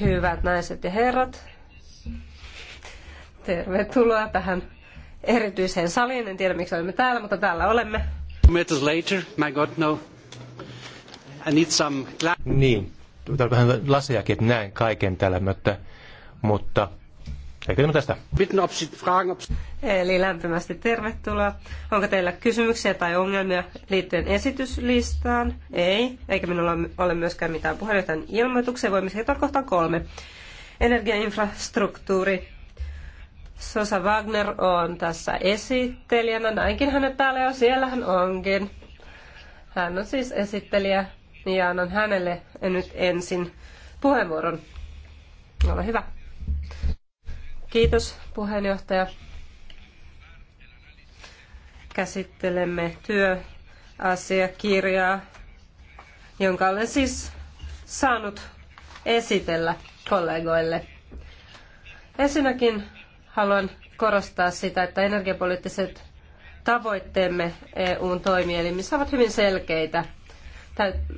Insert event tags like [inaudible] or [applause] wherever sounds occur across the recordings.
Hyvät naiset ja herrat, tervetuloa tähän erityiseen saliin. En tiedä, miksi olemme täällä, mutta täällä olemme. Meters later, my God, no. I need some... Niin, täällä vähän lasejakin, että näen kaiken täällä, mutta, mutta eikä tästä. Eli lämpimästi tervetuloa. Onko teillä kysymyksiä tai ongelmia liittyen esityslistaan? Ei, eikä minulla ole myöskään mitään puheenjohtajan ilmoituksia. Voimme siirtyä kohtaan kolme. Energiainfrastruktuuri. Sosa Wagner on tässä esittelijänä. Näinkin hänet täällä ja siellä hän onkin. Hän on siis esittelijä ja annan hänelle nyt ensin puheenvuoron. Ole hyvä. Kiitos puheenjohtaja. Käsittelemme työasiakirjaa, jonka olen siis saanut esitellä kollegoille. Ensinnäkin haluan korostaa sitä, että energiapoliittiset tavoitteemme EUn toimielimissä ovat hyvin selkeitä.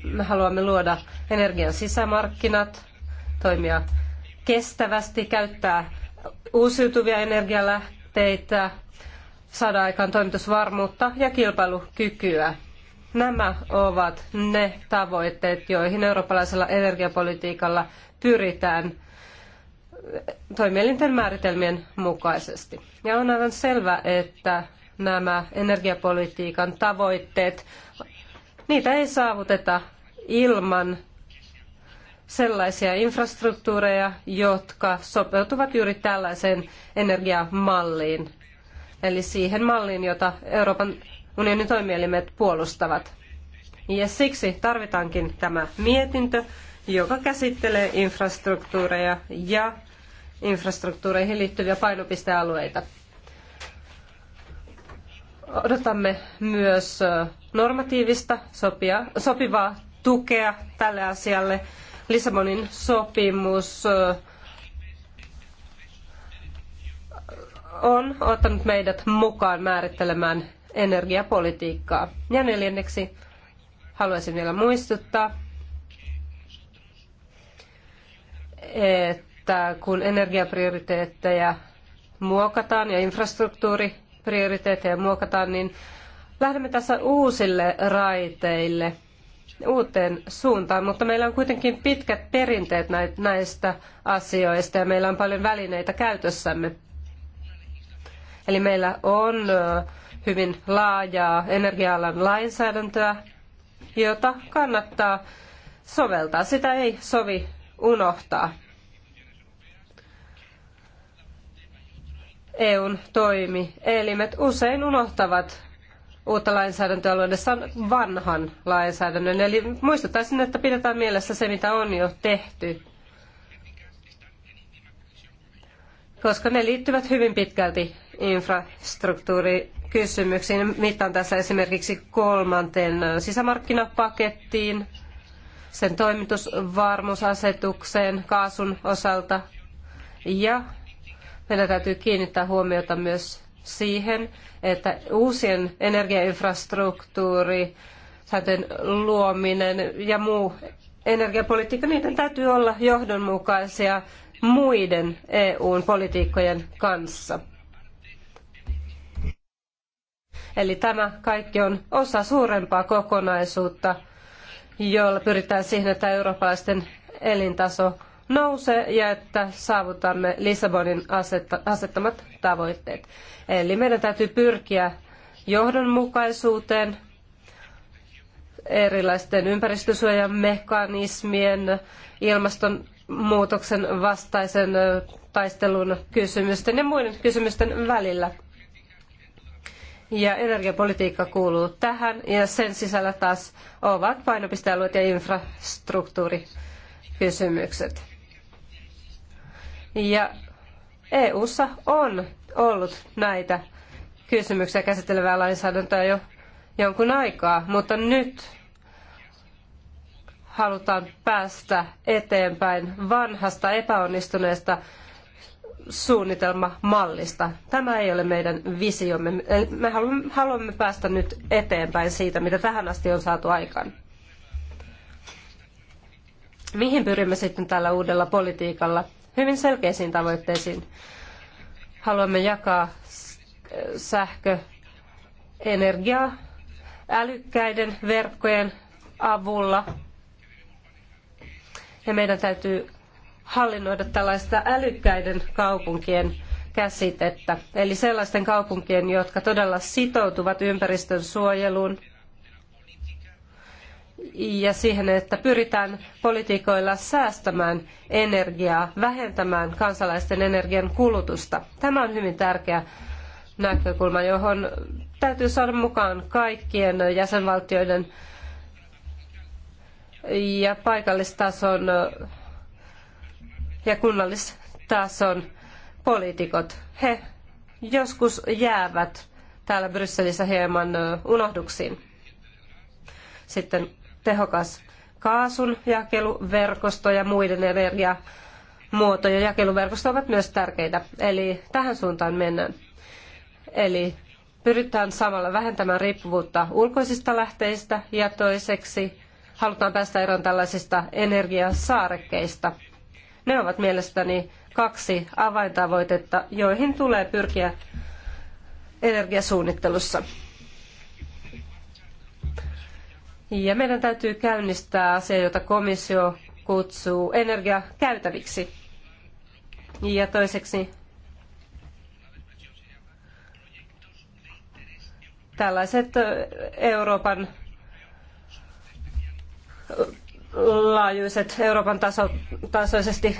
Me haluamme luoda energian sisämarkkinat, toimia kestävästi, käyttää uusiutuvia energialähteitä, saada aikaan toimitusvarmuutta ja kilpailukykyä. Nämä ovat ne tavoitteet, joihin eurooppalaisella energiapolitiikalla pyritään toimielinten määritelmien mukaisesti. Ja on aivan selvä, että nämä energiapolitiikan tavoitteet, niitä ei saavuteta ilman sellaisia infrastruktuureja, jotka sopeutuvat juuri tällaiseen energiamalliin, eli siihen malliin, jota Euroopan unionin toimielimet puolustavat. Ja siksi tarvitaankin tämä mietintö, joka käsittelee infrastruktuureja ja infrastruktuureihin liittyviä painopistealueita. Odotamme myös normatiivista sopia, sopivaa tukea tälle asialle Lissabonin sopimus äh, on ottanut meidät mukaan määrittelemään energiapolitiikkaa. Ja neljänneksi haluaisin vielä muistuttaa, että kun energiaprioriteetteja muokataan ja infrastruktuuriprioriteetteja muokataan, niin lähdemme tässä uusille raiteille uuteen suuntaan, mutta meillä on kuitenkin pitkät perinteet näistä asioista ja meillä on paljon välineitä käytössämme. Eli meillä on hyvin laajaa energia-alan lainsäädäntöä, jota kannattaa soveltaa. Sitä ei sovi unohtaa. EUn toimielimet usein unohtavat uutta lainsäädäntöä luodessaan vanhan lainsäädännön. Eli muistuttaisin, että pidetään mielessä se, mitä on jo tehty. Koska ne liittyvät hyvin pitkälti infrastruktuurikysymyksiin. Viittaan tässä esimerkiksi kolmanteen sisämarkkinapakettiin, sen toimitusvarmuusasetukseen kaasun osalta ja meidän täytyy kiinnittää huomiota myös siihen, että uusien energiainfrastruktuuri, luominen ja muu energiapolitiikka, niiden täytyy olla johdonmukaisia muiden EUn politiikkojen kanssa. Eli tämä kaikki on osa suurempaa kokonaisuutta, jolla pyritään siihen, että eurooppalaisten elintaso nouse ja että saavutamme Lissabonin asettamat tavoitteet. Eli meidän täytyy pyrkiä johdonmukaisuuteen erilaisten ympäristösuojamekanismien, ilmastonmuutoksen vastaisen taistelun kysymysten ja muiden kysymysten välillä. Ja energiapolitiikka kuuluu tähän ja sen sisällä taas ovat painopistealueet ja infrastruktuurikysymykset. Ja EU:ssa on ollut näitä kysymyksiä käsittelevää lainsäädäntöä jo jonkun aikaa, mutta nyt halutaan päästä eteenpäin vanhasta epäonnistuneesta suunnitelmamallista. Tämä ei ole meidän visiomme. Me haluamme päästä nyt eteenpäin siitä, mitä tähän asti on saatu aikaan. Mihin pyrimme sitten tällä uudella politiikalla? hyvin selkeisiin tavoitteisiin. Haluamme jakaa sähköenergiaa älykkäiden verkkojen avulla. Ja meidän täytyy hallinnoida tällaista älykkäiden kaupunkien käsitettä. Eli sellaisten kaupunkien, jotka todella sitoutuvat ympäristön suojeluun, ja siihen, että pyritään politiikoilla säästämään energiaa, vähentämään kansalaisten energian kulutusta. Tämä on hyvin tärkeä näkökulma, johon täytyy saada mukaan kaikkien jäsenvaltioiden ja paikallistason ja kunnallistason poliitikot. He joskus jäävät täällä Brysselissä hieman unohduksiin. Sitten tehokas kaasun jakeluverkosto ja muiden energiamuotojen jakeluverkosto ovat myös tärkeitä. Eli tähän suuntaan mennään. Eli pyritään samalla vähentämään riippuvuutta ulkoisista lähteistä ja toiseksi halutaan päästä eroon tällaisista energiasaarekkeista. Ne ovat mielestäni kaksi avaintavoitetta, joihin tulee pyrkiä energiasuunnittelussa. Ja meidän täytyy käynnistää asia, jota komissio kutsuu energiakäytäviksi. Ja toiseksi tällaiset Euroopan laajuiset, Euroopan taso, tasoisesti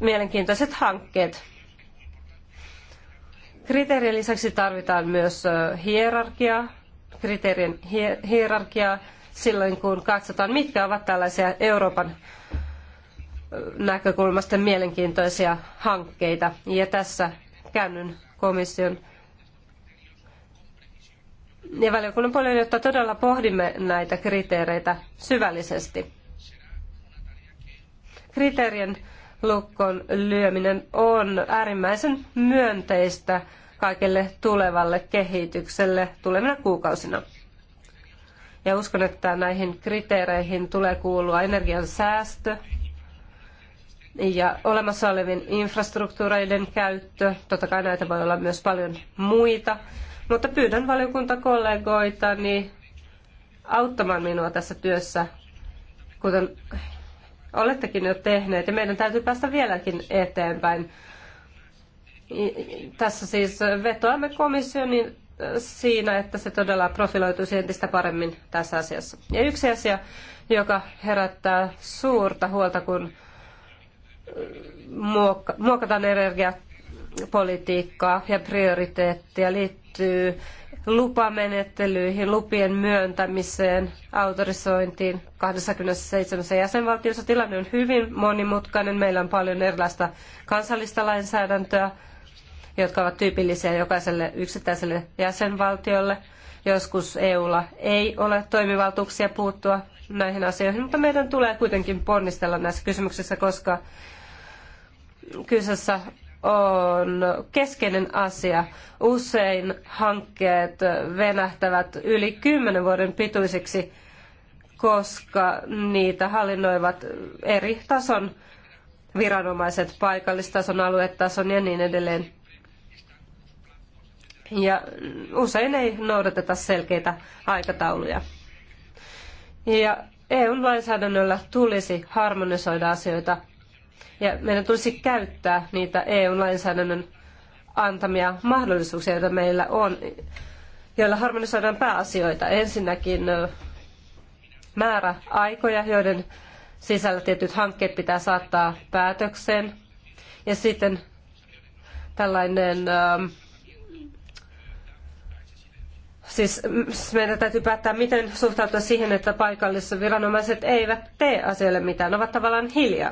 mielenkiintoiset hankkeet. Kriteerien lisäksi tarvitaan myös hierarkiaa, kriteerien hierarkiaa silloin, kun katsotaan, mitkä ovat tällaisia Euroopan näkökulmasta mielenkiintoisia hankkeita. Ja tässä käännyn komission ja valiokunnan puolelle, jotta todella pohdimme näitä kriteereitä syvällisesti. Kriteerien lukkoon lyöminen on äärimmäisen myönteistä kaikelle tulevalle kehitykselle tulevina kuukausina. Ja uskon, että näihin kriteereihin tulee kuulua energian säästö ja olemassa olevien infrastruktuureiden käyttö. Totta kai näitä voi olla myös paljon muita, mutta pyydän valiokuntakollegoitani auttamaan minua tässä työssä, kuten olettekin jo tehneet. Ja meidän täytyy päästä vieläkin eteenpäin. Tässä siis vetoamme komissioon, niin siinä, että se todella profiloituisi entistä paremmin tässä asiassa. Ja yksi asia, joka herättää suurta huolta, kun äh, muokataan energiapolitiikkaa ja prioriteettia, liittyy lupamenettelyihin, lupien myöntämiseen, autorisointiin 27 jäsenvaltiossa. Tilanne on hyvin monimutkainen. Meillä on paljon erilaista kansallista lainsäädäntöä, jotka ovat tyypillisiä jokaiselle yksittäiselle jäsenvaltiolle. Joskus EUlla ei ole toimivaltuuksia puuttua näihin asioihin, mutta meidän tulee kuitenkin ponnistella näissä kysymyksissä, koska kyseessä on keskeinen asia. Usein hankkeet venähtävät yli kymmenen vuoden pituisiksi, koska niitä hallinnoivat eri tason viranomaiset, paikallistason, aluetason ja niin edelleen ja usein ei noudateta selkeitä aikatauluja. Ja EU-lainsäädännöllä tulisi harmonisoida asioita ja meidän tulisi käyttää niitä EU-lainsäädännön antamia mahdollisuuksia, joita meillä on, joilla harmonisoidaan pääasioita. Ensinnäkin määrä aikoja, joiden sisällä tietyt hankkeet pitää saattaa päätökseen. Ja sitten tällainen Siis, mm, siis meidän täytyy päättää, miten suhtautua siihen, että paikalliset viranomaiset eivät tee asialle mitään, ovat tavallaan hiljaa.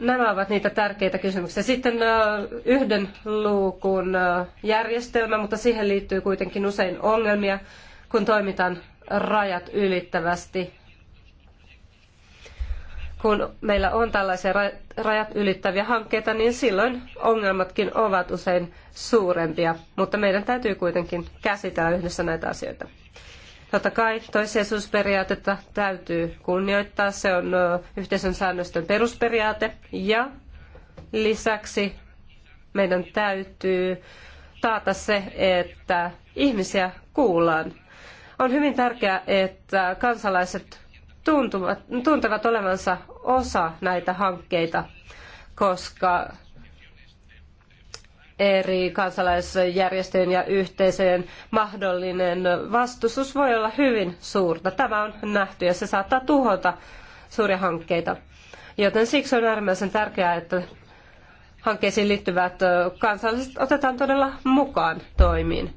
Nämä ovat niitä tärkeitä kysymyksiä. Sitten yhden luukun järjestelmä, mutta siihen liittyy kuitenkin usein ongelmia, kun toimitaan rajat ylittävästi kun meillä on tällaisia rajat ylittäviä hankkeita, niin silloin ongelmatkin ovat usein suurempia, mutta meidän täytyy kuitenkin käsitellä yhdessä näitä asioita. Totta kai toissijaisuusperiaatetta täytyy kunnioittaa, se on yhteisön säännösten perusperiaate ja lisäksi meidän täytyy taata se, että ihmisiä kuullaan. On hyvin tärkeää, että kansalaiset tuntuvat, tuntevat olevansa osa näitä hankkeita, koska eri kansalaisjärjestöjen ja yhteisöjen mahdollinen vastustus voi olla hyvin suurta. Tämä on nähty ja se saattaa tuhota suuria hankkeita. Joten siksi on äärimmäisen tärkeää, että hankkeisiin liittyvät kansalaiset otetaan todella mukaan toimiin.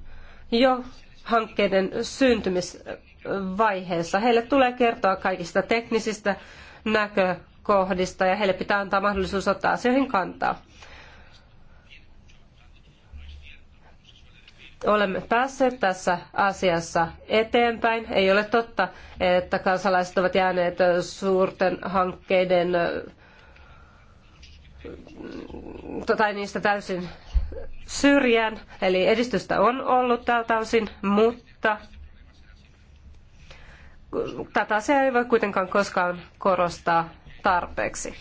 Jo hankkeiden syntymisvaiheessa heille tulee kertoa kaikista teknisistä näkökohdista ja heille pitää antaa mahdollisuus ottaa asioihin kantaa. Olemme päässeet tässä asiassa eteenpäin. Ei ole totta, että kansalaiset ovat jääneet suurten hankkeiden tai tota, niistä täysin syrjään. Eli edistystä on ollut tältä osin, mutta tätä asiaa ei voi kuitenkaan koskaan korostaa tarpeeksi.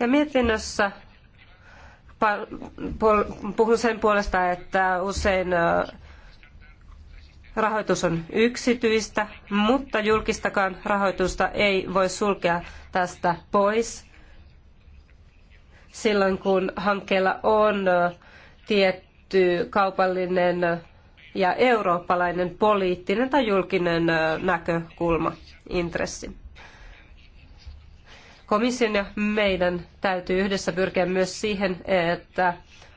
Ja mietinnössä puhun sen puolesta, että usein rahoitus on yksityistä, mutta julkistakaan rahoitusta ei voi sulkea tästä pois silloin, kun hankkeella on tietty kaupallinen ja eurooppalainen poliittinen tai julkinen näkökulma, intressi. Komission ja meidän täytyy yhdessä pyrkiä myös siihen, että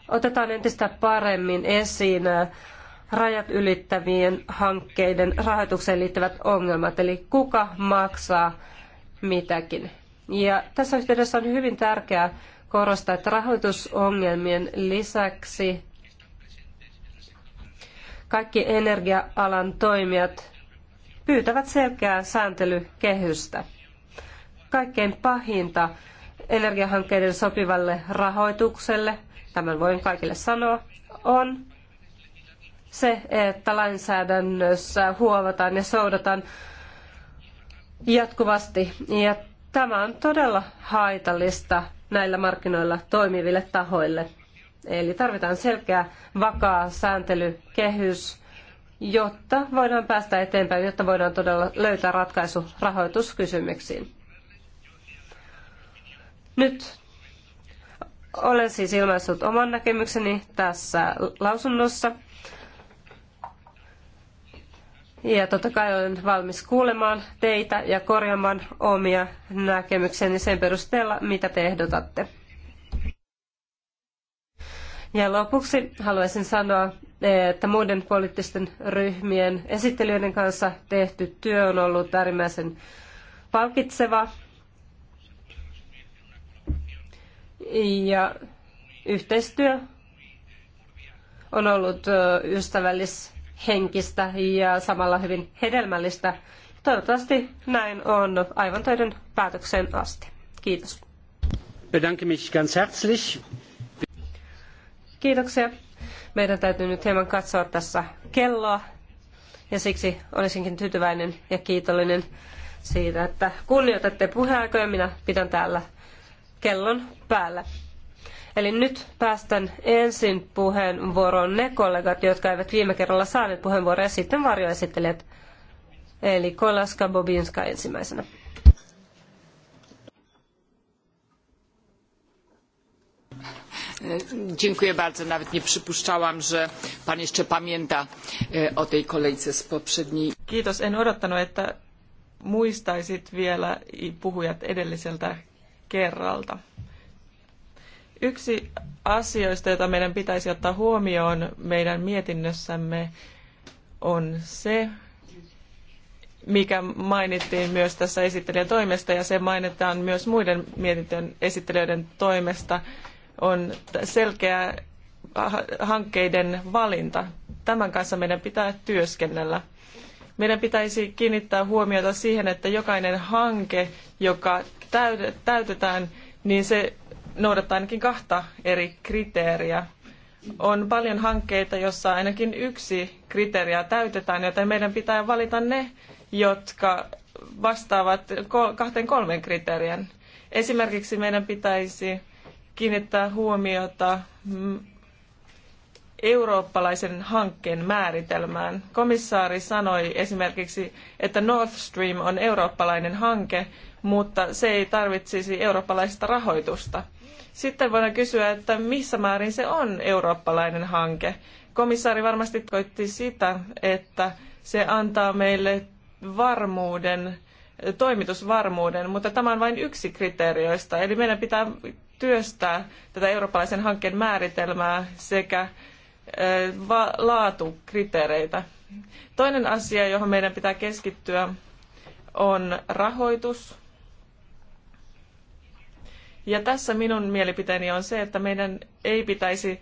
otetaan entistä paremmin esiin rajat ylittävien hankkeiden rahoitukseen liittyvät ongelmat, eli kuka maksaa mitäkin. Ja tässä yhteydessä on hyvin tärkeää korostaa, että rahoitusongelmien lisäksi kaikki energia-alan toimijat pyytävät selkeää sääntelykehystä. Kaikkein pahinta energiahankkeiden sopivalle rahoitukselle, tämän voin kaikille sanoa, on se, että lainsäädännössä huovataan ja soudataan jatkuvasti. Ja tämä on todella haitallista näillä markkinoilla toimiville tahoille. Eli tarvitaan selkeä, vakaa sääntelykehys, jotta voidaan päästä eteenpäin, jotta voidaan todella löytää ratkaisu rahoituskysymyksiin. Nyt olen siis ilmaissut oman näkemykseni tässä lausunnossa. Ja totta kai olen valmis kuulemaan teitä ja korjaamaan omia näkemykseni sen perusteella, mitä te ehdotatte. Ja lopuksi haluaisin sanoa, että muiden poliittisten ryhmien esittelijöiden kanssa tehty työ on ollut äärimmäisen palkitseva. Ja yhteistyö on ollut ystävällishenkistä ja samalla hyvin hedelmällistä. Toivottavasti näin on aivan töiden päätökseen asti. Kiitos. Bedanke mich ganz herzlich. Kiitoksia. Meidän täytyy nyt hieman katsoa tässä kelloa ja siksi olisinkin tyytyväinen ja kiitollinen siitä, että kunnioitatte puheaikoja. Minä pidän täällä kellon päällä. Eli nyt päästän ensin puheenvuoron ne kollegat, jotka eivät viime kerralla saaneet puheenvuoroja, ja sitten varjoesittelijät. Eli Kolaska Bobinska ensimmäisenä. Dziękuję bardzo. Nawet nie przypuszczałam, że pan jeszcze pamięta e, o tej kolejce z poprzedniej. Kiitos. En odottanut, että muistaisit vielä puhujat edelliseltä kerralta. Yksi asioista, jota meidän pitäisi ottaa huomioon meidän mietinnössämme, on se, mikä mainittiin myös tässä esittelijän toimesta, ja se mainitaan myös muiden mietintöjen esittelijöiden toimesta, on selkeä hankkeiden valinta. Tämän kanssa meidän pitää työskennellä. Meidän pitäisi kiinnittää huomiota siihen, että jokainen hanke, joka täytetään, niin se noudattaa ainakin kahta eri kriteeriä. On paljon hankkeita, joissa ainakin yksi kriteeriä täytetään, joten meidän pitää valita ne, jotka vastaavat kahteen kolmen kriteerien. Esimerkiksi meidän pitäisi kiinnittää huomiota eurooppalaisen hankkeen määritelmään. Komissaari sanoi esimerkiksi, että Nord Stream on eurooppalainen hanke, mutta se ei tarvitsisi eurooppalaista rahoitusta. Sitten voidaan kysyä, että missä määrin se on eurooppalainen hanke. Komissaari varmasti tarkoitti sitä, että se antaa meille varmuuden, toimitusvarmuuden, mutta tämä on vain yksi kriteerioista. Eli meidän pitää työstää tätä eurooppalaisen hankkeen määritelmää sekä laatukriteereitä. Toinen asia, johon meidän pitää keskittyä, on rahoitus. Ja tässä minun mielipiteeni on se, että meidän ei pitäisi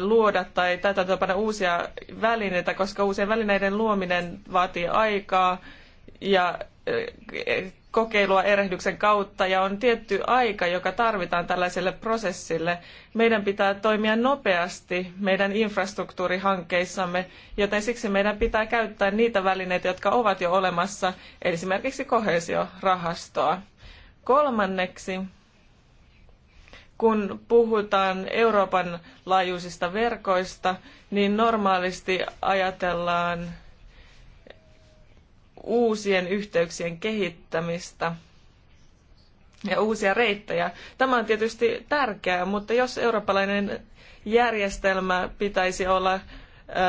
luoda tai täytäntöönpanna uusia välineitä, koska uusien välineiden luominen vaatii aikaa ja kokeilua erehdyksen kautta ja on tietty aika, joka tarvitaan tällaiselle prosessille. Meidän pitää toimia nopeasti meidän infrastruktuurihankkeissamme, joten siksi meidän pitää käyttää niitä välineitä, jotka ovat jo olemassa, esimerkiksi kohesiorahastoa. Kolmanneksi, kun puhutaan Euroopan laajuisista verkoista, niin normaalisti ajatellaan uusien yhteyksien kehittämistä ja uusia reittejä. Tämä on tietysti tärkeää, mutta jos eurooppalainen järjestelmä pitäisi olla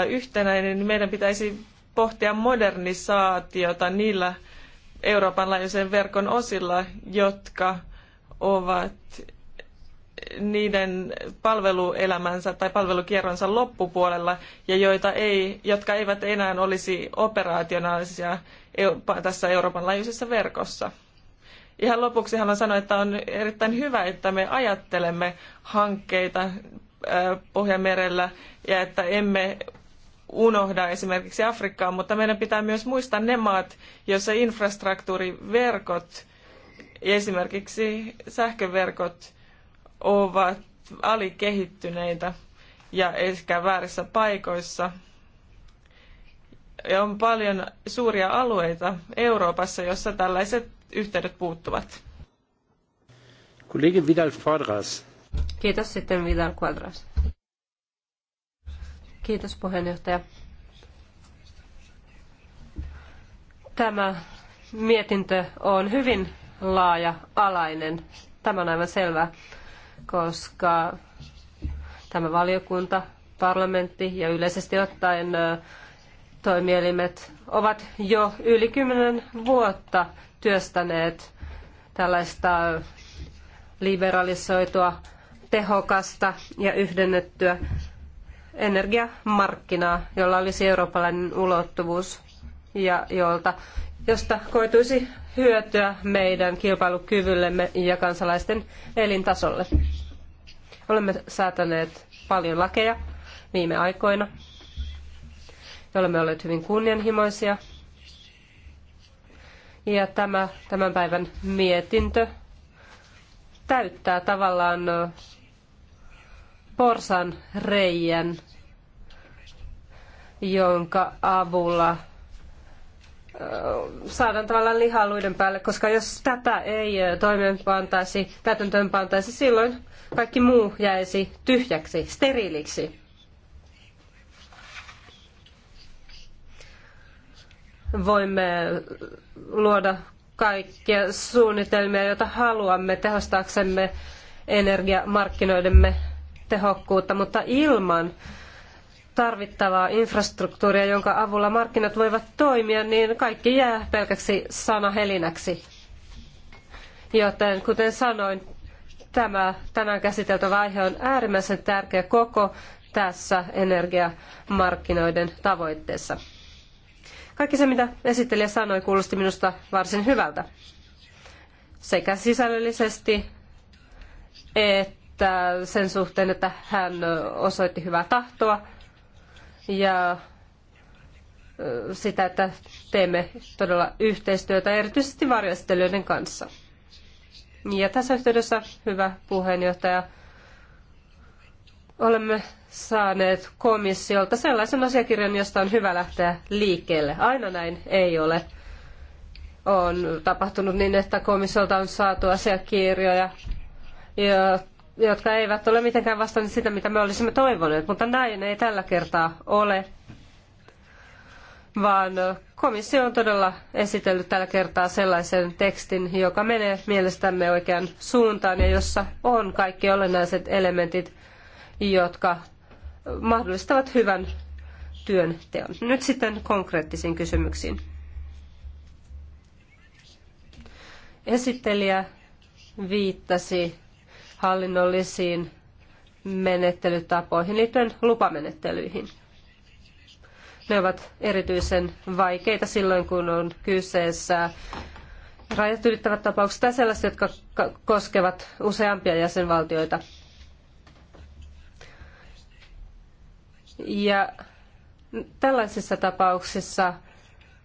yhtenäinen, niin meidän pitäisi pohtia modernisaatiota niillä Euroopan laajuisen verkon osilla, jotka ovat niiden palveluelämänsä tai palvelukierronsa loppupuolella ja joita ei, jotka eivät enää olisi operaationaalisia tässä Euroopan laajuisessa verkossa. Ihan lopuksi haluan sanoa, että on erittäin hyvä, että me ajattelemme hankkeita Pohjanmerellä ja että emme unohda esimerkiksi Afrikkaa, mutta meidän pitää myös muistaa ne maat, joissa infrastruktuuriverkot, esimerkiksi sähköverkot, ovat alikehittyneitä ja ehkä väärissä paikoissa – on paljon suuria alueita Euroopassa, jossa tällaiset yhteydet puuttuvat. Kollegi Vidal Quadras. Kiitos sitten Vidal Quadras. Kiitos puheenjohtaja. Tämä mietintö on hyvin laaja-alainen. Tämä on aivan selvä, koska tämä valiokunta, parlamentti ja yleisesti ottaen toimielimet ovat jo yli kymmenen vuotta työstäneet tällaista liberalisoitua, tehokasta ja yhdennettyä energiamarkkinaa, jolla olisi eurooppalainen ulottuvuus ja jolta, josta koituisi hyötyä meidän kilpailukyvyllemme ja kansalaisten elintasolle. Olemme säätäneet paljon lakeja viime aikoina me olemme olleet hyvin kunnianhimoisia. Ja tämä tämän päivän mietintö täyttää tavallaan porsan reijän, jonka avulla saadaan tavallaan lihaa luiden päälle, koska jos tätä ei toimeenpantaisi, pantaisi, silloin kaikki muu jäisi tyhjäksi, steriiliksi. voimme luoda kaikkia suunnitelmia, joita haluamme tehostaaksemme energiamarkkinoidemme tehokkuutta, mutta ilman tarvittavaa infrastruktuuria, jonka avulla markkinat voivat toimia, niin kaikki jää pelkäksi sanahelinäksi. Joten kuten sanoin, tämä tänään käsiteltävä aihe on äärimmäisen tärkeä koko tässä energiamarkkinoiden tavoitteessa. Kaikki se, mitä esittelijä sanoi, kuulosti minusta varsin hyvältä. Sekä sisällöllisesti että sen suhteen, että hän osoitti hyvää tahtoa ja sitä, että teemme todella yhteistyötä erityisesti varjoistelijoiden kanssa. Ja tässä yhteydessä, hyvä puheenjohtaja, olemme saaneet komissiolta sellaisen asiakirjan, josta on hyvä lähteä liikkeelle. Aina näin ei ole. On tapahtunut niin, että komissiolta on saatu asiakirjoja, jotka eivät ole mitenkään vastanneet sitä, mitä me olisimme toivoneet, mutta näin ei tällä kertaa ole, vaan komissio on todella esitellyt tällä kertaa sellaisen tekstin, joka menee mielestämme oikeaan suuntaan ja jossa on kaikki olennaiset elementit jotka mahdollistavat hyvän työn teon. Nyt sitten konkreettisiin kysymyksiin. Esittelijä viittasi hallinnollisiin menettelytapoihin liittyen lupamenettelyihin. Ne ovat erityisen vaikeita silloin, kun on kyseessä rajat ylittävät tapaukset tai sellaiset, jotka koskevat useampia jäsenvaltioita. Ja tällaisissa tapauksissa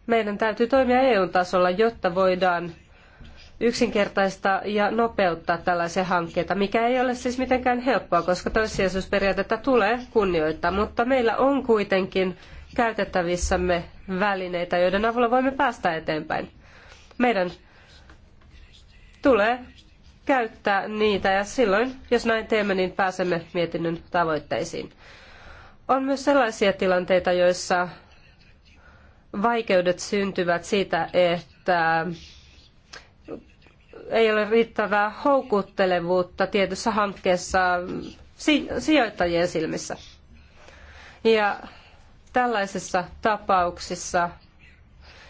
meidän täytyy toimia EU-tasolla, jotta voidaan yksinkertaista ja nopeuttaa tällaisia hankkeita, mikä ei ole siis mitenkään helppoa, koska toissijaisuusperiaatetta tulee kunnioittaa, mutta meillä on kuitenkin käytettävissämme välineitä, joiden avulla voimme päästä eteenpäin. Meidän tulee käyttää niitä ja silloin, jos näin teemme, niin pääsemme mietinnön tavoitteisiin. On myös sellaisia tilanteita, joissa vaikeudet syntyvät siitä, että ei ole riittävää houkuttelevuutta tietyssä hankkeessa sijoittajien silmissä. Ja tällaisissa tapauksissa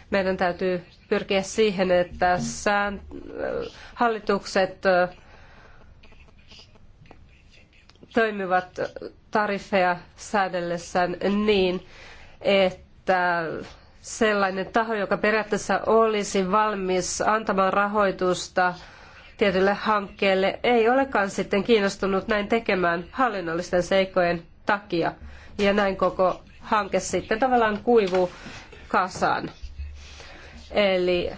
meidän täytyy pyrkiä siihen, että äh, hallitukset äh, toimivat tariffeja säädellessään niin, että sellainen taho, joka periaatteessa olisi valmis antamaan rahoitusta tietylle hankkeelle, ei olekaan sitten kiinnostunut näin tekemään hallinnollisten seikkojen takia. Ja näin koko hanke sitten tavallaan kuivuu kasaan. Eli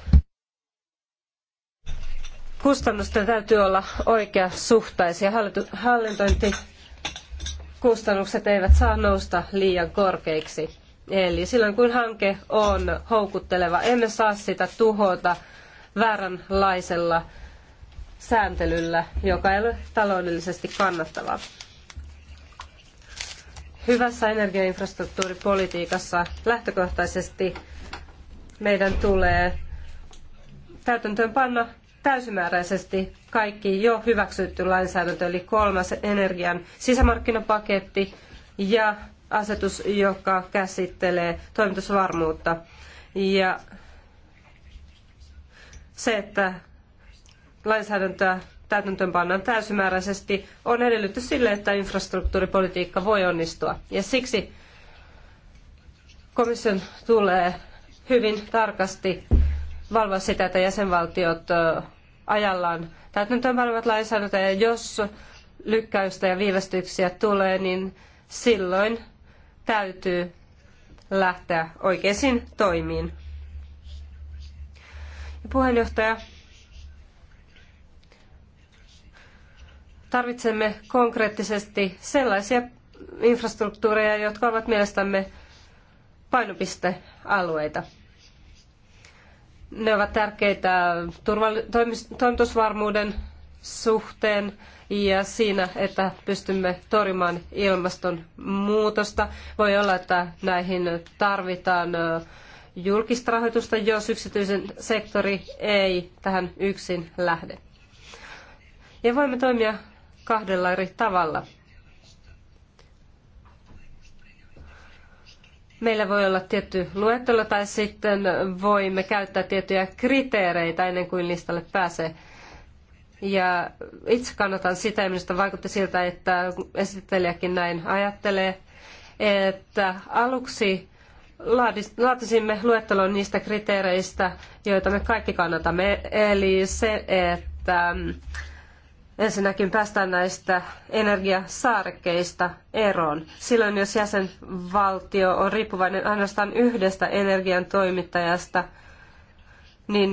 kustannusten täytyy olla oikeasuhtaisia. Hallintointikustannukset eivät saa nousta liian korkeiksi. Eli silloin kun hanke on houkutteleva, emme saa sitä tuhota vääränlaisella sääntelyllä, joka ei ole taloudellisesti kannattavaa. Hyvässä energiainfrastruktuuripolitiikassa lähtökohtaisesti meidän tulee täytäntöön panna täysimääräisesti kaikki jo hyväksytty lainsäädäntö, eli kolmas energian sisämarkkinapaketti ja asetus, joka käsittelee toimitusvarmuutta. Ja se, että lainsäädäntöä täytäntöönpannaan täysimääräisesti, on edellytys sille, että infrastruktuuripolitiikka voi onnistua. Ja siksi komission tulee hyvin tarkasti valvoa sitä, että jäsenvaltiot ajallaan täytäntöönpanevat lainsäädäntöä. Ja jos lykkäystä ja viivästyksiä tulee, niin silloin täytyy lähteä oikeisiin toimiin. Ja puheenjohtaja, tarvitsemme konkreettisesti sellaisia infrastruktuureja, jotka ovat mielestämme painopistealueita. Ne ovat tärkeitä toimitusvarmuuden suhteen ja siinä, että pystymme torjumaan ilmastonmuutosta. Voi olla, että näihin tarvitaan julkista rahoitusta, jos yksityisen sektori ei tähän yksin lähde. Ja voimme toimia kahdella eri tavalla. Meillä voi olla tietty luettelo tai sitten voimme käyttää tiettyjä kriteereitä ennen kuin listalle pääsee. Ja itse kannatan sitä, ja minusta vaikutti siltä, että esittelijäkin näin ajattelee, että aluksi laatisimme luettelon niistä kriteereistä, joita me kaikki kannatamme. E-, eli se, että ensinnäkin päästään näistä energiasaarekkeista eroon. Silloin jos jäsenvaltio on riippuvainen ainoastaan yhdestä energian toimittajasta, niin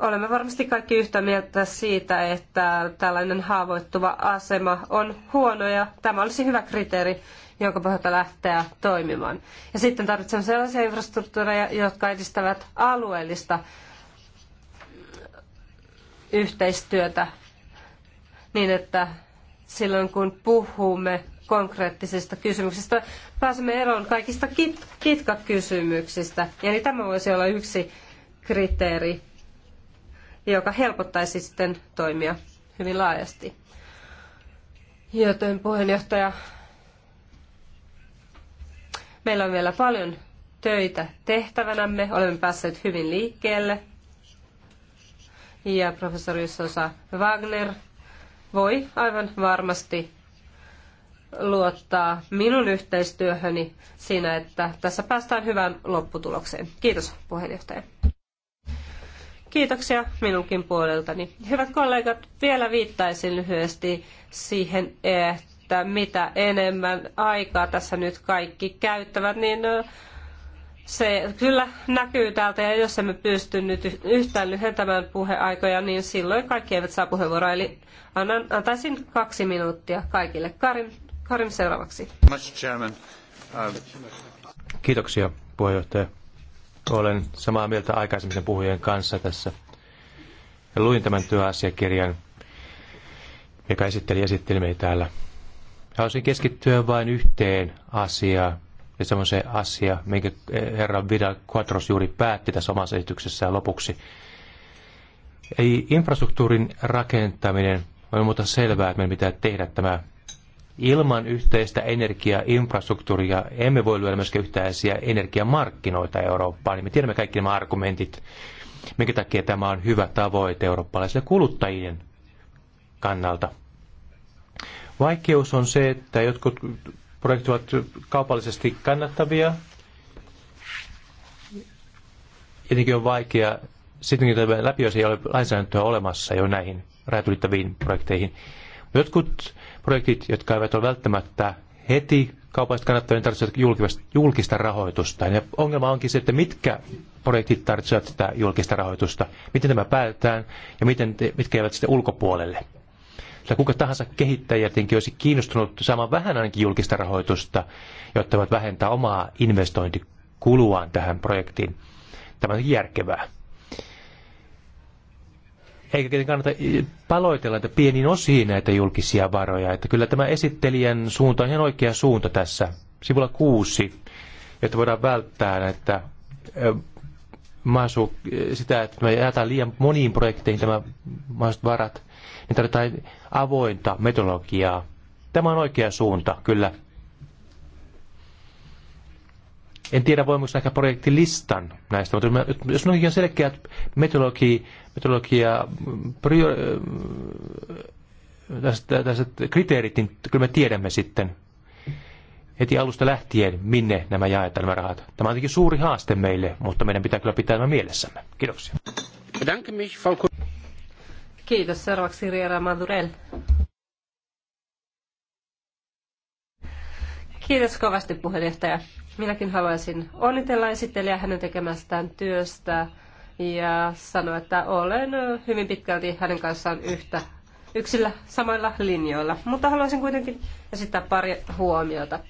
olemme varmasti kaikki yhtä mieltä siitä, että tällainen haavoittuva asema on huono ja tämä olisi hyvä kriteeri, jonka pohjalta lähteä toimimaan. Ja sitten tarvitsemme sellaisia infrastruktuureja, jotka edistävät alueellista yhteistyötä niin, että silloin kun puhumme konkreettisista kysymyksistä, pääsemme eroon kaikista kit- kitkakysymyksistä. Eli tämä voisi olla yksi kriteeri, joka helpottaisi sitten toimia hyvin laajasti. Joten puheenjohtaja, meillä on vielä paljon töitä tehtävänämme. Olemme päässeet hyvin liikkeelle. Ja professori Sosa Wagner voi aivan varmasti luottaa minun yhteistyöhöni siinä, että tässä päästään hyvään lopputulokseen. Kiitos puheenjohtaja. Kiitoksia minunkin puoleltani. Hyvät kollegat, vielä viittaisin lyhyesti siihen, että mitä enemmän aikaa tässä nyt kaikki käyttävät, niin se kyllä näkyy täältä ja jos emme pysty nyt yhtään lyhentämään puheaikoja, niin silloin kaikki eivät saa puheenvuoroa. Eli annan, antaisin kaksi minuuttia kaikille. Karim, Karim seuraavaksi. Uh, Kiitoksia puheenjohtaja. Olen samaa mieltä aikaisemmin puhujien kanssa tässä. Luin tämän työasiakirjan, joka esitteli esittelemme täällä. Haluaisin keskittyä vain yhteen asiaan, ja se on se asia, minkä herra Vida Quadros juuri päätti tässä omassa esityksessään lopuksi. Eli infrastruktuurin rakentaminen on muuta selvää, että meidän pitää tehdä tämä Ilman yhteistä energiainfrastruktuuria emme voi lyödä myöskään yhtäisiä energiamarkkinoita Eurooppaan. Niin me tiedämme kaikki nämä argumentit, minkä takia tämä on hyvä tavoite eurooppalaisille kuluttajien kannalta. Vaikeus on se, että jotkut projektit ovat kaupallisesti kannattavia. Jotenkin on vaikea, sittenkin tämä läpi, jos ei ole lainsäädäntöä olemassa jo näihin rajatulittaviin projekteihin. Jotkut projektit, jotka eivät ole välttämättä heti kaupalliset kannattavien tarvitsevat julkista rahoitusta. Ja ongelma onkin se, että mitkä projektit tarvitsevat sitä julkista rahoitusta, miten tämä päätetään ja miten, mitkä jäävät sitten ulkopuolelle. Sillä kuka tahansa kehittäjä tietenkin olisi kiinnostunut saamaan vähän ainakin julkista rahoitusta, jotta voivat vähentää omaa investointikuluaan tähän projektiin. Tämä on järkevää. Eikä kuitenkaan kannata paloitella että pieniin osiin näitä julkisia varoja. Että kyllä tämä esittelijän suunta on ihan oikea suunta tässä. Sivulla kuusi, jotta voidaan välttää näitä sitä, että me jäätään liian moniin projekteihin tämä mahdolliset varat niin tarvitaan avointa metodologiaa. Tämä on oikea suunta, kyllä. En tiedä, voimmeko ehkä projektilistan näistä, mutta jos on selkeä metodologia, metodologia prior, äh, tästä, tästä kriteerit, niin kyllä me tiedämme sitten heti alusta lähtien, minne nämä jaetaan nämä rahat. Tämä on tietenkin suuri haaste meille, mutta meidän pitää kyllä pitää nämä mielessämme. Kiitoksia. Kiitos. Seuraavaksi Riera Madurell. Kiitos kovasti puheenjohtaja. Minäkin haluaisin onnitella esittelijä hänen tekemästään työstä ja sanoa, että olen hyvin pitkälti hänen kanssaan yhtä yksillä samoilla linjoilla. Mutta haluaisin kuitenkin esittää pari huomiota.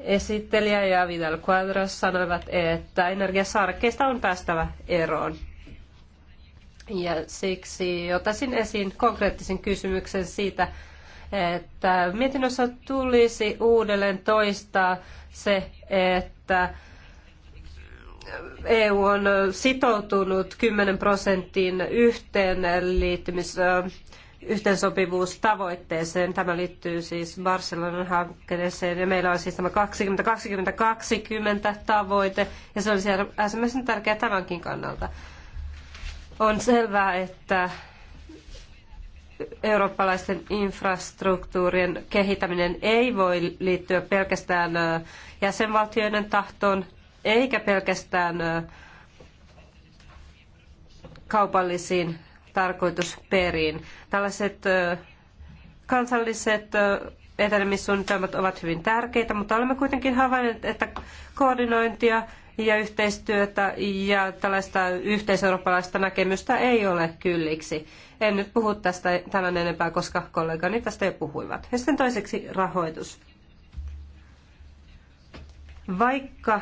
Esittelijä ja Vidal Quadros sanoivat, että energiasarkkeista on päästävä eroon. Ja siksi otasin esiin konkreettisen kysymyksen siitä, että mietinnössä tulisi uudelleen toistaa se, että EU on sitoutunut 10 prosentin yhteenliittymis yhteensopivuustavoitteeseen. Tämä liittyy siis Barcelonan hankkeeseen ja meillä on siis tämä 2020-2020 tavoite ja se olisi äärimmäisen tärkeä tämänkin kannalta. On selvää, että eurooppalaisten infrastruktuurien kehittäminen ei voi liittyä pelkästään jäsenvaltioiden tahtoon eikä pelkästään kaupallisiin tarkoitusperiin. Tällaiset kansalliset etenemissuunnitelmat ovat hyvin tärkeitä, mutta olemme kuitenkin havainneet, että koordinointia ja yhteistyötä ja tällaista yhteiseurooppalaista näkemystä ei ole kylliksi. En nyt puhu tästä tämän enempää, koska kollegani tästä jo puhuivat. Ja sitten toiseksi rahoitus. Vaikka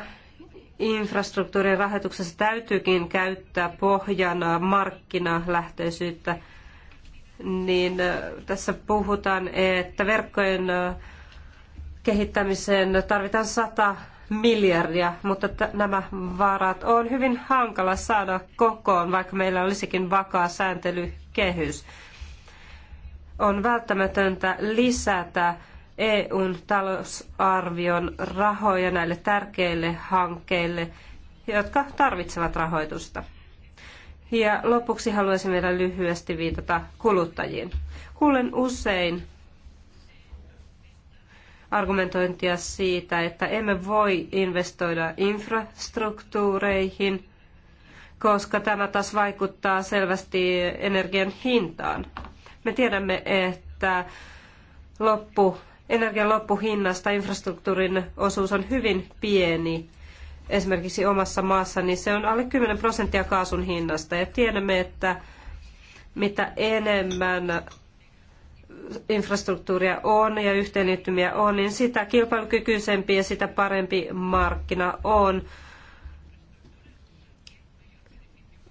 infrastruktuurin rahoituksessa täytyykin käyttää pohjana markkinalähtöisyyttä, niin tässä puhutaan, että verkkojen kehittämiseen tarvitaan 100 miljardia, mutta nämä varat on hyvin hankala saada kokoon, vaikka meillä olisikin vakaa sääntelykehys. On välttämätöntä lisätä EUn talousarvion rahoja näille tärkeille hankkeille, jotka tarvitsevat rahoitusta. Ja lopuksi haluaisin vielä lyhyesti viitata kuluttajiin. Kuulen usein argumentointia siitä, että emme voi investoida infrastruktuureihin, koska tämä taas vaikuttaa selvästi energian hintaan. Me tiedämme, että loppu, energian loppuhinnasta infrastruktuurin osuus on hyvin pieni. Esimerkiksi omassa maassa, niin se on alle 10 prosenttia kaasun hinnasta. Ja tiedämme, että mitä enemmän infrastruktuuria on ja yhteenliittymiä on, niin sitä kilpailukykyisempi ja sitä parempi markkina on.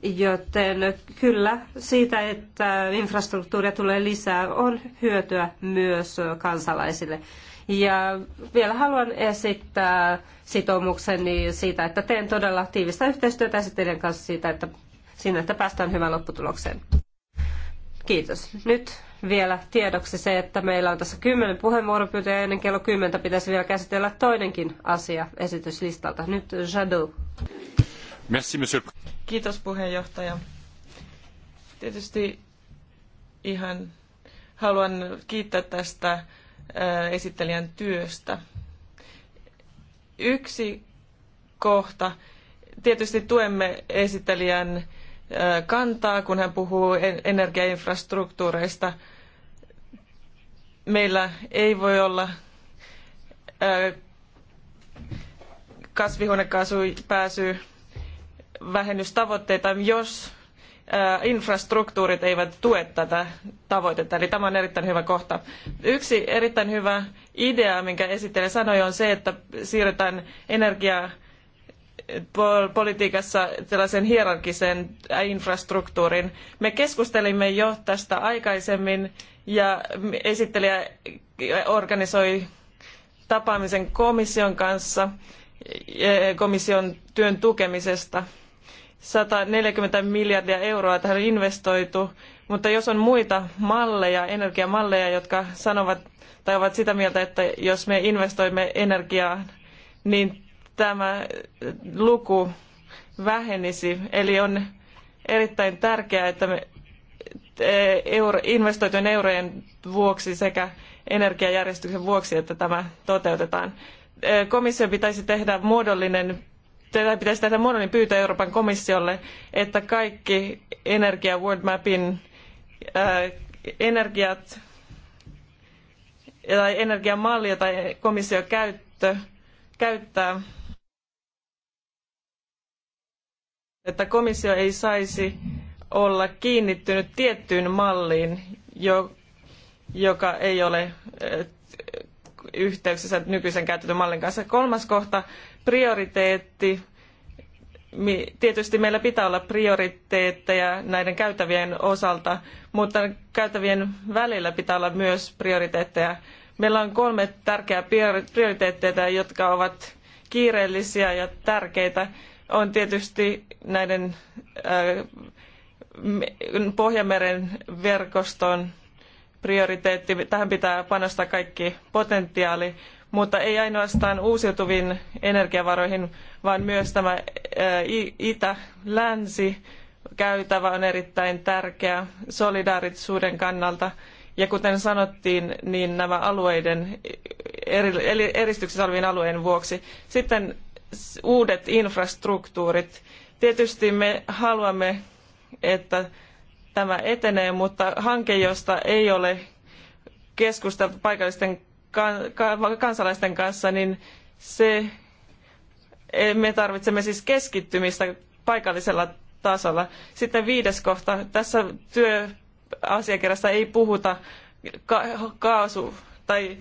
Joten kyllä siitä, että infrastruktuuria tulee lisää, on hyötyä myös kansalaisille. Ja vielä haluan esittää sitoumukseni siitä, että teen todella tiivistä yhteistyötä esittelijän kanssa siitä, että siinä, että päästään hyvään lopputulokseen. Kiitos. Nyt vielä tiedoksi se, että meillä on tässä kymmenen puheenvuoropyyntöä ja ennen kello kymmentä pitäisi vielä käsitellä toinenkin asia esityslistalta. Nyt Jadot. Merci, monsieur. Kiitos puheenjohtaja. Tietysti ihan haluan kiittää tästä äh, esittelijän työstä. Yksi kohta. Tietysti tuemme esittelijän kantaa, kun hän puhuu energiainfrastruktuureista. Meillä ei voi olla kasvihuonekaasupääsy vähennystavoitteita, jos infrastruktuurit eivät tue tätä tavoitetta. Eli tämä on erittäin hyvä kohta. Yksi erittäin hyvä idea, minkä esittelijä sanoi, on se, että siirretään energiaa politiikassa tällaisen hierarkisen infrastruktuurin. Me keskustelimme jo tästä aikaisemmin ja esittelijä organisoi tapaamisen komission kanssa eh, komission työn tukemisesta. 140 miljardia euroa tähän on investoitu, mutta jos on muita malleja, energiamalleja, jotka sanovat tai ovat sitä mieltä, että jos me investoimme energiaan, niin tämä luku vähenisi. Eli on erittäin tärkeää, että me e, euro, investoitujen eurojen vuoksi sekä energiajärjestyksen vuoksi, että tämä toteutetaan. E, komissio pitäisi tehdä muodollinen Tätä pitäisi tehdä muodollinen pyytö Euroopan komissiolle, että kaikki energia World Mapin ää, e, energiat tai energiamalli, jota komissio käyttö, käyttää, että komissio ei saisi olla kiinnittynyt tiettyyn malliin, joka ei ole yhteyksissä nykyisen käytetyn mallin kanssa. Kolmas kohta, prioriteetti. Tietysti meillä pitää olla prioriteetteja näiden käytävien osalta, mutta käytävien välillä pitää olla myös prioriteetteja. Meillä on kolme tärkeää prioriteettia, jotka ovat kiireellisiä ja tärkeitä on tietysti näiden äh, Pohjanmeren verkoston prioriteetti. Tähän pitää panostaa kaikki potentiaali, mutta ei ainoastaan uusiutuviin energiavaroihin, vaan myös tämä äh, itä-länsi käytävä on erittäin tärkeä solidaarisuuden kannalta. Ja kuten sanottiin, niin nämä alueiden, eri, eristyksessä olevien alueen vuoksi. Sitten uudet infrastruktuurit. Tietysti me haluamme, että tämä etenee, mutta hanke, josta ei ole keskusteltu paikallisten kansalaisten kanssa, niin se, e, me tarvitsemme siis keskittymistä paikallisella tasolla. Sitten viides kohta. Tässä työasiakirjassa ei puhuta ka- kaasu- tai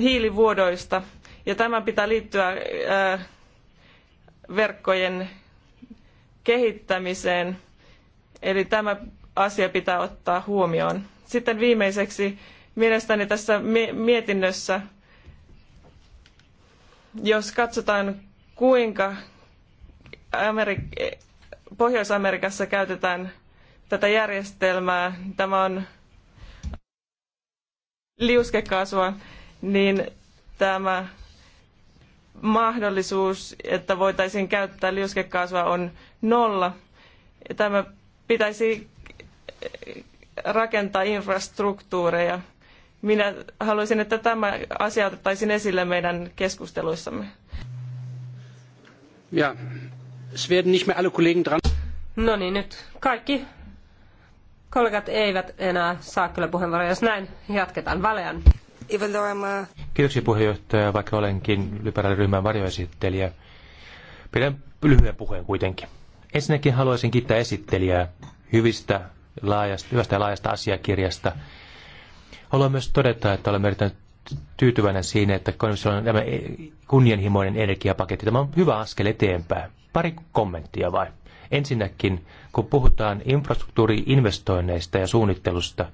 hiilivuodoista – ja tämän pitää liittyä äh, verkkojen kehittämiseen. Eli tämä asia pitää ottaa huomioon. Sitten viimeiseksi mielestäni tässä mietinnössä, jos katsotaan kuinka Amerik- Pohjois-Amerikassa käytetään tätä järjestelmää, tämä on liuskekaasua, niin tämä mahdollisuus, että voitaisiin käyttää liuskekaasua on nolla. Tämä pitäisi eh, rakentaa infrastruktuureja. Minä haluaisin, että tämä asia otettaisiin esille meidän keskusteluissamme. Ja, es werden nicht mehr alle Kollegen dran. No niin, nyt kaikki kollegat eivät enää saa kyllä puheenvuoroja, jos näin jatketaan. Valean even though Kiitoksia puheenjohtaja, vaikka olenkin liberaaliryhmän varjoesittelijä. Pidän lyhyen puheen kuitenkin. Ensinnäkin haluaisin kiittää esittelijää hyvistä, laajasta, hyvästä ja laajasta asiakirjasta. Haluan myös todeta, että olen erittäin tyytyväinen siinä, että komissiolla on tämä kunnianhimoinen energiapaketti. Tämä on hyvä askel eteenpäin. Pari kommenttia vain. Ensinnäkin, kun puhutaan infrastruktuuriinvestoinneista ja suunnittelusta,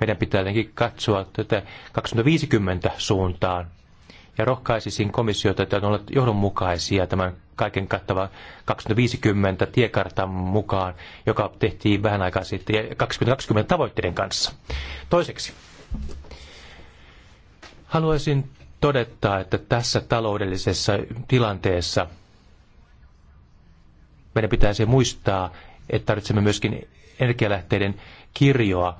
meidän pitää jotenkin katsoa tätä 2050 suuntaan. Ja rohkaisisin komissiota, että on ollut johdonmukaisia tämän kaiken kattava 2050 tiekartan mukaan, joka tehtiin vähän aikaa sitten, 2020 tavoitteiden kanssa. Toiseksi, haluaisin todeta, että tässä taloudellisessa tilanteessa meidän pitäisi muistaa, että tarvitsemme myöskin energialähteiden kirjoa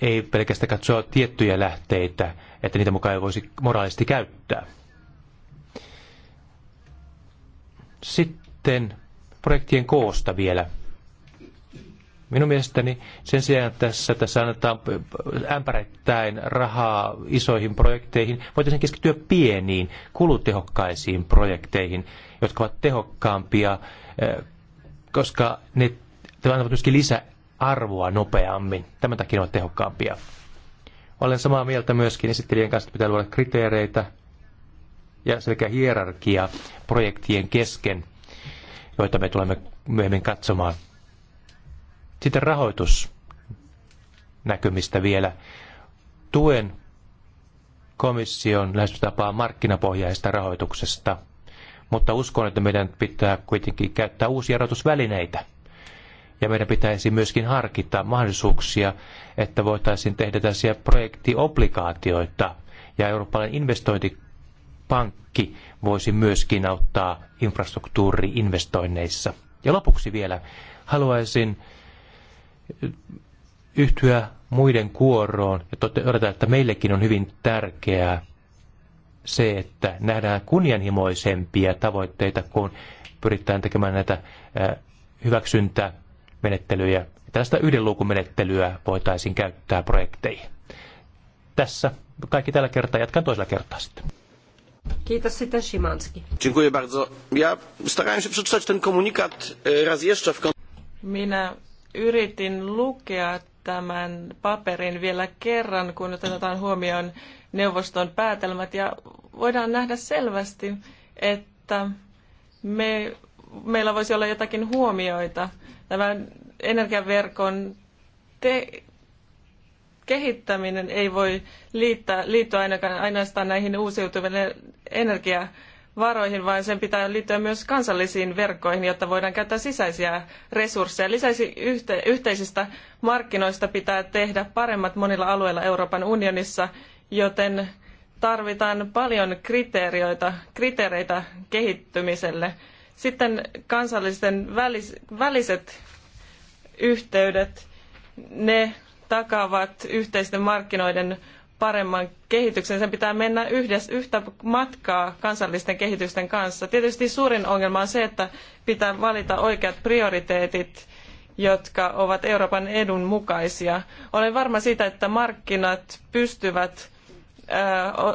ei pelkästään katsoa tiettyjä lähteitä, että niitä mukaan ei voisi moraalisti käyttää. Sitten projektien koosta vielä. Minun mielestäni sen sijaan tässä, tässä annetaan ämpärittäin rahaa isoihin projekteihin, voitaisiin keskittyä pieniin, kulutehokkaisiin projekteihin, jotka ovat tehokkaampia, eh, koska ne antavat myöskin lisää arvoa nopeammin. Tämän takia ne ovat tehokkaampia. Olen samaa mieltä myöskin esittelijän kanssa, että pitää luoda kriteereitä ja selkeä hierarkia projektien kesken, joita me tulemme myöhemmin katsomaan. Sitten rahoitusnäkymistä vielä. Tuen komission lähestymistapaa markkinapohjaista rahoituksesta, mutta uskon, että meidän pitää kuitenkin käyttää uusia rahoitusvälineitä – ja meidän pitäisi myöskin harkita mahdollisuuksia, että voitaisiin tehdä tällaisia projektiobligaatioita. Ja Eurooppalainen investointipankki voisi myöskin auttaa infrastruktuuriinvestoinneissa. Ja lopuksi vielä haluaisin yhtyä muiden kuoroon ja todeta, että meillekin on hyvin tärkeää se, että nähdään kunnianhimoisempia tavoitteita, kun pyritään tekemään näitä hyväksyntää menettelyjä. Tällaista yhden lukumenettelyä voitaisiin käyttää projekteihin. Tässä kaikki tällä kertaa. Jatkan toisella kertaa sitten. Kiitos sitten Szymanski. Dziękuję bardzo. Ja starałem się przeczytać ten komunikat e, raz jeszcze w Minä yritin lukea tämän paperin vielä kerran, kun otetaan huomioon neuvoston päätelmät ja voidaan nähdä selvästi, että me, meillä voisi olla jotakin huomioita – tämän energiaverkon te- kehittäminen ei voi liittää, liittyä ainakaan, ainoastaan näihin uusiutuville energiavaroihin, vaan sen pitää liittyä myös kansallisiin verkkoihin, jotta voidaan käyttää sisäisiä resursseja. Lisäksi yhte, yhteisistä markkinoista pitää tehdä paremmat monilla alueilla Euroopan unionissa, joten tarvitaan paljon kriteereitä kehittymiselle sitten kansallisten välis, väliset yhteydet, ne takaavat yhteisten markkinoiden paremman kehityksen. Sen pitää mennä yhdessä, yhtä matkaa kansallisten kehitysten kanssa. Tietysti suurin ongelma on se, että pitää valita oikeat prioriteetit, jotka ovat Euroopan edun mukaisia. Olen varma siitä, että markkinat pystyvät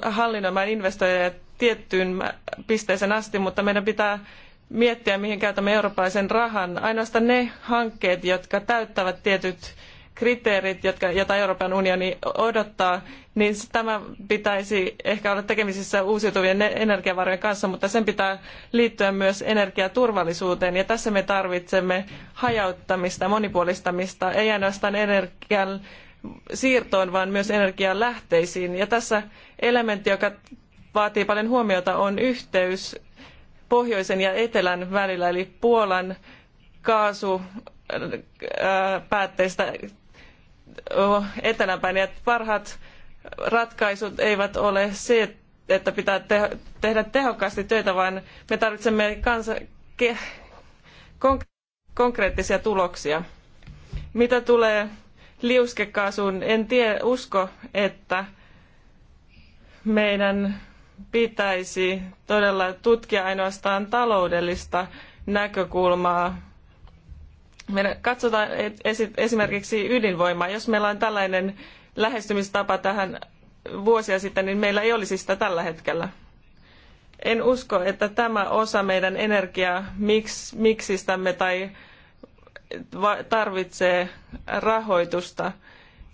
hallinnoimaan investoijia tiettyyn pisteeseen asti, mutta meidän pitää miettiä, mihin käytämme eurooppalaisen rahan. Ainoastaan ne hankkeet, jotka täyttävät tietyt kriteerit, jotka, joita Euroopan unioni odottaa, niin tämä pitäisi ehkä olla tekemisissä uusiutuvien energiavarojen kanssa, mutta sen pitää liittyä myös energiaturvallisuuteen. Ja tässä me tarvitsemme hajauttamista, monipuolistamista, ei ainoastaan energian siirtoon, vaan myös energian lähteisiin. Ja tässä elementti, joka vaatii paljon huomiota, on yhteys pohjoisen ja etelän välillä, eli Puolan kaasupäätteistä äh, oh, etelänpäin. Ja parhaat ratkaisut eivät ole se, että pitää tehdä tehokkaasti töitä, vaan me tarvitsemme kansa- ke- konkreettisia tuloksia. Mitä tulee liuskekaasuun, en tiedä usko, että meidän pitäisi todella tutkia ainoastaan taloudellista näkökulmaa. Me katsotaan esimerkiksi ydinvoimaa. Jos meillä on tällainen lähestymistapa tähän vuosia sitten, niin meillä ei olisi sitä tällä hetkellä. En usko, että tämä osa meidän energiamiksistämme tai tarvitsee rahoitusta.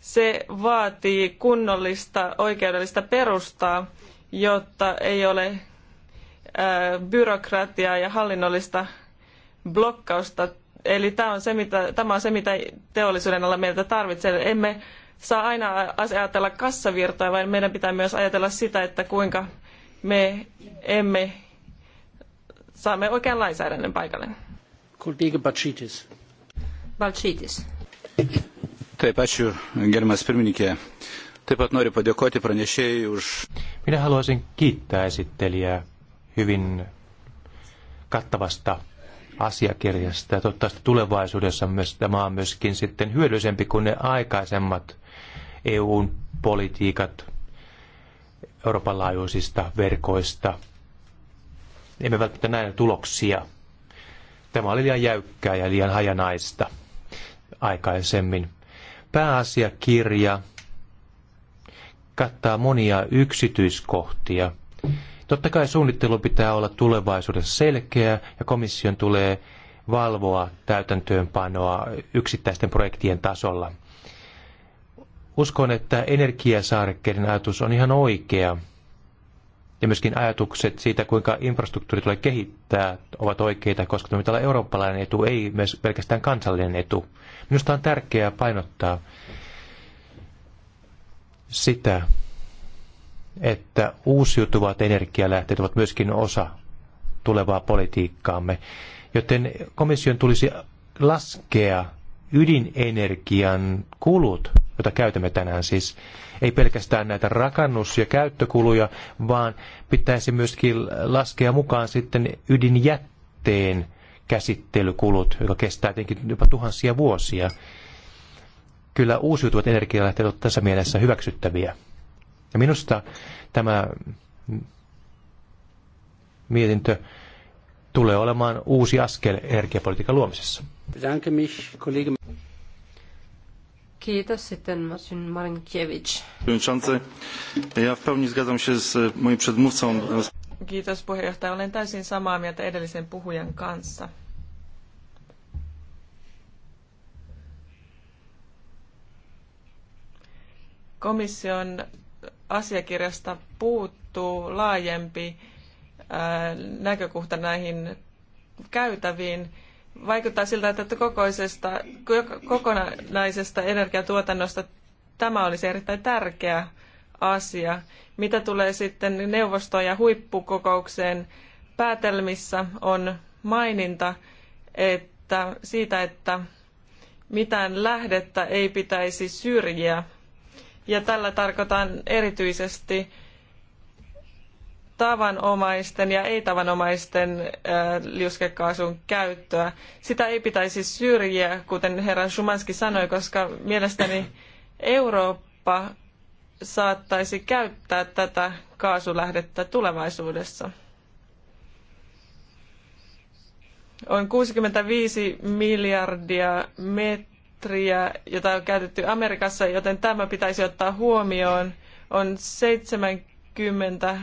Se vaatii kunnollista oikeudellista perustaa jotta ei ole byrokratiaa ja hallinnollista blokkausta. Eli tämä on se, mitä, tämä on se, mitä teollisuuden alla meiltä tarvitsee. Emme saa aina ajatella kassavirtoja, vaan meidän pitää myös ajatella sitä, että kuinka me emme saamme oikean lainsäädännön paikalle. Kollega Balčytis. Balčytis. Taip, ačiū, gerbiamas pirmininkė. Taip pat noriu padėkoti pranešėjai už. Minä haluaisin kiittää esittelijää hyvin kattavasta asiakirjasta. Toivottavasti tulevaisuudessa myös, tämä on myöskin sitten hyödyllisempi kuin ne aikaisemmat EUn politiikat Euroopan laajuisista verkoista. Emme välttämättä näe tuloksia. Tämä oli liian jäykkää ja liian hajanaista aikaisemmin. Pääasiakirja kattaa monia yksityiskohtia. Totta kai suunnittelu pitää olla tulevaisuudessa selkeä ja komission tulee valvoa täytäntöönpanoa yksittäisten projektien tasolla. Uskon, että energiasaarekkeiden ajatus on ihan oikea. Ja myöskin ajatukset siitä, kuinka infrastruktuuri tulee kehittää, ovat oikeita, koska tämä pitää olla eurooppalainen etu, ei myös pelkästään kansallinen etu. Minusta on tärkeää painottaa, sitä, että uusiutuvat energialähteet ovat myöskin osa tulevaa politiikkaamme, joten komission tulisi laskea ydinenergian kulut, joita käytämme tänään siis, ei pelkästään näitä rakennus- ja käyttökuluja, vaan pitäisi myöskin laskea mukaan sitten ydinjätteen käsittelykulut, joka kestää tietenkin jopa tuhansia vuosia kyllä uusiutuvat energialähteet ovat tässä mielessä hyväksyttäviä. Ja minusta tämä mietintö tulee olemaan uusi askel energiapolitiikan luomisessa. Kiitos. Sitten Marcin Marinkiewicz. Ja w pełni zgadzam się z Kiitos puheenjohtaja. Olen täysin samaa mieltä edellisen puhujan kanssa. Komission asiakirjasta puuttuu laajempi näkökohta näihin käytäviin. Vaikuttaa siltä, että kokoisesta, kokonaisesta energiatuotannosta tämä olisi erittäin tärkeä asia. Mitä tulee sitten neuvostoon ja huippukokoukseen, päätelmissä on maininta että siitä, että mitään lähdettä ei pitäisi syrjiä ja tällä tarkoitan erityisesti tavanomaisten ja ei-tavanomaisten äh, liuskekaasun käyttöä. Sitä ei pitäisi syrjiä, kuten herra Schumanski sanoi, koska mielestäni Eurooppa saattaisi käyttää tätä kaasulähdettä tulevaisuudessa. On 65 miljardia metriä metriä, jota on käytetty Amerikassa, joten tämä pitäisi ottaa huomioon, on 70...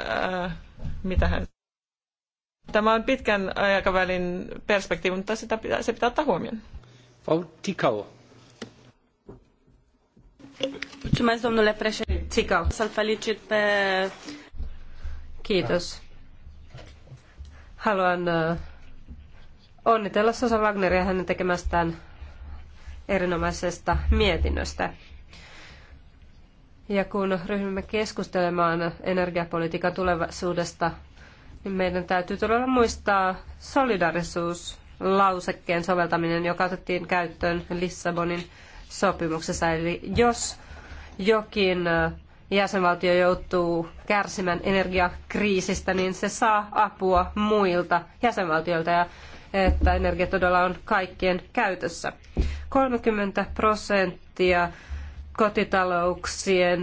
Äh, mitähän? Tämä on pitkän aikavälin perspektiivi, mutta sitä pitää, se pitää ottaa huomioon. Tikau. Mulțumesc, domnule președinte. Să-l felicit pe... Kiitos. Haluan äh, onnitella Sosa Wagneria hänen tekemästään erinomaisesta mietinnöstä. Ja kun ryhdymme keskustelemaan energiapolitiikan tulevaisuudesta, niin meidän täytyy todella muistaa solidarisuuslausekkeen soveltaminen, joka otettiin käyttöön Lissabonin sopimuksessa. Eli jos jokin jäsenvaltio joutuu kärsimään energiakriisistä, niin se saa apua muilta jäsenvaltioilta. Ja että energia todella on kaikkien käytössä. 30 prosenttia kotitalouksien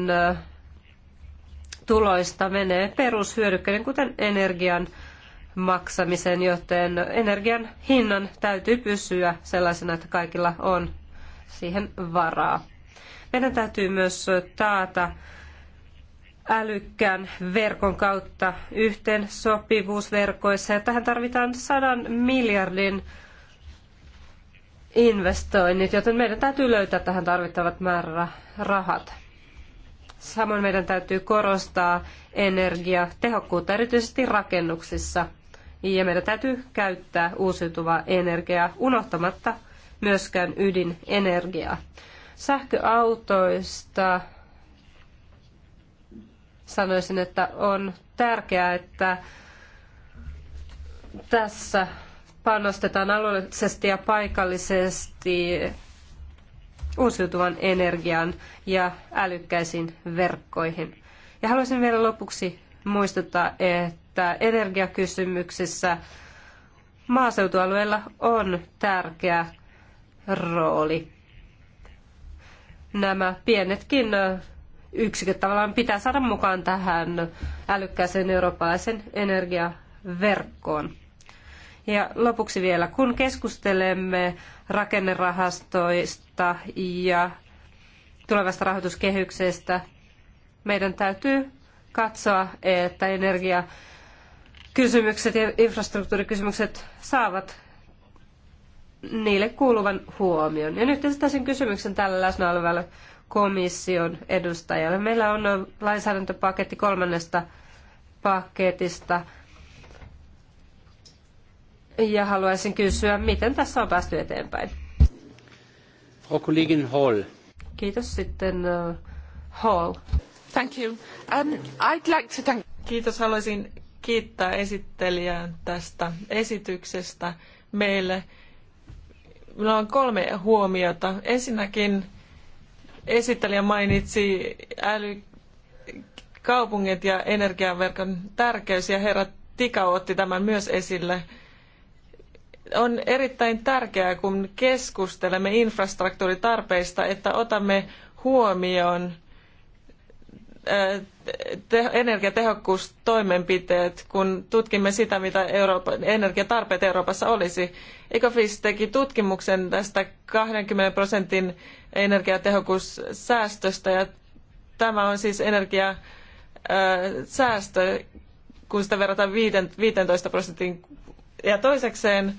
tuloista menee perushyödykkeiden, kuten energian maksamiseen, joten energian hinnan täytyy pysyä sellaisena, että kaikilla on siihen varaa. Meidän täytyy myös taata älykkään verkon kautta yhteen sopivuusverkoissa. Ja tähän tarvitaan sadan miljardin investoinnit, joten meidän täytyy löytää tähän tarvittavat määrärahat. Samoin meidän täytyy korostaa energiatehokkuutta, erityisesti rakennuksissa. Ja meidän täytyy käyttää uusiutuvaa energiaa unohtamatta myöskään ydinenergiaa. Sähköautoista sanoisin, että on tärkeää, että tässä panostetaan alueellisesti ja paikallisesti uusiutuvan energian ja älykkäisiin verkkoihin. Ja haluaisin vielä lopuksi muistuttaa, että energiakysymyksissä maaseutualueilla on tärkeä rooli. Nämä pienetkin yksiköt tavallaan pitää saada mukaan tähän älykkääseen eurooppalaisen energiaverkkoon. Ja lopuksi vielä, kun keskustelemme rakennerahastoista ja tulevasta rahoituskehyksestä, meidän täytyy katsoa, että energiakysymykset ja infrastruktuurikysymykset saavat niille kuuluvan huomion. Ja nyt esittäisin kysymyksen tällä läsnä olevalle komission edustajalle. Meillä on lainsäädäntöpaketti kolmannesta paketista. Ja haluaisin kysyä, miten tässä on päästy eteenpäin? Frau Kollegin Hall. Kiitos sitten uh, Hall. Thank you. Um, I'd like to thank... Kiitos. Haluaisin kiittää esittelijää tästä esityksestä meille. Meillä on kolme huomiota. Ensinnäkin esittelijä mainitsi älykaupungit ja energiaverkon tärkeys ja herra Tikau otti tämän myös esille. On erittäin tärkeää, kun keskustelemme infrastruktuuritarpeista, että otamme huomioon te- energiatehokkuustoimenpiteet, kun tutkimme sitä, mitä Euroopan, energiatarpeet Euroopassa olisi. Ecofis teki tutkimuksen tästä 20 prosentin energiatehokkuussäästöstä ja tämä on siis energiasäästö, kun sitä verrataan 15 prosentin. Ja toisekseen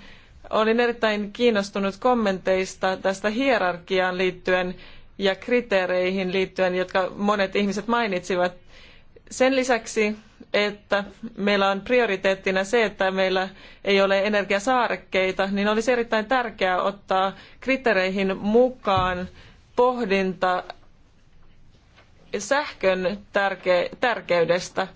olin erittäin kiinnostunut kommenteista tästä hierarkiaan liittyen ja kriteereihin liittyen, jotka monet ihmiset mainitsivat sen lisäksi, että meillä on prioriteettina se, että meillä ei ole energiasaarekkeita, niin olisi erittäin tärkeää ottaa kriteereihin mukaan pohdinta sähkön tärke- tärkeydestä.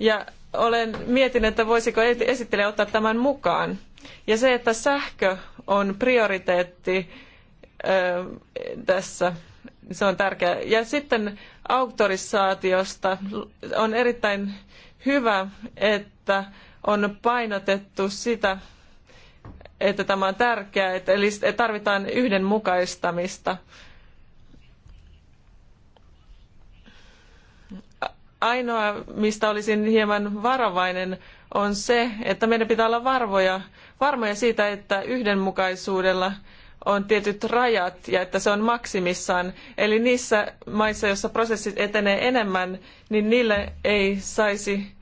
Ja olen mietin, että voisiko esittelijä ottaa tämän mukaan. Ja se, että sähkö on prioriteetti tässä se on tärkeää. Ja sitten auktorisaatiosta on erittäin hyvä, että on painotettu sitä, että tämä on tärkeää, että eli tarvitaan yhdenmukaistamista. Ainoa, mistä olisin hieman varovainen, on se, että meidän pitää olla varvoja, varmoja siitä, että yhdenmukaisuudella – on tietyt rajat ja että se on maksimissaan. Eli niissä maissa, joissa prosessit etenee enemmän, niin niille ei saisi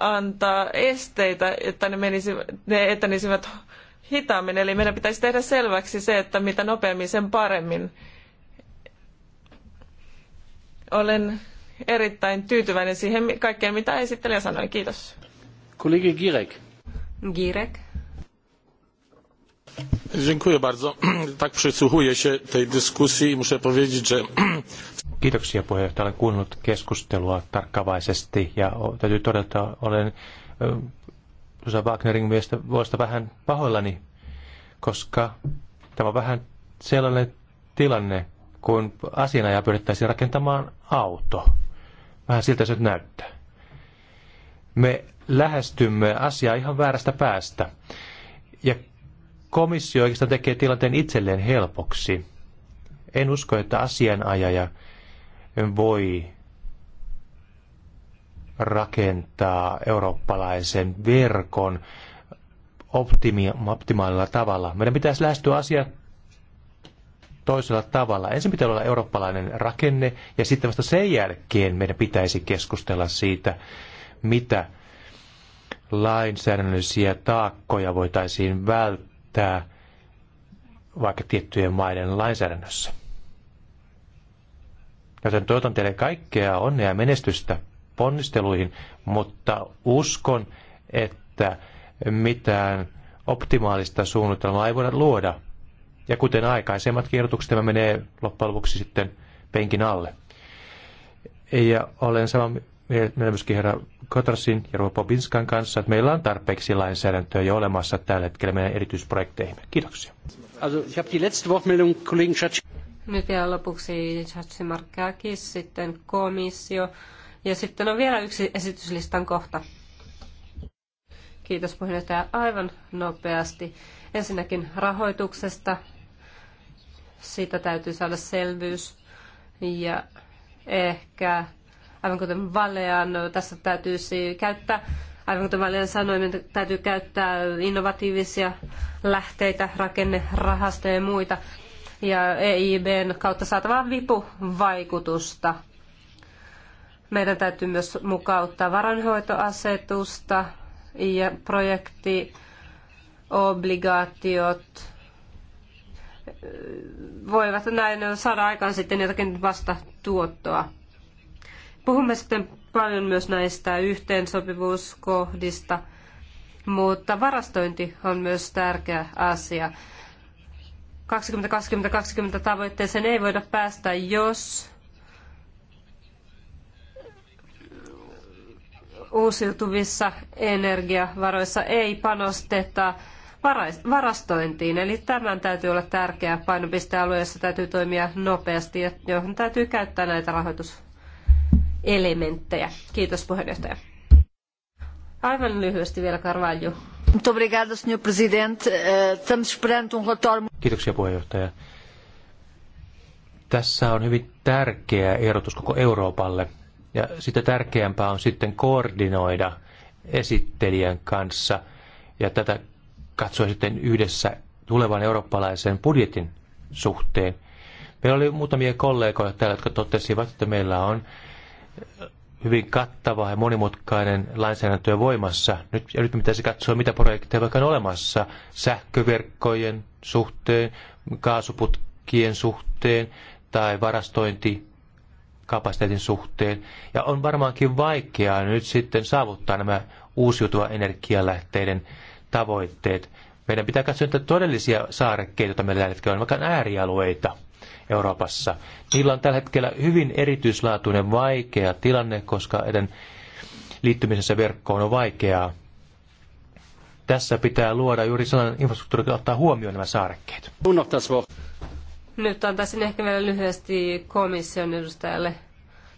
antaa esteitä, että ne, menisivät, ne etenisivät hitaammin. Eli meidän pitäisi tehdä selväksi se, että mitä nopeammin, sen paremmin. Olen erittäin tyytyväinen siihen kaikkeen, mitä esittelijä sanoi. Kiitos. Kollegi Girek. Girek. Dziękuję bardzo. Tak przysłuchuję się tej dyskusji i muszę powiedzieć, że... [clears throat] Kiitoksia puheenjohtaja. Olen kuunnellut keskustelua tarkkavaisesti ja täytyy todeta, olen Rosa Wagnerin mielestä vuosta vähän pahoillani, koska tämä on vähän sellainen tilanne, kun asianaja pyrittäisiin rakentamaan auto. Vähän siltä se nyt näyttää. Me lähestymme asiaa ihan väärästä päästä. Ja komissio oikeastaan tekee tilanteen itselleen helpoksi. En usko, että asianajaja voi rakentaa eurooppalaisen verkon optimaalilla tavalla. Meidän pitäisi lähestyä asiat toisella tavalla. Ensin pitää olla eurooppalainen rakenne ja sitten vasta sen jälkeen meidän pitäisi keskustella siitä, mitä lainsäädännöllisiä taakkoja voitaisiin välttää käyttää vaikka tiettyjen maiden lainsäädännössä. Joten toivotan teille kaikkea onnea ja menestystä ponnisteluihin, mutta uskon, että mitään optimaalista suunnitelmaa ei voida luoda. Ja kuten aikaisemmat kirjoitukset, tämä menee loppujen lopuksi sitten penkin alle. Ja olen sama myöskin herra Kotrasin ja Ruo Binskan kanssa, että meillä on tarpeeksi lainsäädäntöä jo olemassa tällä hetkellä meidän erityisprojekteihin. Kiitoksia. Also, ich habe die letzte Wortmeldung Kollegen Nyt vielä lopuksi Markkakis, sitten komissio ja sitten on vielä yksi esityslistan kohta. Kiitos puheenjohtaja aivan nopeasti. Ensinnäkin rahoituksesta. Siitä täytyy saada selvyys. Ja ehkä Aivan kuten Valean, tässä täytyisi käyttää, aivan kuten Valean sanoi, meidän niin täytyy käyttää innovatiivisia lähteitä, rakennerahastoja ja muita. Ja EIBn kautta saatavaa vipuvaikutusta. Meidän täytyy myös mukauttaa varanhoitoasetusta ja obligaatiot. voivat näin saada aikaan sitten jotakin vasta tuottoa. Puhumme sitten paljon myös näistä yhteensopivuuskohdista, mutta varastointi on myös tärkeä asia. 2020-2020 tavoitteeseen ei voida päästä, jos uusiutuvissa energiavaroissa ei panosteta varastointiin. Eli tämän täytyy olla tärkeä painopistealue, jossa täytyy toimia nopeasti ja johon täytyy käyttää näitä rahoitus elementtejä. Kiitos puheenjohtaja. Aivan lyhyesti vielä Carvalho. Obrigado, senhor presidente. Eh, estamos esperando un um relatório... Kiitoksia puheenjohtaja. Tässä on hyvin tärkeä ehdotus koko Euroopalle. Ja sitä tärkeämpää on sitten koordinoida esittelijän kanssa ja tätä katsoa sitten yhdessä tulevan eurooppalaisen budjetin suhteen. Meillä oli muutamia kollegoja täällä, jotka totesivat, että meillä on hyvin kattava ja monimutkainen lainsäädäntö voimassa. Nyt, ja nyt pitäisi katsoa, mitä projekteja vaikka on olemassa sähköverkkojen suhteen, kaasuputkien suhteen tai varastointikapasiteetin suhteen. Ja on varmaankin vaikeaa nyt sitten saavuttaa nämä uusiutuva energialähteiden tavoitteet. Meidän pitää katsoa niitä todellisia saarekkeita, joita meillä tällä hetkellä on, vaikka äärialueita – Euroopassa. Niillä on tällä hetkellä hyvin erityislaatuinen vaikea tilanne, koska heidän liittymisensä verkkoon on vaikeaa. Tässä pitää luoda juuri sellainen infrastruktuuri, joka ottaa huomioon nämä saarekkeet. Nyt antaisin ehkä vielä lyhyesti komission edustajalle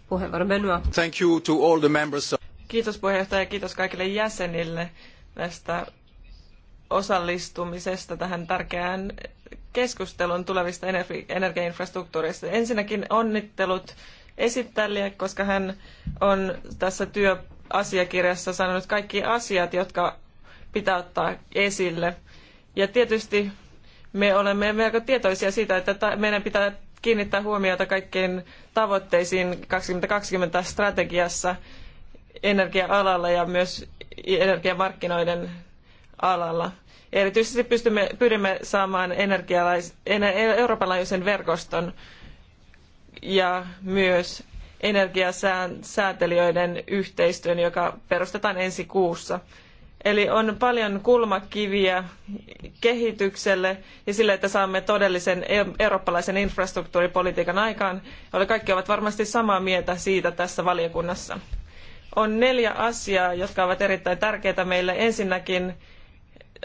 puheenvuoron. Benoit. Thank you to all the members. Kiitos puheenjohtaja ja kiitos kaikille jäsenille tästä osallistumisesta tähän tärkeään keskustelun tulevista energiainfrastruktuureista. Ensinnäkin onnittelut esittelijä, koska hän on tässä työasiakirjassa sanonut kaikki asiat, jotka pitää ottaa esille. Ja tietysti me olemme melko tietoisia siitä, että meidän pitää kiinnittää huomiota kaikkiin tavoitteisiin 2020 strategiassa energia-alalla ja myös energiamarkkinoiden alalla. Erityisesti pystymme, pyrimme saamaan energialais, Euroopan laajuisen verkoston ja myös energiasäätelijöiden yhteistyön, joka perustetaan ensi kuussa. Eli on paljon kulmakiviä kehitykselle ja sille, että saamme todellisen e, eurooppalaisen infrastruktuuripolitiikan aikaan, Ja kaikki ovat varmasti samaa mieltä siitä tässä valiokunnassa. On neljä asiaa, jotka ovat erittäin tärkeitä meille. Ensinnäkin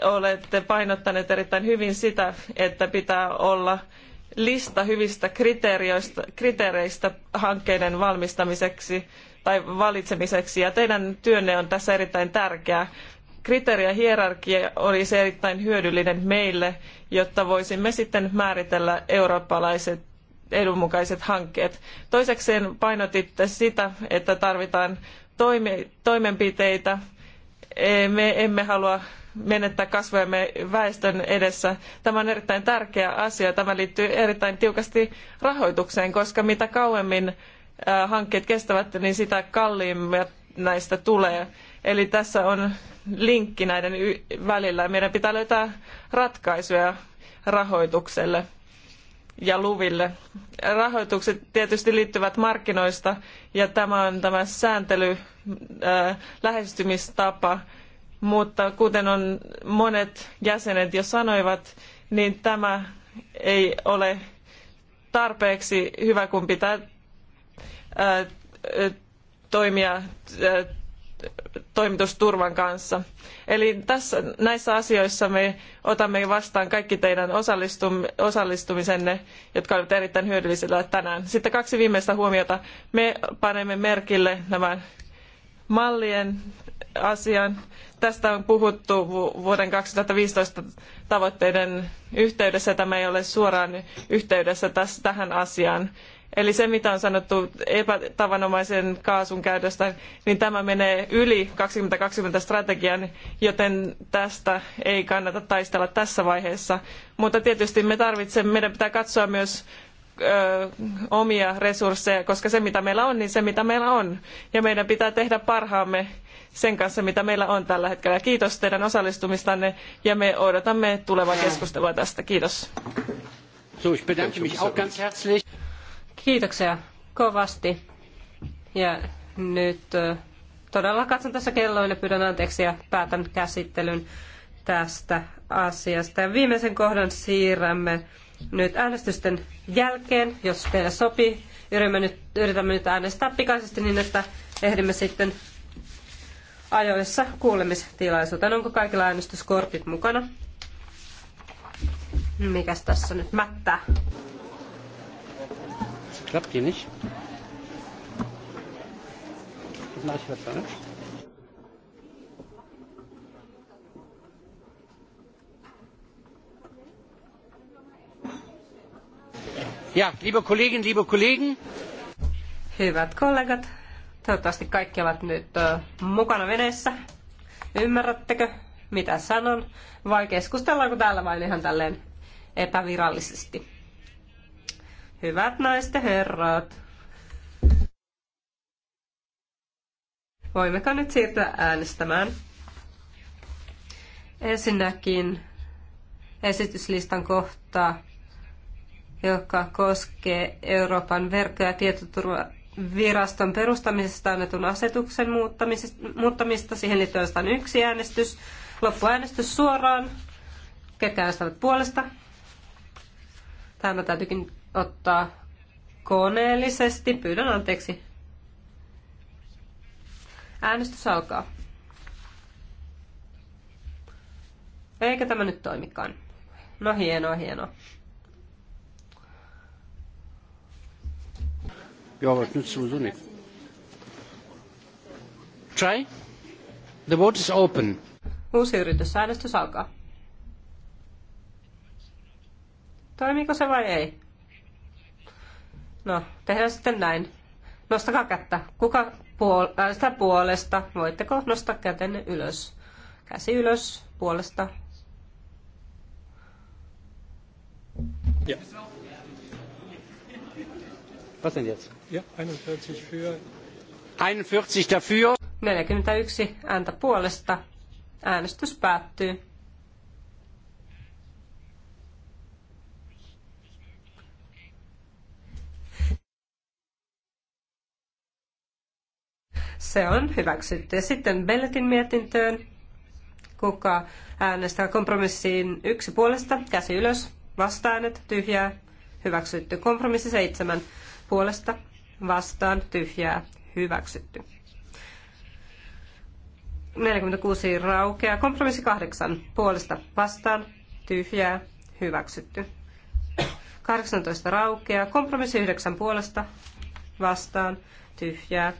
olette painottaneet erittäin hyvin sitä, että pitää olla lista hyvistä kriteereistä hankkeiden valmistamiseksi tai valitsemiseksi. Ja teidän työnne on tässä erittäin tärkeää. Kriteerien hierarkia olisi erittäin hyödyllinen meille, jotta voisimme sitten määritellä eurooppalaiset edunmukaiset hankkeet. Toisekseen painotitte sitä, että tarvitaan toime, toimenpiteitä. Me emme halua menettää kasvojamme väestön edessä. Tämä on erittäin tärkeä asia. Tämä liittyy erittäin tiukasti rahoitukseen, koska mitä kauemmin äh, hankkeet kestävät, niin sitä kalliimmat näistä tulee. Eli tässä on linkki näiden välillä. Meidän pitää löytää ratkaisuja rahoitukselle ja luville. Rahoitukset tietysti liittyvät markkinoista ja tämä on tämä sääntely, äh, lähestymistapa, mutta kuten on monet jäsenet jo sanoivat, niin tämä ei ole tarpeeksi hyvä, kun pitää ää, äh, äh, toimia ää, äh, toimitusturvan kanssa. Eli tässä, näissä asioissa me otamme vastaan kaikki teidän osallistum, osallistumisenne, jotka olivat erittäin hyödyllisiä tänään. Sitten kaksi viimeistä huomiota. Me panemme merkille nämä mallien asian. Tästä on puhuttu vuoden 2015 tavoitteiden yhteydessä. Tämä ei ole suoraan yhteydessä tähän asiaan. Eli se, mitä on sanottu epätavanomaisen kaasun käytöstä, niin tämä menee yli 2020-strategian, joten tästä ei kannata taistella tässä vaiheessa. Mutta tietysti me tarvitsemme, meidän pitää katsoa myös omia resursseja, koska se mitä meillä on, niin se mitä meillä on. Ja meidän pitää tehdä parhaamme sen kanssa, mitä meillä on tällä hetkellä. Kiitos teidän osallistumistanne ja me odotamme tulevaa keskustelua tästä. Kiitos. Kiitoksia kovasti. Ja nyt todella katson tässä ja pyydän anteeksi ja päätän käsittelyn tästä asiasta. Ja viimeisen kohdan siirrämme nyt äänestysten jälkeen, jos teille sopii. Yritämme nyt, yritämme nyt äänestää pikaisesti niin, että ehdimme sitten ajoissa kuulemistilaisuuteen. Onko kaikilla äänestyskortit mukana? Mikäs tässä nyt mättää? Klappt hier nicht? ich Ja, liebe Kolleginnen, liebe Kollegen. Hyvät kollegat, toivottavasti kaikki ovat nyt mukana veneessä. Ymmärrättekö, mitä sanon? Vai keskustellaanko täällä vain ihan tälleen epävirallisesti? Hyvät naiset ja herrat. Voimmeko nyt siirtyä äänestämään? Ensinnäkin esityslistan kohtaa joka koskee Euroopan verkko- ja tietoturvaviraston perustamisesta annetun asetuksen muuttamista. Siihen liittyy on yksi äänestys. Loppuäänestys suoraan. Ketkä äänestävät puolesta? Tämä täytyykin ottaa koneellisesti. Pyydän anteeksi. Äänestys alkaa. Eikä tämä nyt toimikaan. No hienoa, hienoa. Try. The vote is open. Uusi yritys. Äänestys alkaa. Toimiiko se vai ei? No, tehdään sitten näin. Nostakaa kättä. Kuka puol- äänestää äh, puolesta? Voitteko nostaa kätenne ylös? Käsi ylös puolesta. Yeah. Was denn jetzt? Ja, 41 für. 41 dafür. 41 ääntä puolesta. Äänestys päättyy. Se on hyväksytty. Ja sitten Belletin mietintöön. Kuka äänestää kompromissiin yksi puolesta? Käsi ylös. Vastaanet. Tyhjää. Hyväksytty. Kompromissi seitsemän puolesta vastaan tyhjää hyväksytty. 46 raukeaa. Kompromissi 8 puolesta vastaan tyhjää hyväksytty. 18 raukeaa. Kompromissi 9 puolesta vastaan tyhjää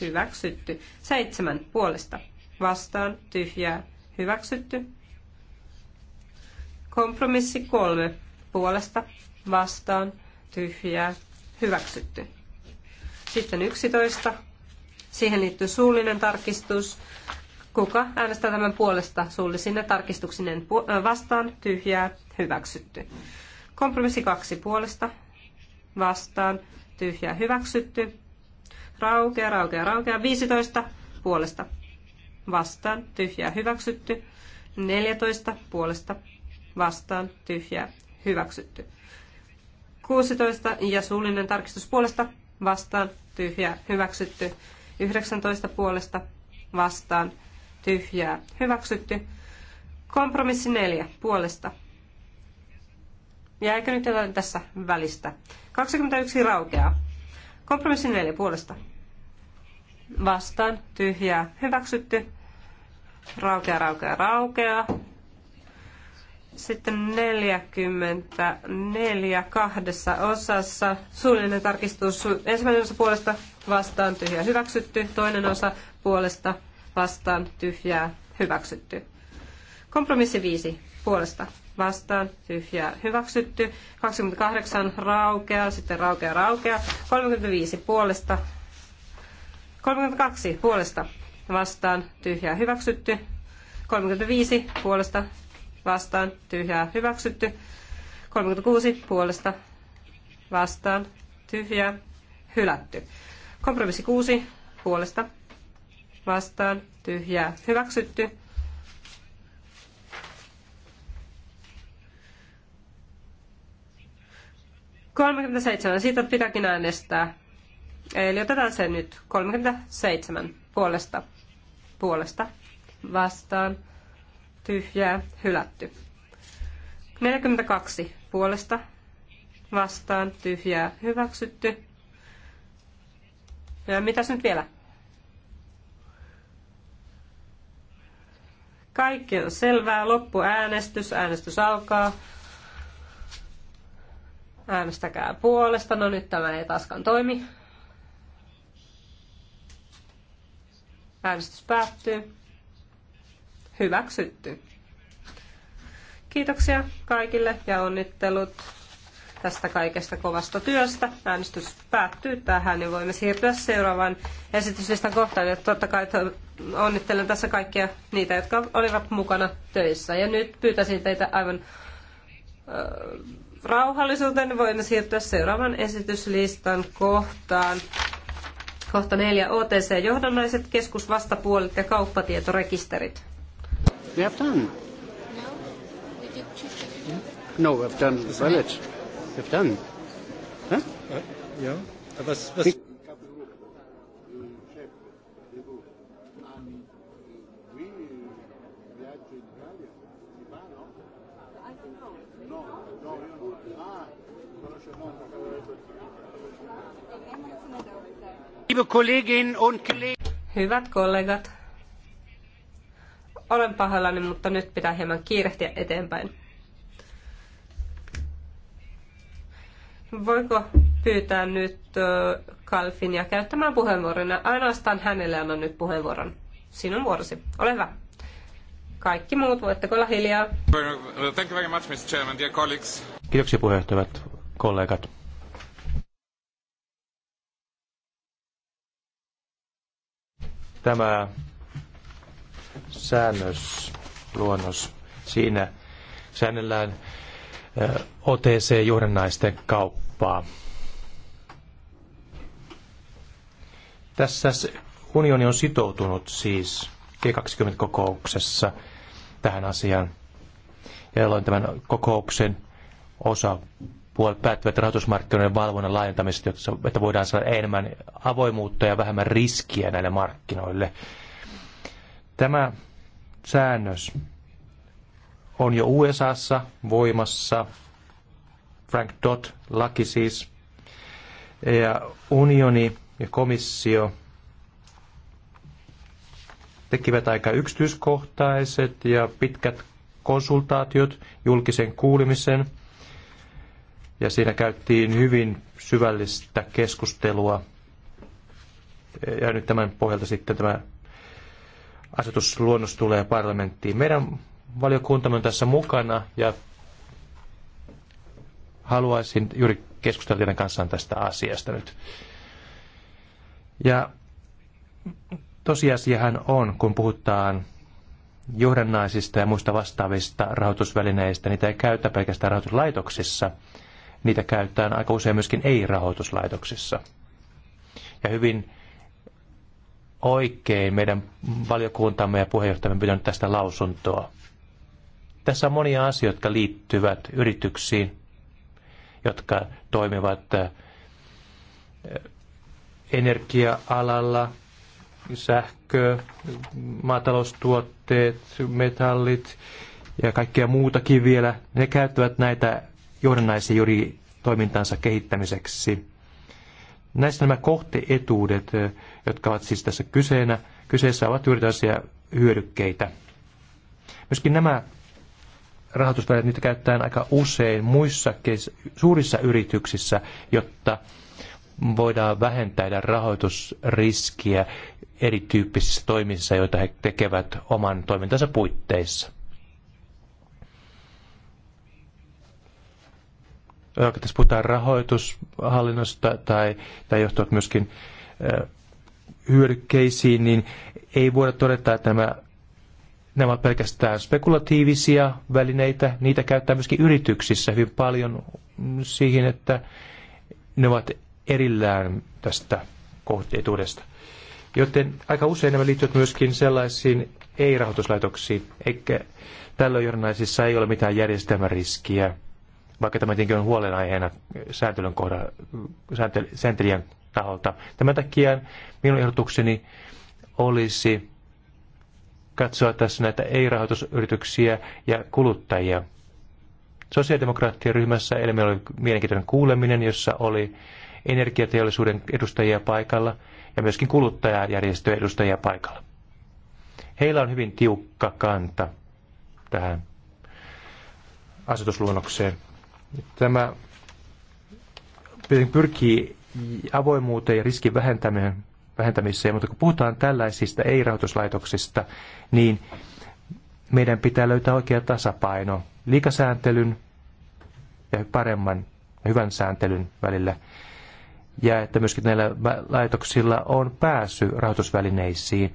hyväksytty. 7 puolesta vastaan tyhjää hyväksytty. Kompromissi 3 puolesta vastaan tyhjää hyväksytty. Sitten 11. Siihen liittyy suullinen tarkistus. Kuka äänestää tämän puolesta suullisine tarkistuksinen vastaan tyhjää hyväksytty. Kompromissi kaksi puolesta vastaan tyhjää hyväksytty. Raukea, raukea, raukea. 15 puolesta vastaan tyhjää hyväksytty. 14 puolesta vastaan tyhjää hyväksytty. 16 ja suullinen tarkistus puolesta vastaan tyhjää hyväksytty. 19 puolesta vastaan tyhjää hyväksytty. Kompromissi 4 puolesta. Jäikö nyt jotain tässä välistä? 21 raukeaa. Kompromissi 4 puolesta. Vastaan tyhjää hyväksytty. Raukea, raukea, raukea. Sitten 44 kahdessa osassa. Suullinen tarkistus ensimmäinen osa puolesta vastaan tyhjä hyväksytty. Toinen osa puolesta vastaan tyhjää hyväksytty. Kompromissi 5 puolesta vastaan tyhjää hyväksytty. 28 raukeaa, sitten raukea raukea. 35 puolesta. 32 puolesta vastaan tyhjää hyväksytty. 35 puolesta vastaan tyhjää hyväksytty. 36 puolesta vastaan tyhjää hylätty. Kompromissi 6 puolesta vastaan tyhjää hyväksytty. Kolmekymmentäseitsemän. Siitä pitääkin äänestää. Eli otetaan se nyt. 37 puolesta. Puolesta. Vastaan tyhjää, hylätty. 42 puolesta vastaan, tyhjää, hyväksytty. Ja mitäs nyt vielä? Kaikki on selvää. Loppuäänestys. Äänestys alkaa. Äänestäkää puolesta. No nyt tämä ei taaskaan toimi. Äänestys päättyy hyväksytty. Kiitoksia kaikille ja onnittelut tästä kaikesta kovasta työstä. Äänestys päättyy tähän, niin voimme siirtyä seuraavaan esityslistan kohtaan. Ja totta kai onnittelen tässä kaikkia niitä, jotka olivat mukana töissä. Ja nyt pyytäisin teitä aivan äh, rauhallisuuteen, niin voimme siirtyä seuraavan esityslistan kohtaan. Kohta neljä OTC-johdannaiset, keskusvastapuolet ja kauppatietorekisterit. We have done. No, we did yeah. No, we have done the village. We have done. Huh? Ja, uh, uh, was, was... Hyvät kollegat, olen pahallani, mutta nyt pitää hieman kiirehtiä eteenpäin. Voinko pyytää nyt Kalfinia käyttämään puheenvuoron? Ainoastaan hänelle annan nyt puheenvuoron. Sinun vuorosi. Ole hyvä. Kaikki muut voitteko olla hiljaa. Thank you very much, Mr. Chairman, dear colleagues. Kiitoksia puheenjohtajat kollegat. Tämä säännösluonnos. Siinä säännellään OTC-johdannaisten kauppaa. Tässä unioni on sitoutunut siis G20-kokouksessa tähän asiaan, jolloin tämän kokouksen osa puolet päättyvät rahoitusmarkkinoiden valvonnan laajentamisesta, että voidaan saada enemmän avoimuutta ja vähemmän riskiä näille markkinoille. Tämä säännös on jo USAssa voimassa, Frank Dot laki siis, ja unioni ja komissio tekivät aika yksityiskohtaiset ja pitkät konsultaatiot julkisen kuulemisen, ja siinä käyttiin hyvin syvällistä keskustelua, ja nyt tämän pohjalta sitten tämä asetusluonnos tulee parlamenttiin. Meidän valiokuntamme on tässä mukana ja haluaisin juuri keskustella teidän kanssaan tästä asiasta nyt. Ja tosiasiahan on, kun puhutaan johdannaisista ja muista vastaavista rahoitusvälineistä, niitä ei käytä pelkästään rahoituslaitoksissa, niitä käytetään aika usein myöskin ei-rahoituslaitoksissa. Ja hyvin oikein meidän valiokuntamme ja puheenjohtajamme pitänyt tästä lausuntoa. Tässä on monia asioita, jotka liittyvät yrityksiin, jotka toimivat äh, energia-alalla, sähkö, maataloustuotteet, metallit ja kaikkea muutakin vielä. Ne käyttävät näitä johdannaisia juuri toimintansa kehittämiseksi. Näissä nämä kohteetuudet, jotka ovat siis tässä kyseenä, kyseessä ovat juuri tällaisia hyödykkeitä. Myöskin nämä rahoitusvälineet, niitä käytetään aika usein muissa suurissa yrityksissä, jotta voidaan vähentää rahoitusriskiä erityyppisissä toimissa, joita he tekevät oman toimintansa puitteissa. tässä puhutaan rahoitushallinnosta tai, tai johtuvat myöskin hyödykkeisiin, niin ei voida todeta, että nämä, nämä ovat pelkästään spekulatiivisia välineitä. Niitä käyttää myöskin yrityksissä hyvin paljon siihen, että ne ovat erillään tästä kohteetuudesta. Joten aika usein nämä liittyvät myöskin sellaisiin ei-rahoituslaitoksiin, eikä tällöin johdannaisissa ei ole mitään järjestelmäriskiä. riskiä vaikka tämä tietenkin on huolenaiheena sääntelyn kohdalla sääntel, sääntelijän taholta. Tämän takia minun ehdotukseni olisi katsoa tässä näitä ei-rahoitusyrityksiä ja kuluttajia. Sosiaalidemokraattien ryhmässä eilen oli mielenkiintoinen kuuleminen, jossa oli energiateollisuuden edustajia paikalla ja myöskin kuluttajajärjestöjen edustajia paikalla. Heillä on hyvin tiukka kanta tähän asetusluonnokseen. Tämä pyrkii avoimuuteen ja riskin vähentämiseen, vähentämiseen, mutta kun puhutaan tällaisista ei-rahoituslaitoksista, niin meidän pitää löytää oikea tasapaino liikasääntelyn ja paremman ja hyvän sääntelyn välillä. Ja että myöskin näillä laitoksilla on pääsy rahoitusvälineisiin,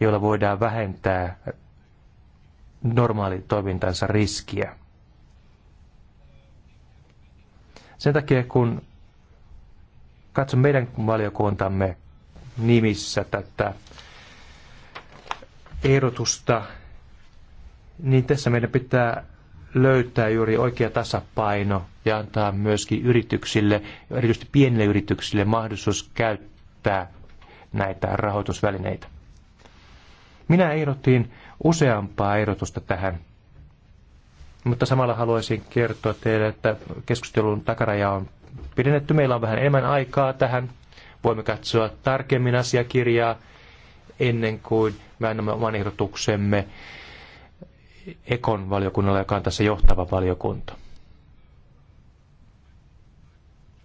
joilla voidaan vähentää normaali toimintansa riskiä. Sen takia, kun katson meidän valiokuntamme nimissä tätä ehdotusta, niin tässä meidän pitää löytää juuri oikea tasapaino ja antaa myöskin yrityksille, erityisesti pienille yrityksille, mahdollisuus käyttää näitä rahoitusvälineitä. Minä ehdotin useampaa ehdotusta tähän mutta samalla haluaisin kertoa teille, että keskustelun takaraja on pidennetty. Meillä on vähän enemmän aikaa tähän. Voimme katsoa tarkemmin asiakirjaa ennen kuin me annamme oman ehdotuksemme Ekon valiokunnalle, joka on tässä johtava valiokunta.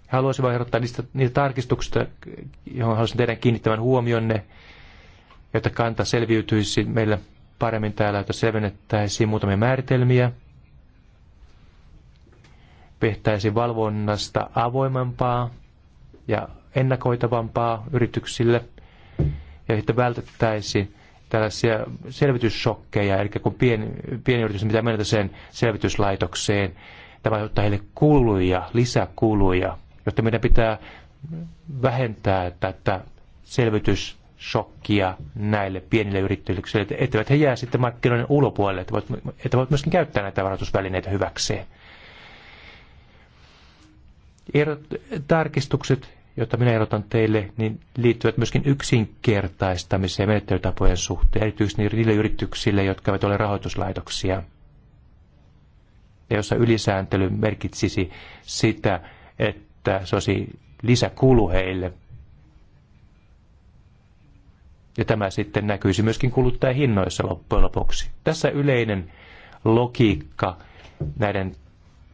Haluaisin vain ehdottaa niistä, niitä tarkistuksista, johon haluaisin teidän kiinnittävän huomionne, jotta kanta selviytyisi meille paremmin täällä, että selvennettäisiin muutamia määritelmiä, tehtäisi valvonnasta avoimempaa ja ennakoitavampaa yrityksille ja sitten vältettäisiin tällaisia selvityssokkeja, eli kun pieni, pieni yritys pitää mennä sen selvityslaitokseen, tämä ottaa heille kuluja, lisäkuluja, jotta meidän pitää vähentää tätä selvityssokkia näille pienille yrityksille, etteivät he jää sitten markkinoiden ulkopuolelle, että voivat myöskin käyttää näitä varoitusvälineitä hyväkseen. Erot, tarkistukset, joita minä erotan teille, niin liittyvät myöskin yksinkertaistamiseen menettelytapojen suhteen, erityisesti niille yrityksille, jotka eivät ole rahoituslaitoksia. Ja jossa ylisääntely merkitsisi sitä, että se olisi lisäkulu heille. Ja tämä sitten näkyisi myöskin kuluttajahinnoissa loppujen lopuksi. Tässä yleinen logiikka näiden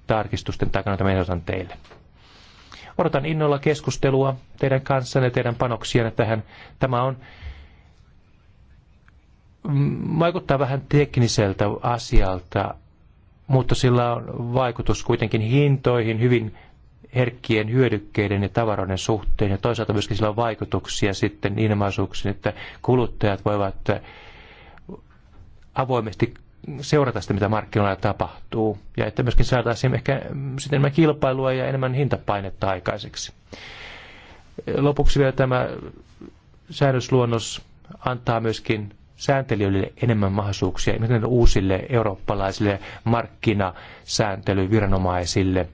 tarkistusten takana, jota minä teille. Odotan innolla keskustelua teidän kanssanne ja teidän panoksianne tähän. Tämä on mm, vaikuttaa vähän tekniseltä asialta, mutta sillä on vaikutus kuitenkin hintoihin hyvin herkkien hyödykkeiden ja tavaroiden suhteen. Ja toisaalta myöskin sillä on vaikutuksia sitten ilmaisuuksiin, että kuluttajat voivat avoimesti seurata sitä, mitä markkinoilla tapahtuu, ja että myöskin saataisiin ehkä sitten enemmän kilpailua ja enemmän hintapainetta aikaiseksi. Lopuksi vielä tämä säädösluonnos antaa myöskin sääntelijöille enemmän mahdollisuuksia, esimerkiksi uusille eurooppalaisille markkinasääntelyviranomaisille,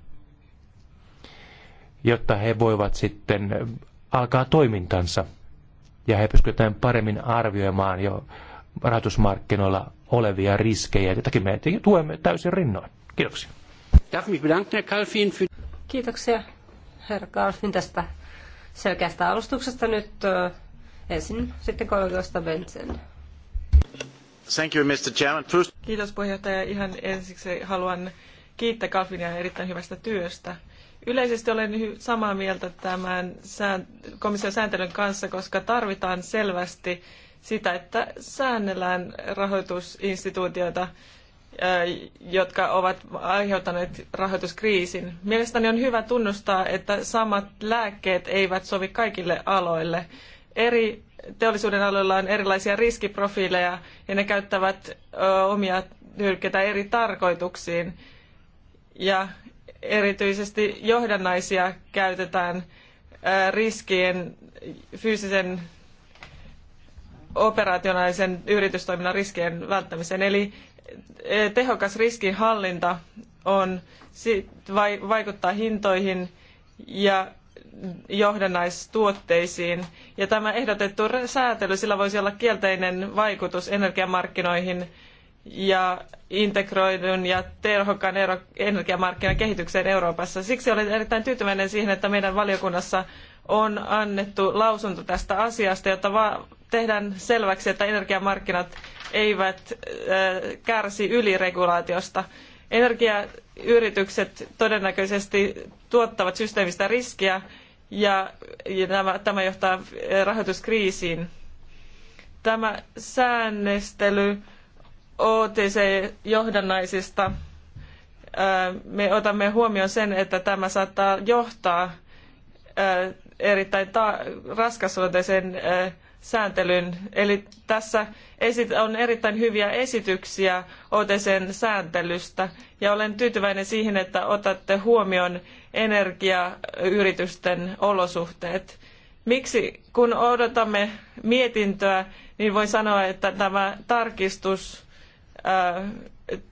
jotta he voivat sitten alkaa toimintansa ja he pystyvät paremmin arvioimaan jo rahoitusmarkkinoilla olevia riskejä, jotakin me tuemme täysin rinnoin. Kiitoksia. Kiitoksia herra Kalfin tästä selkeästä alustuksesta. Nyt ensin sitten kollegoista Benson. Thank you, Mr. Chairman. First... Kiitos puheenjohtaja. Ihan ensiksi haluan kiittää Kalfinia erittäin hyvästä työstä. Yleisesti olen samaa mieltä tämän komission sääntelyn kanssa, koska tarvitaan selvästi sitä, että säännellään rahoitusinstituutioita, äh, jotka ovat aiheuttaneet rahoituskriisin. Mielestäni on hyvä tunnustaa, että samat lääkkeet eivät sovi kaikille aloille. Eri teollisuuden aloilla on erilaisia riskiprofiileja ja ne käyttävät omia hylkeitä eri tarkoituksiin. Ja erityisesti johdannaisia käytetään riskien fyysisen operationaalisen yritystoiminnan riskien välttämiseen. Eli eh, tehokas riskinhallinta on, vaikuttaa hintoihin ja johdannaistuotteisiin. Ja tämä ehdotettu säätely, sillä voisi olla kielteinen vaikutus energiamarkkinoihin ja integroidun ja tehokkaan energiamarkkinan kehitykseen Euroopassa. Siksi olen erittäin tyytyväinen siihen, että meidän valiokunnassa on annettu lausunto tästä asiasta, jotta tehdään selväksi, että energiamarkkinat eivät äh, kärsi yliregulaatiosta. Energiayritykset todennäköisesti tuottavat systeemistä riskiä ja, tämä johtaa äh, rahoituskriisiin. Tämä säännöstely OTC-johdannaisista, äh, me otamme huomioon sen, että tämä saattaa johtaa erittäin ta- sääntelyn. Eli tässä on erittäin hyviä esityksiä OTCn sääntelystä ja olen tyytyväinen siihen, että otatte huomioon energiayritysten olosuhteet. Miksi kun odotamme mietintöä, niin voin sanoa, että tämä tarkistus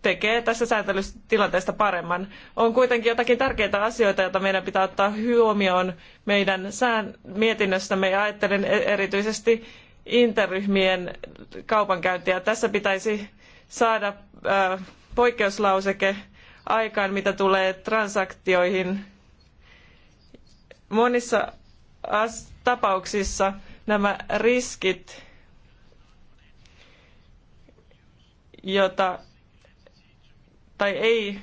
tekee tässä sääntelytilanteesta paremman. On kuitenkin jotakin tärkeitä asioita, joita meidän pitää ottaa huomioon meidän sään mietinnössämme ja ajattelen e- erityisesti interryhmien kaupankäyntiä. Tässä pitäisi saada äh, poikkeuslauseke aikaan, mitä tulee transaktioihin. Monissa tapauksissa nämä riskit, joita tai ei.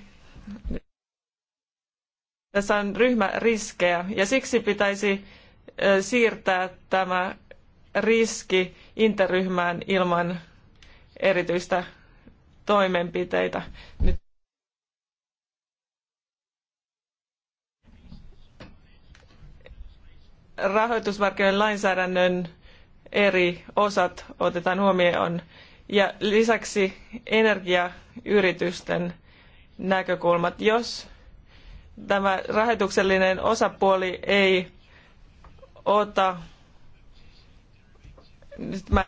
Tässä on ryhmäriskejä ja siksi pitäisi siirtää tämä riski interryhmään ilman erityistä toimenpiteitä. Nyt rahoitusmarkkinoiden lainsäädännön eri osat otetaan huomioon ja lisäksi energiayritysten näkökulmat. Jos tämä rahoituksellinen osapuoli ei ota nyt mä...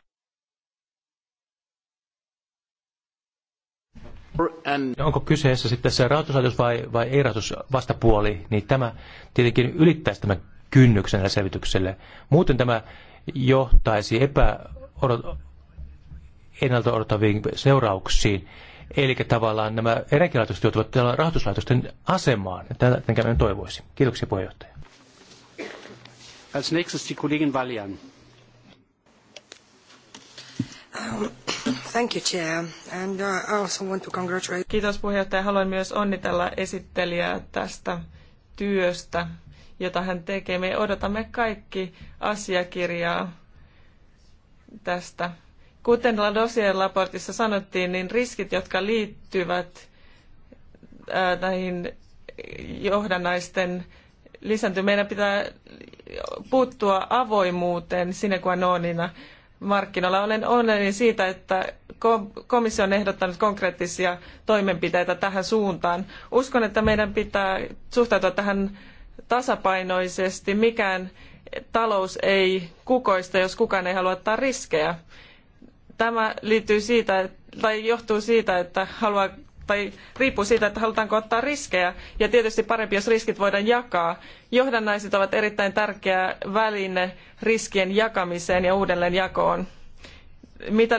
Onko kyseessä sitten se rahoituslaitos vai, vai ei vastapuoli, niin tämä tietenkin ylittäisi tämän kynnyksen selvitykselle. Muuten tämä johtaisi epä ennalta odottaviin seurauksiin Eli tavallaan nämä energialaitokset joutuvat rahoituslaitosten asemaan. Tätä minä toivoisin. Kiitoksia puheenjohtaja. Als nächstes die Kollegin Valian. Um, thank you, Chair. And uh, I also want to congratulate... Kiitos puheenjohtaja. Haluan myös onnitella esittelijää tästä työstä, jota hän tekee. Me odotamme kaikki asiakirjaa tästä Kuten Ladosien raportissa sanottiin, niin riskit, jotka liittyvät näihin johdannaisten lisääntyy. Meidän pitää puuttua avoimuuteen sine qua nonina markkinoilla. Olen onnellinen siitä, että komissio on ehdottanut konkreettisia toimenpiteitä tähän suuntaan. Uskon, että meidän pitää suhtautua tähän tasapainoisesti. Mikään talous ei kukoista, jos kukaan ei halua ottaa riskejä. Tämä liittyy siitä, tai johtuu siitä, että haluaa tai riippuu siitä, että halutaanko ottaa riskejä. Ja tietysti parempi, jos riskit voidaan jakaa. Johdannaiset ovat erittäin tärkeä väline riskien jakamiseen ja uudelleenjakoon. Mitä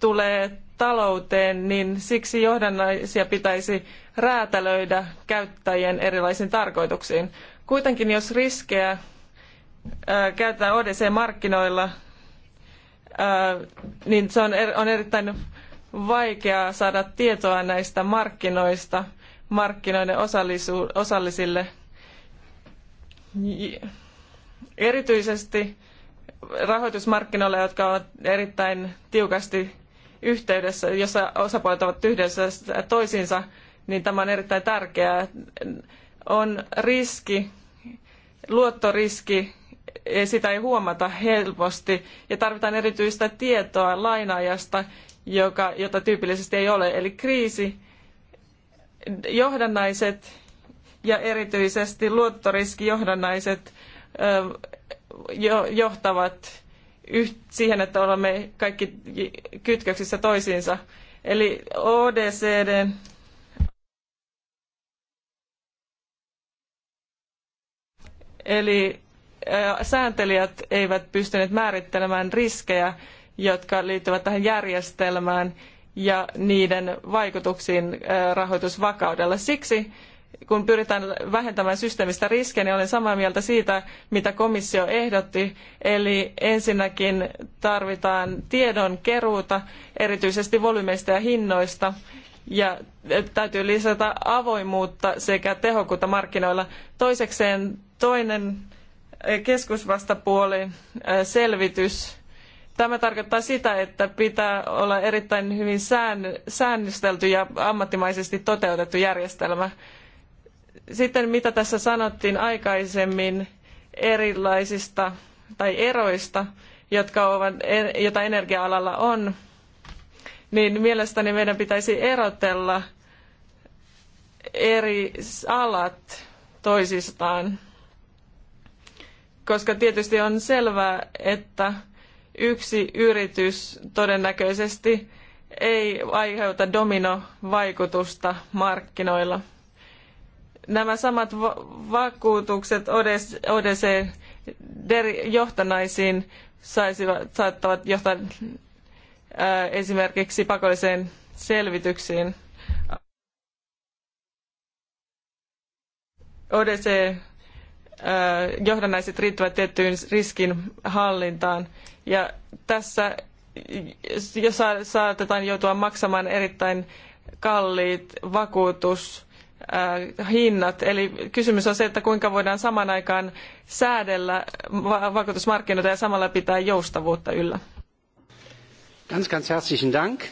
tulee talouteen, niin siksi johdannaisia pitäisi räätälöidä käyttäjien erilaisiin tarkoituksiin. Kuitenkin jos riskejä ää, käytetään ODC-markkinoilla, niin se on, er, on erittäin vaikeaa saada tietoa näistä markkinoista markkinoiden osallisu, osallisille. Erityisesti rahoitusmarkkinoille, jotka ovat erittäin tiukasti yhteydessä, jossa osapuolet ovat yhdessä toisiinsa, niin tämä on erittäin tärkeää. On riski, luottoriski sitä ei huomata helposti ja tarvitaan erityistä tietoa lainaajasta, joka, jota tyypillisesti ei ole. Eli kriisi, johdannaiset ja erityisesti luottoriskijohdannaiset jo, johtavat siihen, että olemme kaikki kytköksissä toisiinsa. Eli n Eli sääntelijät eivät pystyneet määrittelemään riskejä, jotka liittyvät tähän järjestelmään ja niiden vaikutuksiin rahoitusvakaudella. Siksi kun pyritään vähentämään systeemistä riskejä, niin olen samaa mieltä siitä, mitä komissio ehdotti. Eli ensinnäkin tarvitaan tiedon keruuta, erityisesti volyymeista ja hinnoista, ja täytyy lisätä avoimuutta sekä tehokkuutta markkinoilla. Toisekseen toinen keskusvastapuolen äh, selvitys. Tämä tarkoittaa sitä, että pitää olla erittäin hyvin säännöstelty ja ammattimaisesti toteutettu järjestelmä. Sitten mitä tässä sanottiin aikaisemmin erilaisista tai eroista, jotka ovat, joita energia-alalla on, niin mielestäni meidän pitäisi erotella eri alat toisistaan koska tietysti on selvää, että yksi yritys todennäköisesti ei aiheuta dominovaikutusta markkinoilla. Nämä samat vakuutukset ODC-johtanaisiin saattavat johtaa esimerkiksi pakolliseen selvityksiin. ODC johdannaiset riittävät tiettyyn riskin hallintaan. Ja tässä jo saatetaan joutua maksamaan erittäin kalliit vakuutushinnat. Eli kysymys on se, että kuinka voidaan saman aikaan säädellä vakuutusmarkkinoita ja samalla pitää joustavuutta yllä. Ganz, ganz herzlichen Dank.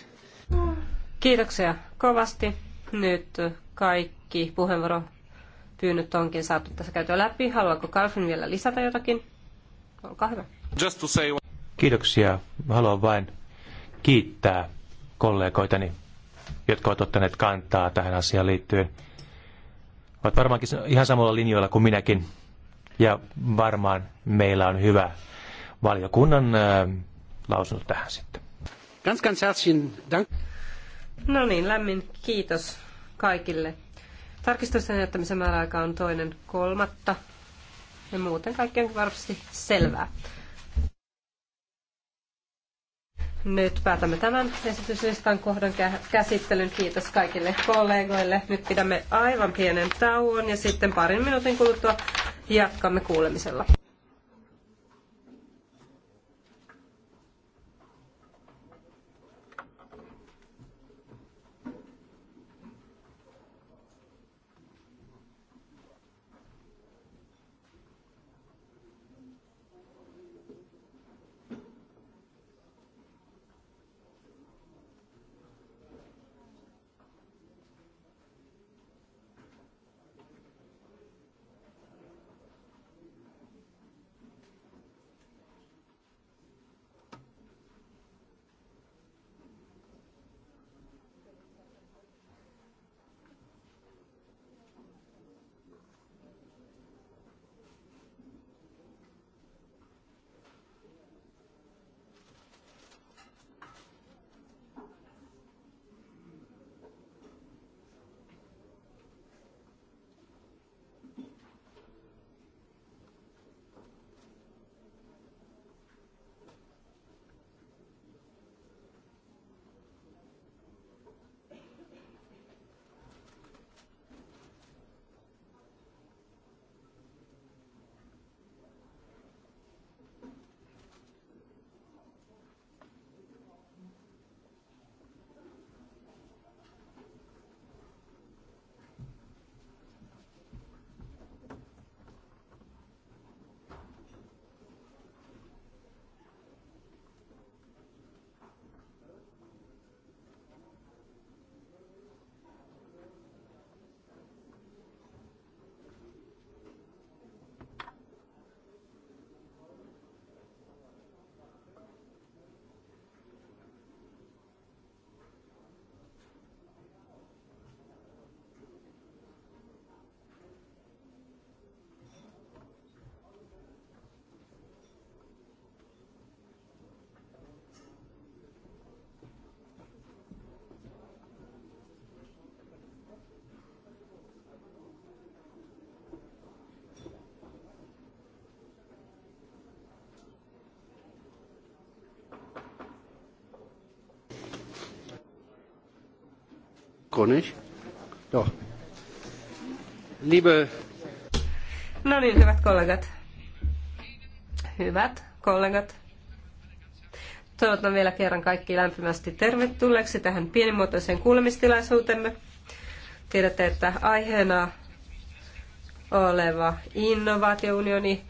Kiitoksia kovasti. Nyt kaikki puheenvuoro pyynnöt onkin saatu tässä käytyä läpi. Haluaako Carlson vielä lisätä jotakin? Olkaa hyvä. Just to say... Kiitoksia. Haluan vain kiittää kollegoitani, jotka ovat ottaneet kantaa tähän asiaan liittyen. Ovat varmaankin ihan samalla linjoilla kuin minäkin. Ja varmaan meillä on hyvä valiokunnan äh, lausunto tähän sitten. Ganz, ganz herzlichen Dank. No niin, lämmin kiitos kaikille Tarkistusten jättämisen määräaika on toinen kolmatta. Ja muuten kaikki on varmasti selvää. Nyt päätämme tämän esityslistan kohdan käsittelyn. Kiitos kaikille kollegoille. Nyt pidämme aivan pienen tauon ja sitten parin minuutin kuluttua jatkamme kuulemisella. No niin, hyvät kollegat. Hyvät kollegat. Toivotan vielä kerran kaikki lämpimästi tervetulleeksi tähän pienimuotoiseen kuulemistilaisuutemme. Tiedätte, että aiheena oleva innovaatiounioni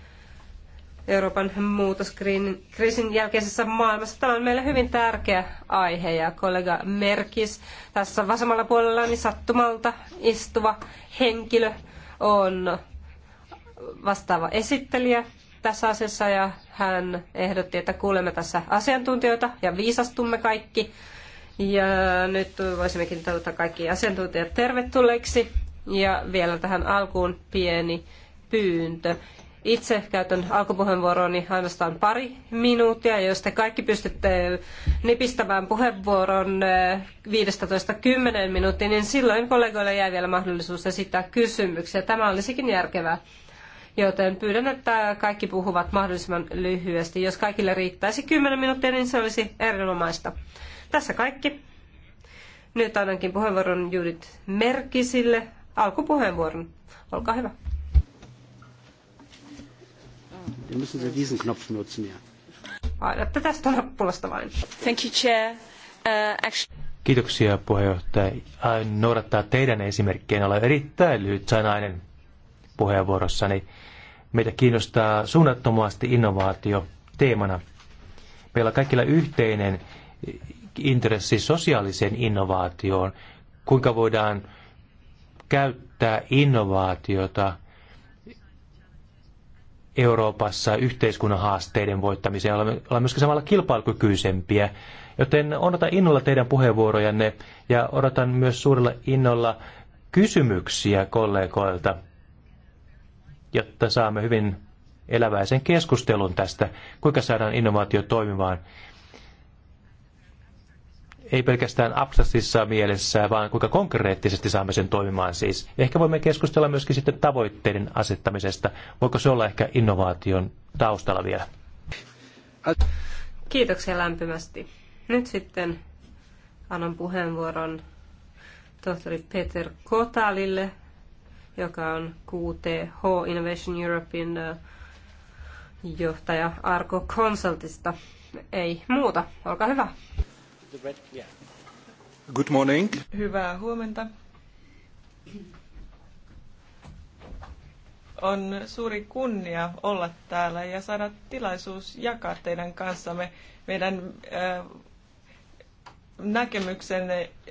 Euroopan muutoskriisin jälkeisessä maailmassa. Tämä on meille hyvin tärkeä aihe ja kollega Merkis tässä vasemmalla puolella niin sattumalta istuva henkilö on vastaava esittelijä tässä asiassa ja hän ehdotti, että kuulemme tässä asiantuntijoita ja viisastumme kaikki. Ja nyt voisimmekin toivottaa kaikki asiantuntijat tervetulleiksi. Ja vielä tähän alkuun pieni pyyntö. Itse käytän alkupuheenvuorooni ainoastaan pari minuuttia. Jos te kaikki pystytte nipistämään puheenvuoron 15-10 eh, minuuttia, niin silloin kollegoille jää vielä mahdollisuus esittää kysymyksiä. Tämä olisikin järkevää. Joten pyydän, että kaikki puhuvat mahdollisimman lyhyesti. Jos kaikille riittäisi 10 minuuttia, niin se olisi erinomaista. Tässä kaikki. Nyt annankin puheenvuoron Judith Merkisille alkupuheenvuoron. Olkaa hyvä. Dann müssen Sie diesen Knopf nutzen, ja. Thank you, Chair. Uh, Kiitoksia puheenjohtaja. Aion noudattaa teidän esimerkkeen olla erittäin lyhyt sanainen puheenvuorossani. Meitä kiinnostaa suunnattomasti innovaatio teemana. Meillä on kaikilla yhteinen intressi sosiaaliseen innovaatioon. Kuinka voidaan käyttää innovaatiota Euroopassa yhteiskunnan haasteiden voittamiseen. Olemme, olemme myöskin samalla kilpailukykyisempiä. Joten odotan innolla teidän puheenvuorojanne ja odotan myös suurella innolla kysymyksiä kollegoilta, jotta saamme hyvin eläväisen keskustelun tästä, kuinka saadaan innovaatio toimimaan ei pelkästään abstraktissa mielessä, vaan kuinka konkreettisesti saamme sen toimimaan siis. Ehkä voimme keskustella myöskin sitten tavoitteiden asettamisesta. Voiko se olla ehkä innovaation taustalla vielä? Kiitoksia lämpimästi. Nyt sitten annan puheenvuoron tohtori Peter Kotalille, joka on QTH Innovation Europein johtaja Arko Consultista. Ei muuta, olkaa hyvä. Hyvää huomenta. On suuri kunnia olla täällä ja saada tilaisuus jakaa teidän kanssamme meidän äh,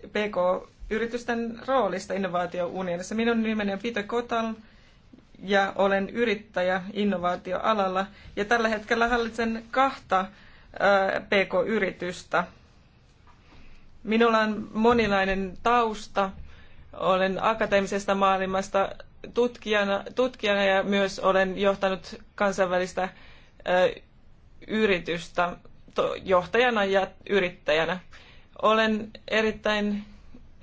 PK-yritysten roolista innovaatiounionissa. Minun nimeni on Peter Kotal ja olen yrittäjä innovaatioalalla ja tällä hetkellä hallitsen kahta PK-yritystä. Minulla on monilainen tausta. Olen akateemisesta maailmasta tutkijana, tutkijana ja myös olen johtanut kansainvälistä ö, yritystä to, johtajana ja yrittäjänä. Olen erittäin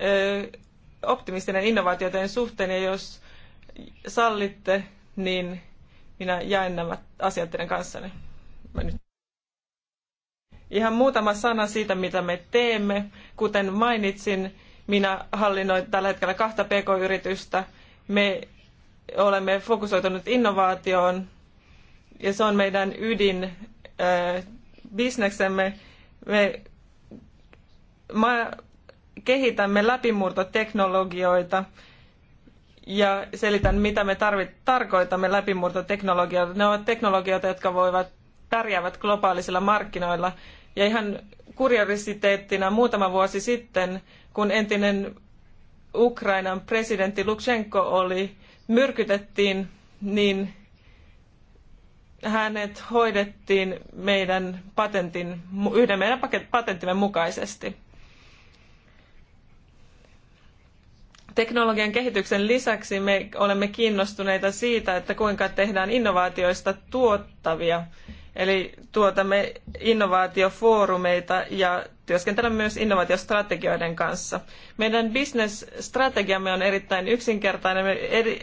ö, optimistinen innovaatioiden suhteen ja jos sallitte, niin minä jaen nämä asiat teidän kanssanne. Mä nyt Ihan muutama sana siitä, mitä me teemme. Kuten mainitsin, minä hallinnoin tällä hetkellä kahta pk-yritystä. Me olemme fokusoituneet innovaatioon ja se on meidän ydin äh, bisneksemme. Me ma- kehitämme läpimurtoteknologioita ja selitän, mitä me tarvit- tarkoitamme läpimurtoteknologioita. Ne ovat teknologioita, jotka voivat pärjäävät globaalisilla markkinoilla. Ja ihan kuriositeettina muutama vuosi sitten, kun entinen Ukrainan presidentti Lukashenko oli, myrkytettiin, niin hänet hoidettiin meidän patentin, yhden meidän patenttimme mukaisesti. Teknologian kehityksen lisäksi me olemme kiinnostuneita siitä, että kuinka tehdään innovaatioista tuottavia Eli tuotamme innovaatiofoorumeita ja työskentelemme myös innovaatiostrategioiden kanssa. Meidän bisnesstrategiamme on erittäin yksinkertainen. Me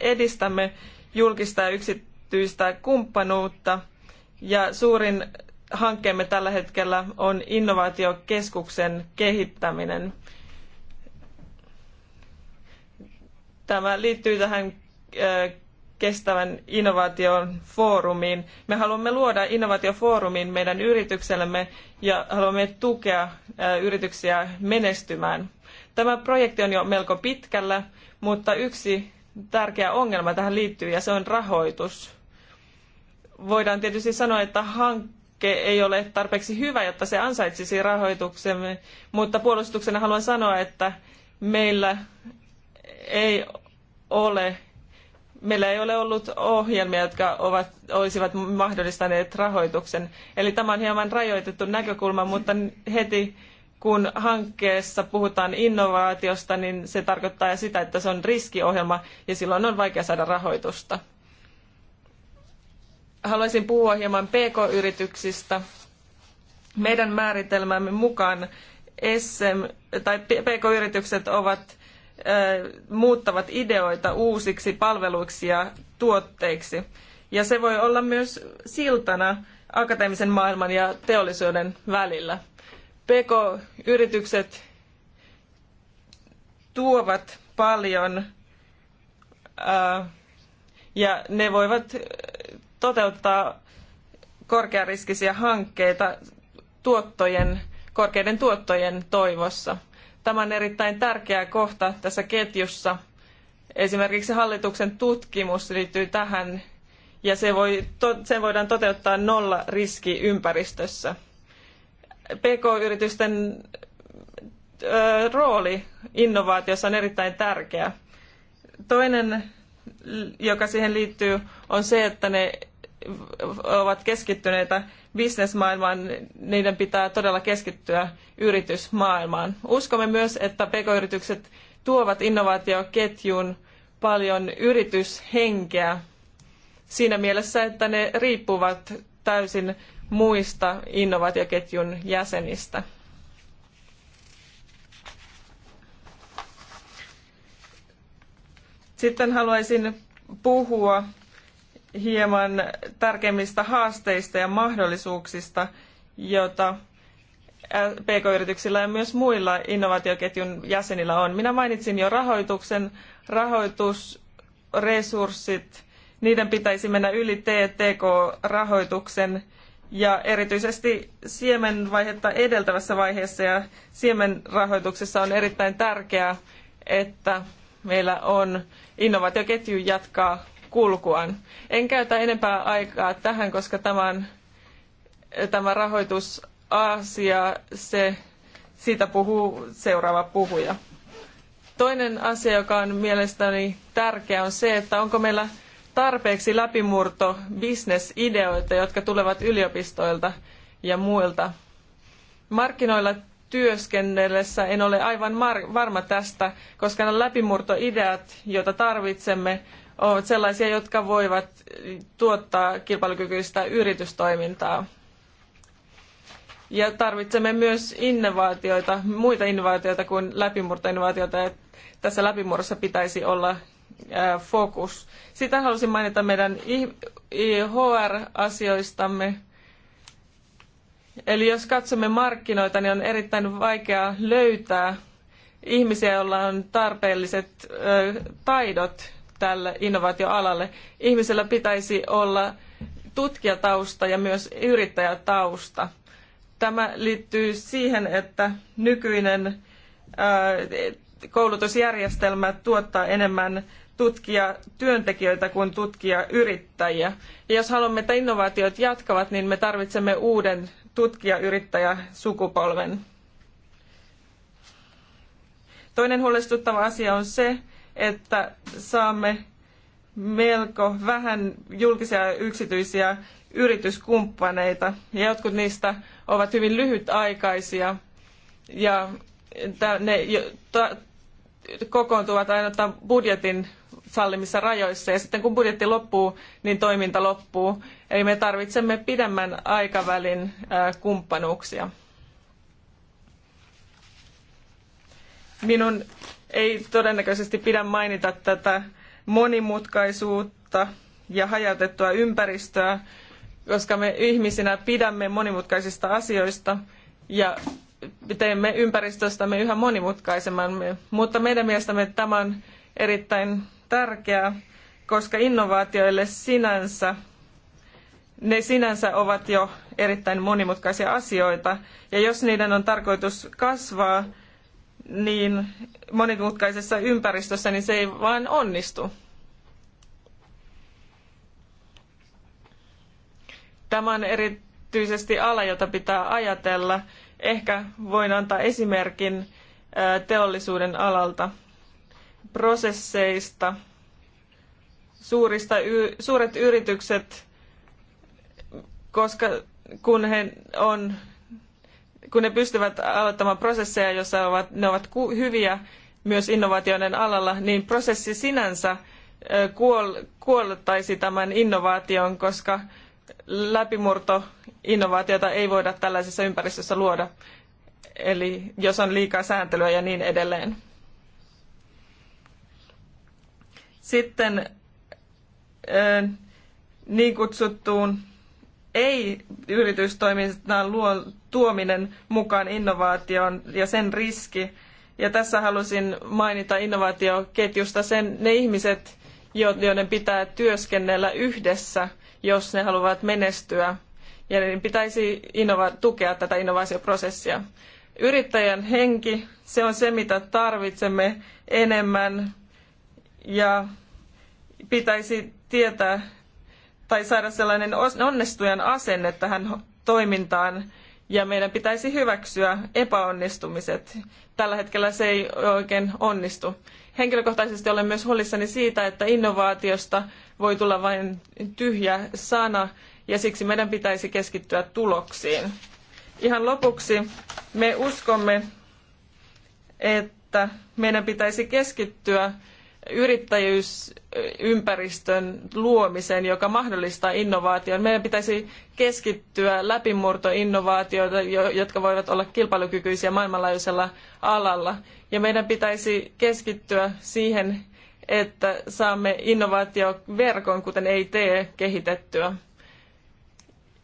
edistämme julkista ja yksityistä kumppanuutta ja suurin hankkeemme tällä hetkellä on innovaatiokeskuksen kehittäminen. Tämä liittyy tähän kestävän innovaation foorumiin. Me haluamme luoda innovaatiofoorumin meidän yrityksellemme ja haluamme tukea äh, yrityksiä menestymään. Tämä projekti on jo melko pitkällä, mutta yksi tärkeä ongelma tähän liittyy ja se on rahoitus. Voidaan tietysti sanoa, että hanke ei ole tarpeeksi hyvä, jotta se ansaitsisi rahoituksemme, mutta puolustuksena haluan sanoa, että meillä ei ole meillä ei ole ollut ohjelmia, jotka ovat, olisivat mahdollistaneet rahoituksen. Eli tämä on hieman rajoitettu näkökulma, mutta heti kun hankkeessa puhutaan innovaatiosta, niin se tarkoittaa sitä, että se on riskiohjelma ja silloin on vaikea saada rahoitusta. Haluaisin puhua hieman PK-yrityksistä. Meidän määritelmämme mukaan SM, tai PK-yritykset ovat muuttavat ideoita uusiksi palveluiksi ja tuotteiksi. Ja se voi olla myös siltana akateemisen maailman ja teollisuuden välillä. PK-yritykset tuovat paljon ja ne voivat toteuttaa korkeariskisiä hankkeita tuottojen, korkeiden tuottojen toivossa – Tämä on erittäin tärkeä kohta tässä ketjussa. Esimerkiksi hallituksen tutkimus liittyy tähän ja se voi, sen voidaan toteuttaa nolla riski ympäristössä. PK-yritysten rooli innovaatiossa on erittäin tärkeä. Toinen, joka siihen liittyy, on se, että ne ovat keskittyneitä bisnesmaailmaan, niiden pitää todella keskittyä yritysmaailmaan. Uskomme myös, että pk-yritykset tuovat innovaatioketjuun paljon yrityshenkeä siinä mielessä, että ne riippuvat täysin muista innovaatioketjun jäsenistä. Sitten haluaisin puhua hieman tarkemmista haasteista ja mahdollisuuksista, joita PK-yrityksillä ja myös muilla innovaatioketjun jäsenillä on. Minä mainitsin jo rahoituksen, rahoitusresurssit, niiden pitäisi mennä yli TTK-rahoituksen ja erityisesti siemenvaihetta edeltävässä vaiheessa ja siemenrahoituksessa on erittäin tärkeää, että meillä on innovaatioketju jatkaa kulkuaan. En käytä enempää aikaa tähän, koska tämän, tämä rahoitusasia, se, siitä puhuu seuraava puhuja. Toinen asia, joka on mielestäni tärkeä, on se, että onko meillä tarpeeksi läpimurto bisnesideoita, jotka tulevat yliopistoilta ja muilta. Markkinoilla työskennellessä en ole aivan varma tästä, koska nämä läpimurtoideat, joita tarvitsemme, ovat sellaisia, jotka voivat tuottaa kilpailukykyistä yritystoimintaa. Ja tarvitsemme myös innovaatioita, muita innovaatioita kuin läpimurtoinnovaatioita. Ja tässä läpimurrossa pitäisi olla fokus. Sitä halusin mainita meidän HR-asioistamme. Eli jos katsomme markkinoita, niin on erittäin vaikeaa löytää ihmisiä, joilla on tarpeelliset taidot tälle innovaatioalalle. Ihmisellä pitäisi olla tutkijatausta ja myös yrittäjätausta. Tämä liittyy siihen, että nykyinen koulutusjärjestelmä tuottaa enemmän tutkia työntekijöitä kuin tutkia yrittäjiä. Ja jos haluamme, että innovaatiot jatkavat, niin me tarvitsemme uuden tutkijayrittäjäsukupolven. Toinen huolestuttava asia on se, että saamme melko vähän julkisia ja yksityisiä yrityskumppaneita. Ja jotkut niistä ovat hyvin lyhytaikaisia ja ne kokoontuvat ainoastaan budjetin sallimissa rajoissa. Ja sitten kun budjetti loppuu, niin toiminta loppuu. Eli me tarvitsemme pidemmän aikavälin kumppanuuksia. Minun ei todennäköisesti pidä mainita tätä monimutkaisuutta ja hajautettua ympäristöä, koska me ihmisinä pidämme monimutkaisista asioista ja teemme ympäristöstämme yhä monimutkaisemman. Mutta meidän mielestämme tämä on erittäin tärkeää, koska innovaatioille sinänsä, ne sinänsä ovat jo erittäin monimutkaisia asioita. Ja jos niiden on tarkoitus kasvaa, niin monimutkaisessa ympäristössä, niin se ei vain onnistu. Tämä on erityisesti ala, jota pitää ajatella. Ehkä voin antaa esimerkin teollisuuden alalta, prosesseista, suurista, suuret yritykset, koska kun he on kun ne pystyvät aloittamaan prosesseja, joissa ovat, ne ovat hyviä myös innovaatioiden alalla, niin prosessi sinänsä kuol, kuolettaisi tämän innovaation, koska läpimurto innovaatiota ei voida tällaisessa ympäristössä luoda. Eli jos on liikaa sääntelyä ja niin edelleen. Sitten niin kutsuttuun ei-yritystoimintaan tuominen mukaan innovaatioon ja sen riski. Ja tässä halusin mainita innovaatioketjusta sen, ne ihmiset, joiden pitää työskennellä yhdessä, jos ne haluavat menestyä. Ja niin pitäisi innova- tukea tätä innovaatioprosessia. Yrittäjän henki, se on se, mitä tarvitsemme enemmän. Ja pitäisi tietää tai saada sellainen onnistujan asenne tähän toimintaan ja meidän pitäisi hyväksyä epäonnistumiset. Tällä hetkellä se ei oikein onnistu. Henkilökohtaisesti olen myös huolissani siitä, että innovaatiosta voi tulla vain tyhjä sana ja siksi meidän pitäisi keskittyä tuloksiin. Ihan lopuksi me uskomme, että meidän pitäisi keskittyä yrittäjyysympäristön luomisen, joka mahdollistaa innovaation. Meidän pitäisi keskittyä läpimurtoinnovaatioita, jotka voivat olla kilpailukykyisiä maailmanlaajuisella alalla. Ja meidän pitäisi keskittyä siihen, että saamme innovaatioverkon, kuten EIT, kehitettyä.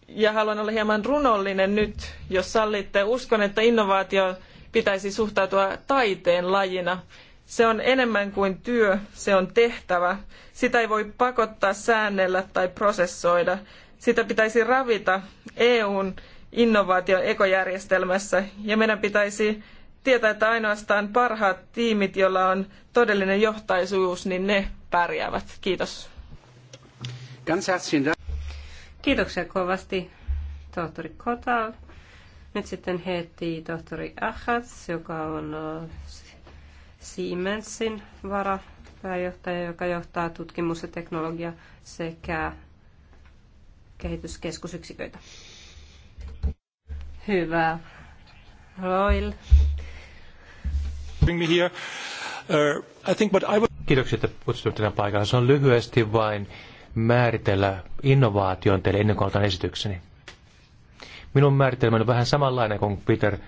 Ja haluan olla hieman runollinen nyt, jos sallitte. Uskon, että innovaatio pitäisi suhtautua taiteen lajina se on enemmän kuin työ, se on tehtävä. Sitä ei voi pakottaa, säännellä tai prosessoida. Sitä pitäisi ravita EUn innovaation ja meidän pitäisi tietää, että ainoastaan parhaat tiimit, joilla on todellinen johtaisuus, niin ne pärjäävät. Kiitos. Kiitoksia kovasti, tohtori Kotal. Nyt sitten heti tohtori Ahats, joka on äh, Siemensin varapääjohtaja, joka johtaa tutkimus- ja teknologia sekä kehityskeskusyksiköitä. Hyvä. Roil. Bring me here. Uh, I think what I would... Kiitoksia, että kutsutte tänne paikalle. Se on lyhyesti vain määritellä innovaation teille ennen kuin otan esitykseni. Minun määritelmäni on vähän samanlainen kuin Peter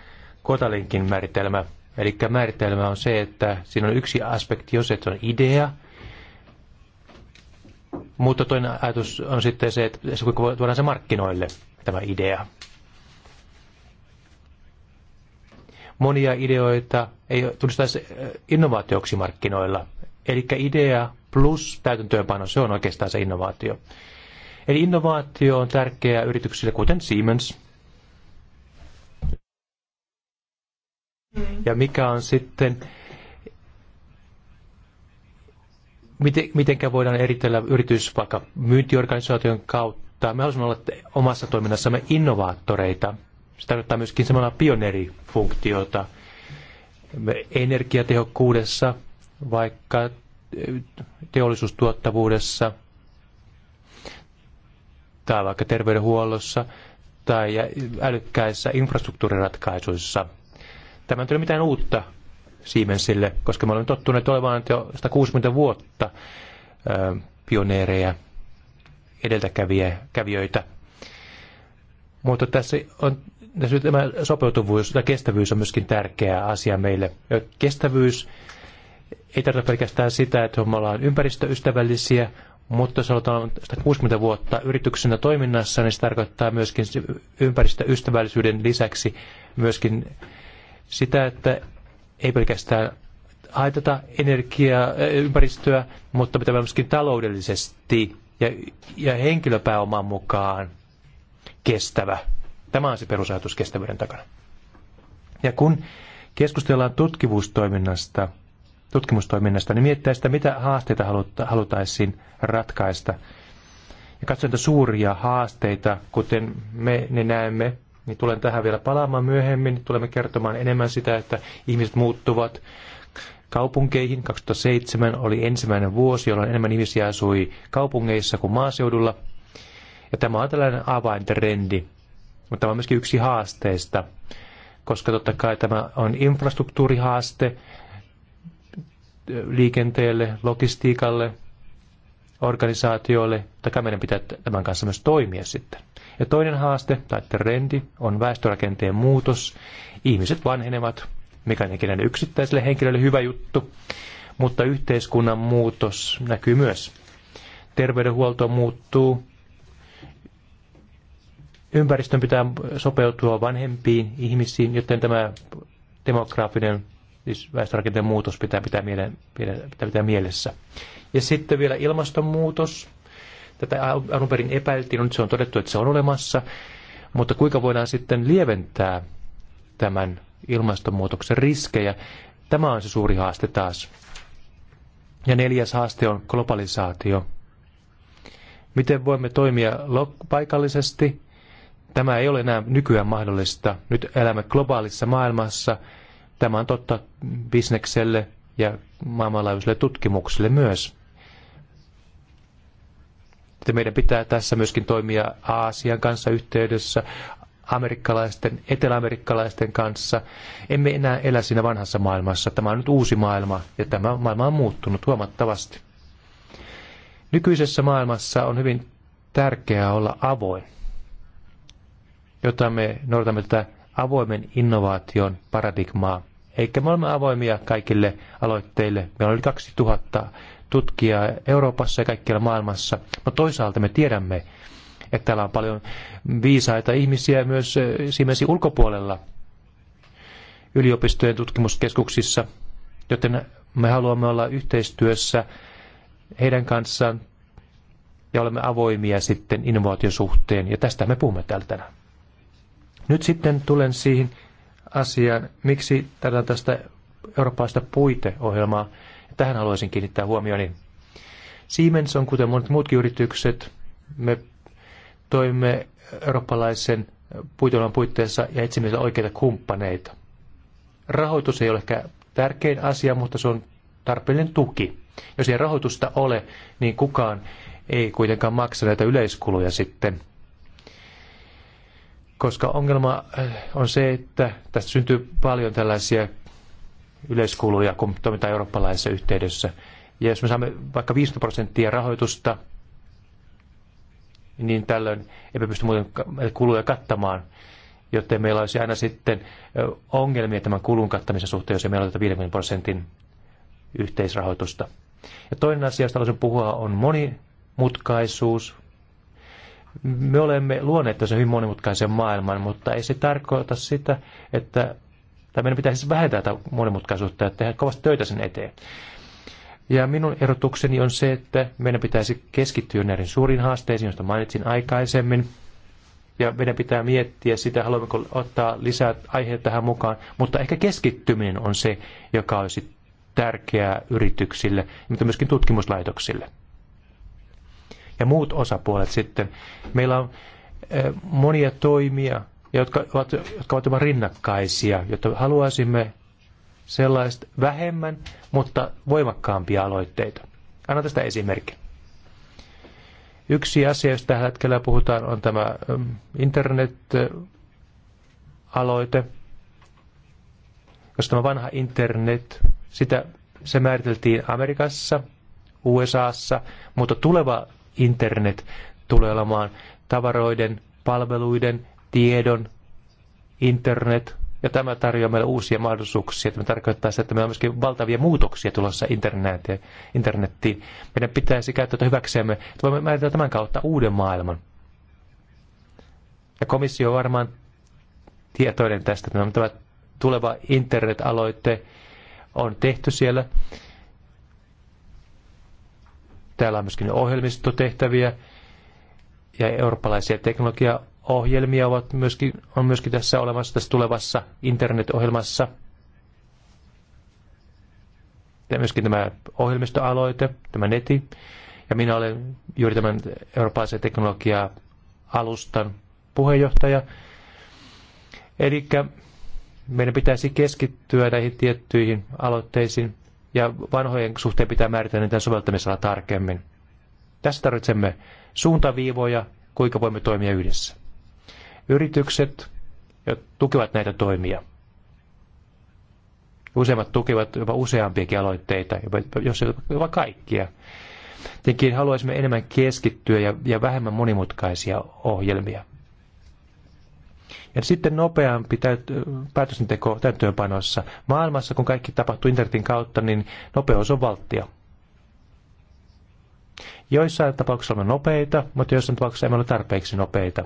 Kotalinkin määritelmä Eli määritelmä on se, että siinä on yksi aspekti, jos että se on idea, mutta toinen ajatus on sitten se, että se voidaan tuodaan se markkinoille, tämä idea. Monia ideoita ei tunnistaisi innovaatioksi markkinoilla. Eli idea plus täytäntöönpano, se on oikeastaan se innovaatio. Eli innovaatio on tärkeää yrityksille, kuten Siemens – Mm. ja mikä on sitten, miten, mitenkä voidaan eritellä yritys vaikka myyntiorganisaation kautta. Me haluaisimme olla omassa toiminnassamme innovaattoreita. Se tarkoittaa myöskin samalla pioneerifunktiota energiatehokkuudessa, vaikka eh, teollisuustuottavuudessa tai vaikka terveydenhuollossa tai älykkäissä infrastruktuuriratkaisuissa – Tämä ei ole mitään uutta Siemensille, koska me olemme tottuneet olemaan jo 160 vuotta pioneereja, edeltäkävijöitä. Mutta tässä on tässä tämä sopeutuvuus ja kestävyys on myöskin tärkeä asia meille. Kestävyys ei tarkoita pelkästään sitä, että me ollaan ympäristöystävällisiä, mutta jos aloitetaan 160 vuotta yrityksenä toiminnassa, niin se tarkoittaa myöskin ympäristöystävällisyyden lisäksi myöskin sitä, että ei pelkästään haitata energiaa, äh, ympäristöä, mutta pitää myöskin taloudellisesti ja, ja henkilöpääoman mukaan kestävä. Tämä on se perusajatus kestävyyden takana. Ja kun keskustellaan tutkimustoiminnasta, tutkimustoiminnasta niin miettää sitä, mitä haasteita haluta, halutaisiin ratkaista. Ja katsotaan suuria haasteita, kuten me ne niin näemme niin tulen tähän vielä palaamaan myöhemmin. Tulemme kertomaan enemmän sitä, että ihmiset muuttuvat kaupunkeihin. 2007 oli ensimmäinen vuosi, jolloin enemmän ihmisiä asui kaupungeissa kuin maaseudulla. Ja tämä on tällainen avaintrendi, mutta tämä on myöskin yksi haasteista, koska totta kai tämä on infrastruktuurihaaste liikenteelle, logistiikalle, organisaatioille, tai meidän pitää tämän kanssa myös toimia sitten. Ja toinen haaste tai trendi on väestörakenteen muutos. Ihmiset vanhenevat, mikä on yksittäiselle henkilölle hyvä juttu, mutta yhteiskunnan muutos näkyy myös. Terveydenhuolto muuttuu, ympäristön pitää sopeutua vanhempiin ihmisiin, joten tämä demograafinen siis väestörakenteen muutos pitää pitää, mielen, pitää pitää mielessä. Ja sitten vielä ilmastonmuutos tätä alun perin epäiltiin, nyt se on todettu, että se on olemassa, mutta kuinka voidaan sitten lieventää tämän ilmastonmuutoksen riskejä? Tämä on se suuri haaste taas. Ja neljäs haaste on globalisaatio. Miten voimme toimia paikallisesti? Tämä ei ole enää nykyään mahdollista. Nyt elämme globaalissa maailmassa. Tämä on totta bisnekselle ja maailmanlaajuiselle tutkimukselle myös että meidän pitää tässä myöskin toimia Aasian kanssa yhteydessä, amerikkalaisten, eteläamerikkalaisten kanssa. Emme enää elä siinä vanhassa maailmassa. Tämä on nyt uusi maailma ja tämä maailma on muuttunut huomattavasti. Nykyisessä maailmassa on hyvin tärkeää olla avoin, jota me noudatamme tätä avoimen innovaation paradigmaa. Eikä me olemme avoimia kaikille aloitteille. Meillä on 2000 tutkia Euroopassa ja kaikkialla maailmassa. Mutta no toisaalta me tiedämme, että täällä on paljon viisaita ihmisiä myös eh, esimerkiksi ulkopuolella yliopistojen tutkimuskeskuksissa, joten me haluamme olla yhteistyössä heidän kanssaan ja olemme avoimia sitten innovaatiosuhteen, ja tästä me puhumme täällä tänään. Nyt sitten tulen siihen asiaan, miksi tätä tästä eurooppalaista puiteohjelmaa, Tähän haluaisin kiinnittää huomioni. Siemens on, kuten monet muutkin yritykset, me toimme eurooppalaisen puitolan puitteissa ja etsimme oikeita kumppaneita. Rahoitus ei ole ehkä tärkein asia, mutta se on tarpeellinen tuki. Jos ei rahoitusta ole, niin kukaan ei kuitenkaan maksa näitä yleiskuluja sitten. Koska ongelma äh, on se, että tästä syntyy paljon tällaisia yleiskuluja, kun toimitaan eurooppalaisessa yhteydessä. Ja jos me saamme vaikka 50 prosenttia rahoitusta, niin tällöin emme pysty muuten kuluja kattamaan, joten meillä olisi aina sitten ongelmia tämän kulun kattamisen suhteen, jos ei meillä ole 50 prosentin yhteisrahoitusta. Ja toinen asia, josta haluaisin puhua, on monimutkaisuus. Me olemme luoneet tässä hyvin monimutkaisen maailman, mutta ei se tarkoita sitä, että tai meidän pitäisi siis vähentää tätä monimutkaisuutta ja tehdä kovasti töitä sen eteen. Ja minun erotukseni on se, että meidän pitäisi keskittyä näiden suuriin haasteisiin, joista mainitsin aikaisemmin. Ja meidän pitää miettiä sitä, haluammeko ottaa lisää aiheita tähän mukaan. Mutta ehkä keskittyminen on se, joka olisi tärkeää yrityksille, mutta myöskin tutkimuslaitoksille. Ja muut osapuolet sitten. Meillä on eh, monia toimia, ja jotka ovat, jotka ovat jopa rinnakkaisia, jotta haluaisimme sellaiset vähemmän, mutta voimakkaampia aloitteita. Anna tästä esimerkki. Yksi asia, josta tällä hetkellä puhutaan, on tämä ähm, internet-aloite, koska tämä vanha internet, sitä, se määriteltiin Amerikassa, USAssa, mutta tuleva internet tulee olemaan tavaroiden, palveluiden tiedon, internet, ja tämä tarjoaa meille uusia mahdollisuuksia. Tämä tarkoittaa sitä, että meillä on myöskin valtavia muutoksia tulossa internettiin. Meidän pitäisi käyttää hyväksemme, että voimme määritellä tämän kautta uuden maailman. Ja komissio on varmaan tietoinen tästä. että tämä tuleva internet-aloite on tehty siellä. Täällä on myöskin ohjelmistotehtäviä ja eurooppalaisia teknologia ohjelmia ovat myöskin, on myöskin tässä olemassa tässä tulevassa internetohjelmassa. Ja myöskin tämä ohjelmistoaloite, tämä neti. Ja minä olen juuri tämän eurooppalaisen teknologia-alustan puheenjohtaja. Eli meidän pitäisi keskittyä näihin tiettyihin aloitteisiin ja vanhojen suhteen pitää määritellä niitä soveltamisella tarkemmin. Tässä tarvitsemme suuntaviivoja, kuinka voimme toimia yhdessä yritykset tukevat näitä toimia. Useimmat tukevat jopa useampiakin aloitteita, jos jopa kaikkia. Tietenkin haluaisimme enemmän keskittyä ja, ja vähemmän monimutkaisia ohjelmia. Ja sitten nopeampi täyt- päätöksenteko täytäntöönpanossa. Maailmassa, kun kaikki tapahtuu internetin kautta, niin nopeus on valttia. Joissain tapauksissa olemme nopeita, mutta joissain tapauksissa emme ole tarpeeksi nopeita.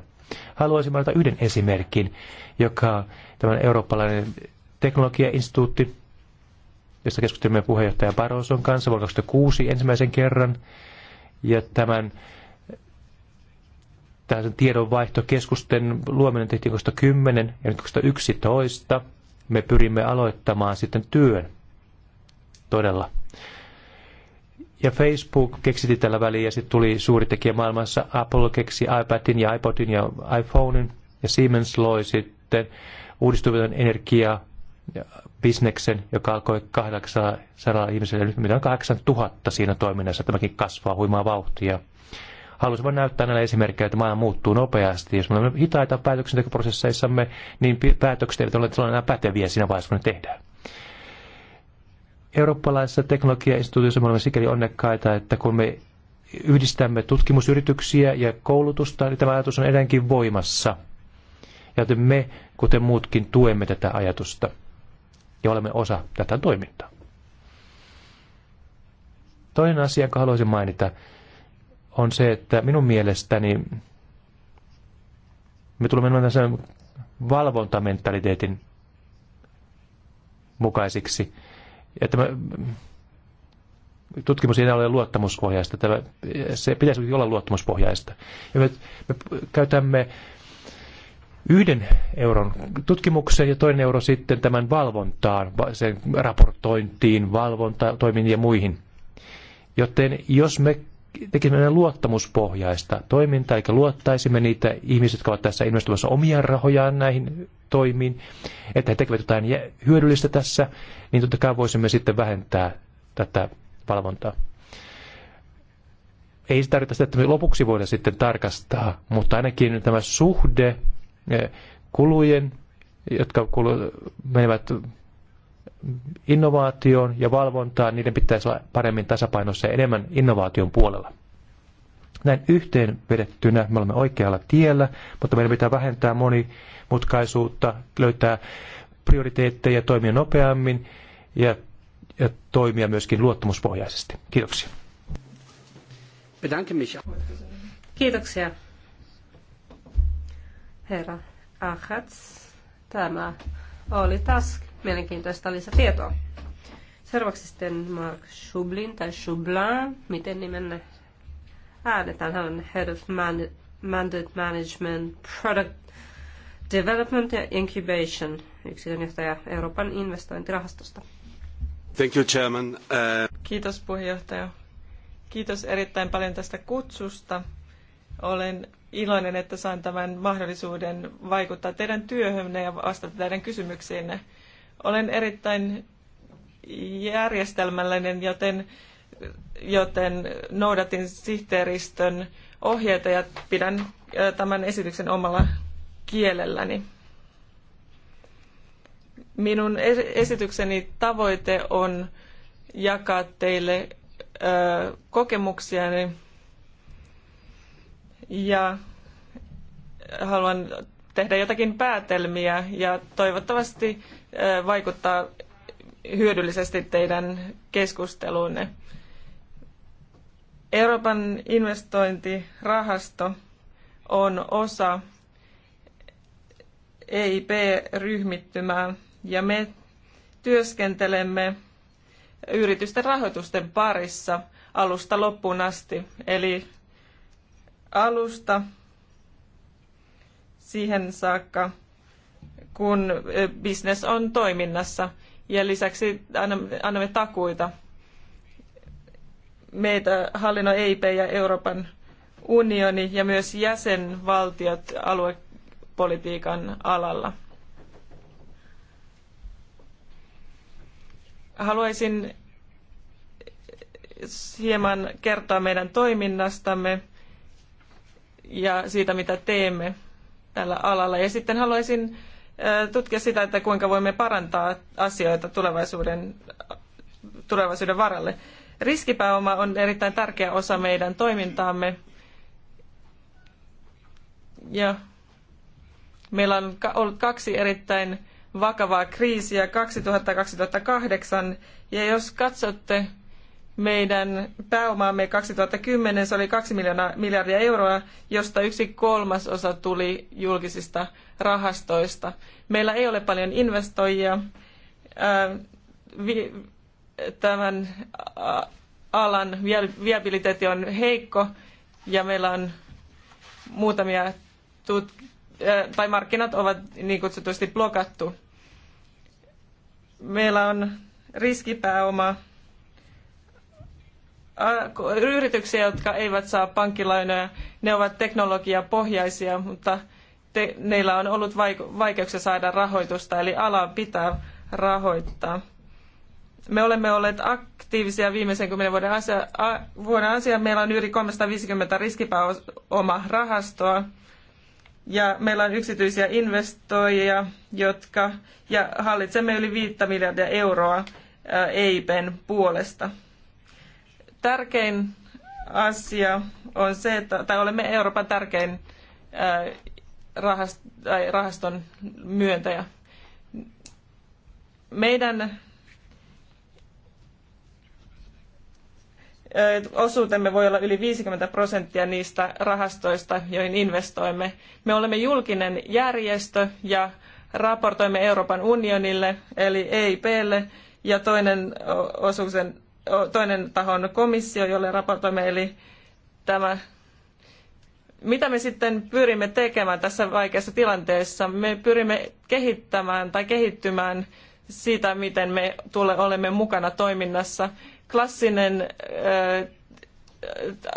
Haluaisin mainita yhden esimerkin, joka tämän eurooppalainen teknologiainstituutti, josta keskustelimme puheenjohtaja Barroson kanssa vuonna 2006 ensimmäisen kerran, ja tämän tähän tiedonvaihtokeskusten luominen tehtiin 2010 ja nyt 2011. Me pyrimme aloittamaan sitten työn todella ja Facebook keksitti tällä väliin ja sitten tuli suuri tekijä maailmassa. Apple keksi iPadin ja iPodin ja iPhonein ja Siemens loi sitten uudistuvan energia bisneksen, joka alkoi 800 ihmisellä, nyt meillä on 8000 siinä toiminnassa, tämäkin kasvaa huimaa vauhtia. Haluaisin vain näyttää näillä esimerkkejä, että maailma muuttuu nopeasti. Jos me olemme hitaita päätöksentekoprosesseissamme, niin päätökset eivät ole enää päteviä siinä vaiheessa, kun ne tehdään. Eurooppalaisessa teknologiainstituutiossa me olemme sikäli onnekkaita, että kun me yhdistämme tutkimusyrityksiä ja koulutusta, niin tämä ajatus on edelleenkin voimassa. Joten me, kuten muutkin, tuemme tätä ajatusta ja olemme osa tätä toimintaa. Toinen asia, jonka haluaisin mainita, on se, että minun mielestäni me tulemme menemään valvontamentaliteetin mukaisiksi että mä, tutkimus ei enää ole luottamuspohjaista, tämä, se pitäisi olla luottamuspohjaista. Ja me, me käytämme yhden euron tutkimukseen ja toinen euro sitten tämän valvontaan, sen raportointiin, valvontatoimiin ja muihin. Joten jos me tekisimme luottamuspohjaista toimintaa, eli luottaisimme niitä ihmisiä, jotka ovat tässä investoimassa omia rahojaan näihin toimiin, että he tekevät jotain hyödyllistä tässä, niin totta kai voisimme sitten vähentää tätä valvontaa. Ei se tarvita sitä, että me lopuksi voidaan sitten tarkastaa, mutta ainakin tämä suhde eh, kulujen, jotka menevät innovaatioon ja valvontaan, niiden pitäisi olla paremmin tasapainossa ja enemmän innovaation puolella. Näin yhteenvedettynä me olemme oikealla tiellä, mutta meidän pitää vähentää moni monimutkaisuutta, löytää prioriteetteja, toimia nopeammin ja, ja toimia myöskin luottamuspohjaisesti. Kiitoksia. Kiitoksia. Herra Ahats, tämä oli taas mielenkiintoista lisätietoa. Seuraavaksi sitten Mark Schublin tai Schublin, miten nimenne äänetään. Hän on Head of Man- Mandate Management Product Development ja Incubation, yksikönjohtaja Euroopan investointirahastosta. Thank you, Chairman. Uh... Kiitos puheenjohtaja. Kiitos erittäin paljon tästä kutsusta. Olen iloinen, että saan tämän mahdollisuuden vaikuttaa teidän työhönne ja vastata teidän kysymyksiinne. Olen erittäin järjestelmällinen, joten, joten noudatin sihteeristön ohjeita ja pidän tämän esityksen omalla kielelläni. Minun esitykseni tavoite on jakaa teille ö, kokemuksiani ja haluan tehdä jotakin päätelmiä ja toivottavasti ö, vaikuttaa hyödyllisesti teidän keskusteluunne. Euroopan investointirahasto on osa EIP-ryhmittymää ja me työskentelemme yritysten rahoitusten parissa alusta loppuun asti. Eli alusta siihen saakka, kun business on toiminnassa. Ja lisäksi annamme takuita. Meitä hallinnoi e EIP ja Euroopan unioni ja myös jäsenvaltiot alue politiikan alalla. Haluaisin hieman kertoa meidän toiminnastamme ja siitä, mitä teemme tällä alalla. Ja sitten haluaisin tutkia sitä, että kuinka voimme parantaa asioita tulevaisuuden, tulevaisuuden varalle. Riskipääoma on erittäin tärkeä osa meidän toimintaamme. Ja Meillä on ollut kaksi erittäin vakavaa kriisiä 2000-2008, ja jos katsotte meidän pääomaamme 2010, se oli 2 miljoonaa, miljardia euroa, josta yksi kolmasosa tuli julkisista rahastoista. Meillä ei ole paljon investoijia tämän alan viabiliteetti on heikko ja meillä on muutamia tai markkinat ovat niin kutsutusti blokattu. Meillä on riskipääoma yrityksiä, jotka eivät saa pankkilainoja. Ne ovat teknologiapohjaisia, mutta te, neillä on ollut vaikeuksia saada rahoitusta, eli ala pitää rahoittaa. Me olemme olleet aktiivisia viimeisen kymmenen vuoden asia, a, vuoden asia. Meillä on yli 350 riskipääoma rahastoa ja meillä on yksityisiä investoijia, jotka ja hallitsemme yli 5 miljardia euroa EIPn puolesta. Tärkein asia on se, että tai olemme Euroopan tärkein rahaston myöntäjä. Meidän osuutemme voi olla yli 50 prosenttia niistä rahastoista, joihin investoimme. Me olemme julkinen järjestö ja raportoimme Euroopan unionille, eli EIPlle, ja toinen, osuusen, toinen taho on komissio, jolle raportoimme, eli tämä mitä me sitten pyrimme tekemään tässä vaikeassa tilanteessa? Me pyrimme kehittämään tai kehittymään siitä, miten me tule, olemme mukana toiminnassa klassinen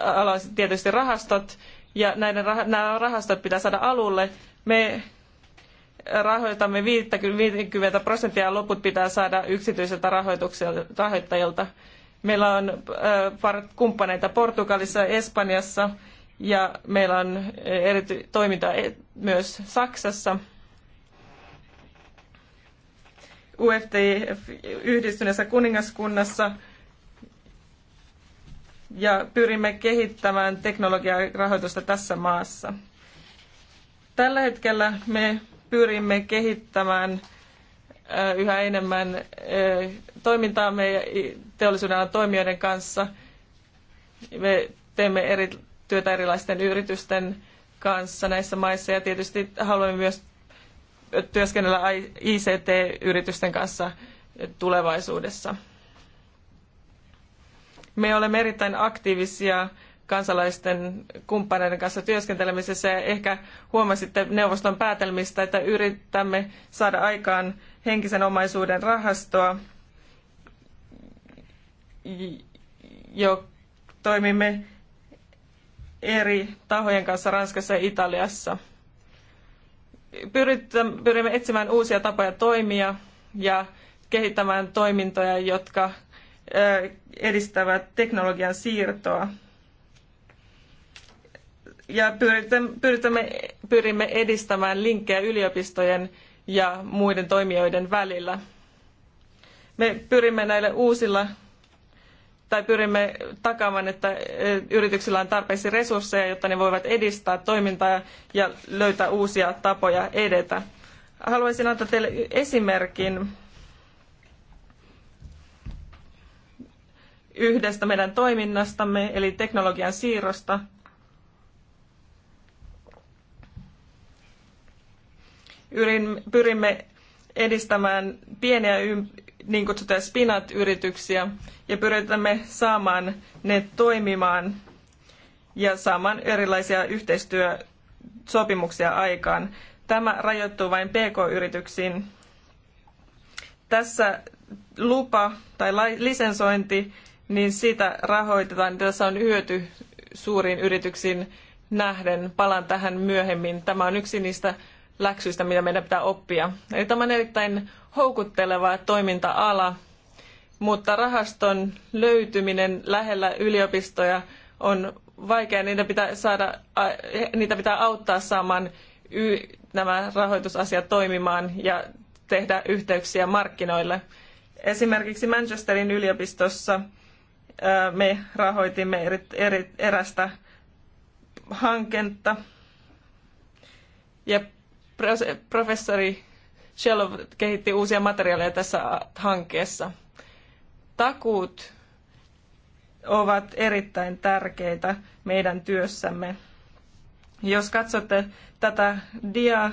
ala tietysti rahastot, ja näiden, nämä rahastot pitää saada alulle. Me rahoitamme 50 prosenttia ja loput pitää saada yksityiseltä rahoittajilta. Meillä on kumppaneita Portugalissa, Espanjassa ja meillä on erity- toimintaa e-, myös Saksassa. UFT yhdistyneessä kuningaskunnassa – ja pyrimme kehittämään teknologiarahoitusta tässä maassa. Tällä hetkellä me pyrimme kehittämään äh, yhä enemmän äh, toimintaamme teollisuuden toimijoiden kanssa. Me teemme eri, työtä erilaisten yritysten kanssa näissä maissa ja tietysti haluamme myös työskennellä ICT-yritysten kanssa tulevaisuudessa. Me olemme erittäin aktiivisia kansalaisten kumppaneiden kanssa työskentelemisessä ja ehkä huomasitte neuvoston päätelmistä, että yritämme saada aikaan henkisen omaisuuden rahastoa, jo toimimme eri tahojen kanssa Ranskassa ja Italiassa. Pyrimme etsimään uusia tapoja toimia ja kehittämään toimintoja, jotka edistävät teknologian siirtoa. Ja pyritämme, pyrimme edistämään linkkejä yliopistojen ja muiden toimijoiden välillä. Me pyrimme näille uusilla tai pyrimme takaamaan, että e, yrityksillä on tarpeeksi resursseja, jotta ne voivat edistää toimintaa ja löytää uusia tapoja edetä. Haluaisin antaa teille esimerkin yhdestä meidän toiminnastamme, eli teknologian siirrosta. Pyrimme edistämään pieniä niin kutsutuja spinat-yrityksiä ja pyritämme saamaan ne toimimaan ja saamaan erilaisia yhteistyösopimuksia aikaan. Tämä rajoittuu vain pk-yrityksiin. Tässä lupa tai lisensointi niin siitä rahoitetaan. Tässä on hyöty suuriin yrityksiin nähden. Palaan tähän myöhemmin. Tämä on yksi niistä läksyistä, mitä meidän pitää oppia. Eli tämä on erittäin houkutteleva toiminta-ala, mutta rahaston löytyminen lähellä yliopistoja on vaikea. Niitä pitää, saada, niitä pitää auttaa saamaan nämä rahoitusasiat toimimaan ja tehdä yhteyksiä markkinoille. Esimerkiksi Manchesterin yliopistossa – me rahoitimme eri, eri, erästä hanketta. Ja professori Shellov kehitti uusia materiaaleja tässä hankkeessa. Takuut ovat erittäin tärkeitä meidän työssämme. Jos katsotte tätä dia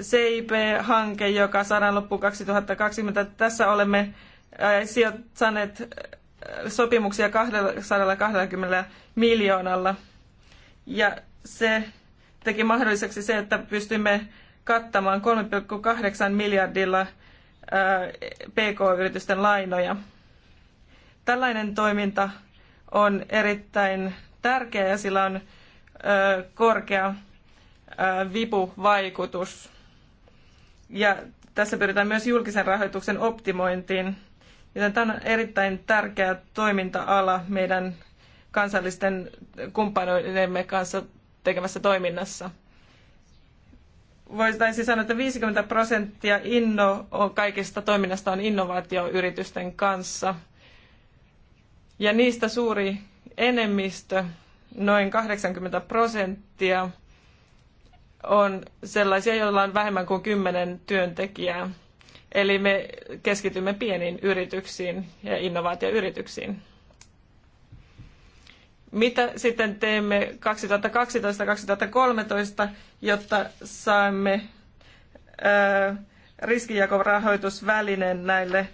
CIP-hanke, joka saadaan loppuun 2020, tässä olemme saaneet sopimuksia 220 miljoonalla. Ja se teki mahdolliseksi se, että pystymme kattamaan 3,8 miljardilla PK-yritysten lainoja. Tällainen toiminta on erittäin tärkeä ja sillä on korkea vipuvaikutus. Ja tässä pyritään myös julkisen rahoituksen optimointiin. Joten tämä on erittäin tärkeä toiminta-ala meidän kansallisten kumppanoidemme kanssa tekemässä toiminnassa. Voitaisiin sanoa, että 50 prosenttia inno, on kaikista toiminnasta on innovaatioyritysten kanssa. Ja niistä suuri enemmistö, noin 80 prosenttia, on sellaisia, joilla on vähemmän kuin kymmenen työntekijää. Eli me keskitymme pieniin yrityksiin ja innovaatioyrityksiin. Mitä sitten teemme 2012-2013, jotta saamme riskijakorahoitusvälineen näille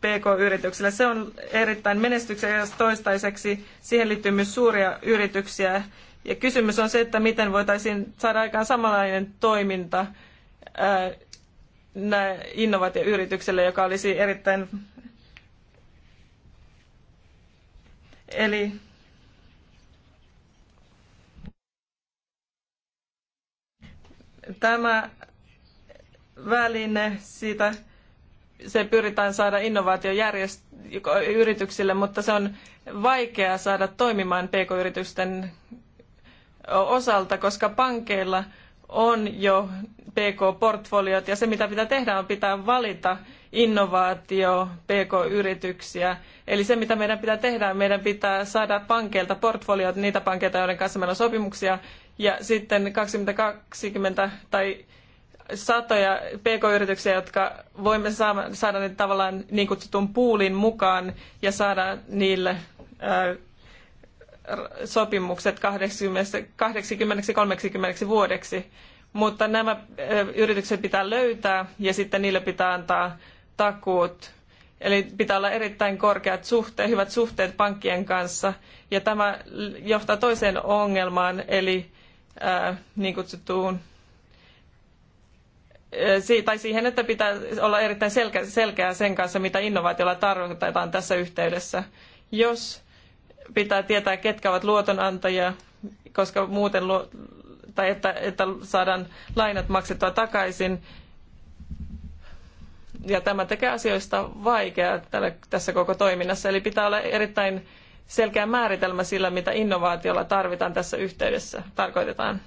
PK-yrityksille. Se on erittäin menestyksekäs toistaiseksi. Siihen liittyy myös suuria yrityksiä. Ja kysymys on se, että miten voitaisiin saada aikaan samanlainen toiminta innovaatioyritykselle, joka olisi erittäin... Eli tämä väline, siitä se pyritään saada innovaatiojärjestelmille, mutta se on vaikea saada toimimaan pk-yritysten osalta, koska pankeilla – on jo PK-portfoliot ja se mitä pitää tehdä on pitää valita innovaatio PK-yrityksiä. Eli se mitä meidän pitää tehdä, meidän pitää saada pankeilta portfoliot, niitä pankeilta, joiden kanssa meillä on sopimuksia ja sitten 2020 tai satoja pk-yrityksiä, jotka voimme saada, ne tavallaan niin kutsutun puulin mukaan ja saada niille ää, sopimukset 80-30 vuodeksi, mutta nämä yritykset pitää löytää ja sitten niille pitää antaa takuut. Eli pitää olla erittäin korkeat suhteet, hyvät suhteet pankkien kanssa. Ja tämä johtaa toiseen ongelmaan, eli ää, niin kutsuttuun tai siihen, että pitää olla erittäin selkeä, selkeää sen kanssa, mitä innovaatiolla tarkoitetaan tässä yhteydessä. Jos pitää tietää, ketkä ovat luotonantajia, koska muuten luo, tai että, että saadaan lainat maksettua takaisin. Ja tämä tekee asioista vaikeaa tällä, tässä koko toiminnassa. Eli pitää olla erittäin selkeä määritelmä sillä, mitä innovaatiolla tarvitaan tässä yhteydessä, tarkoitetaan.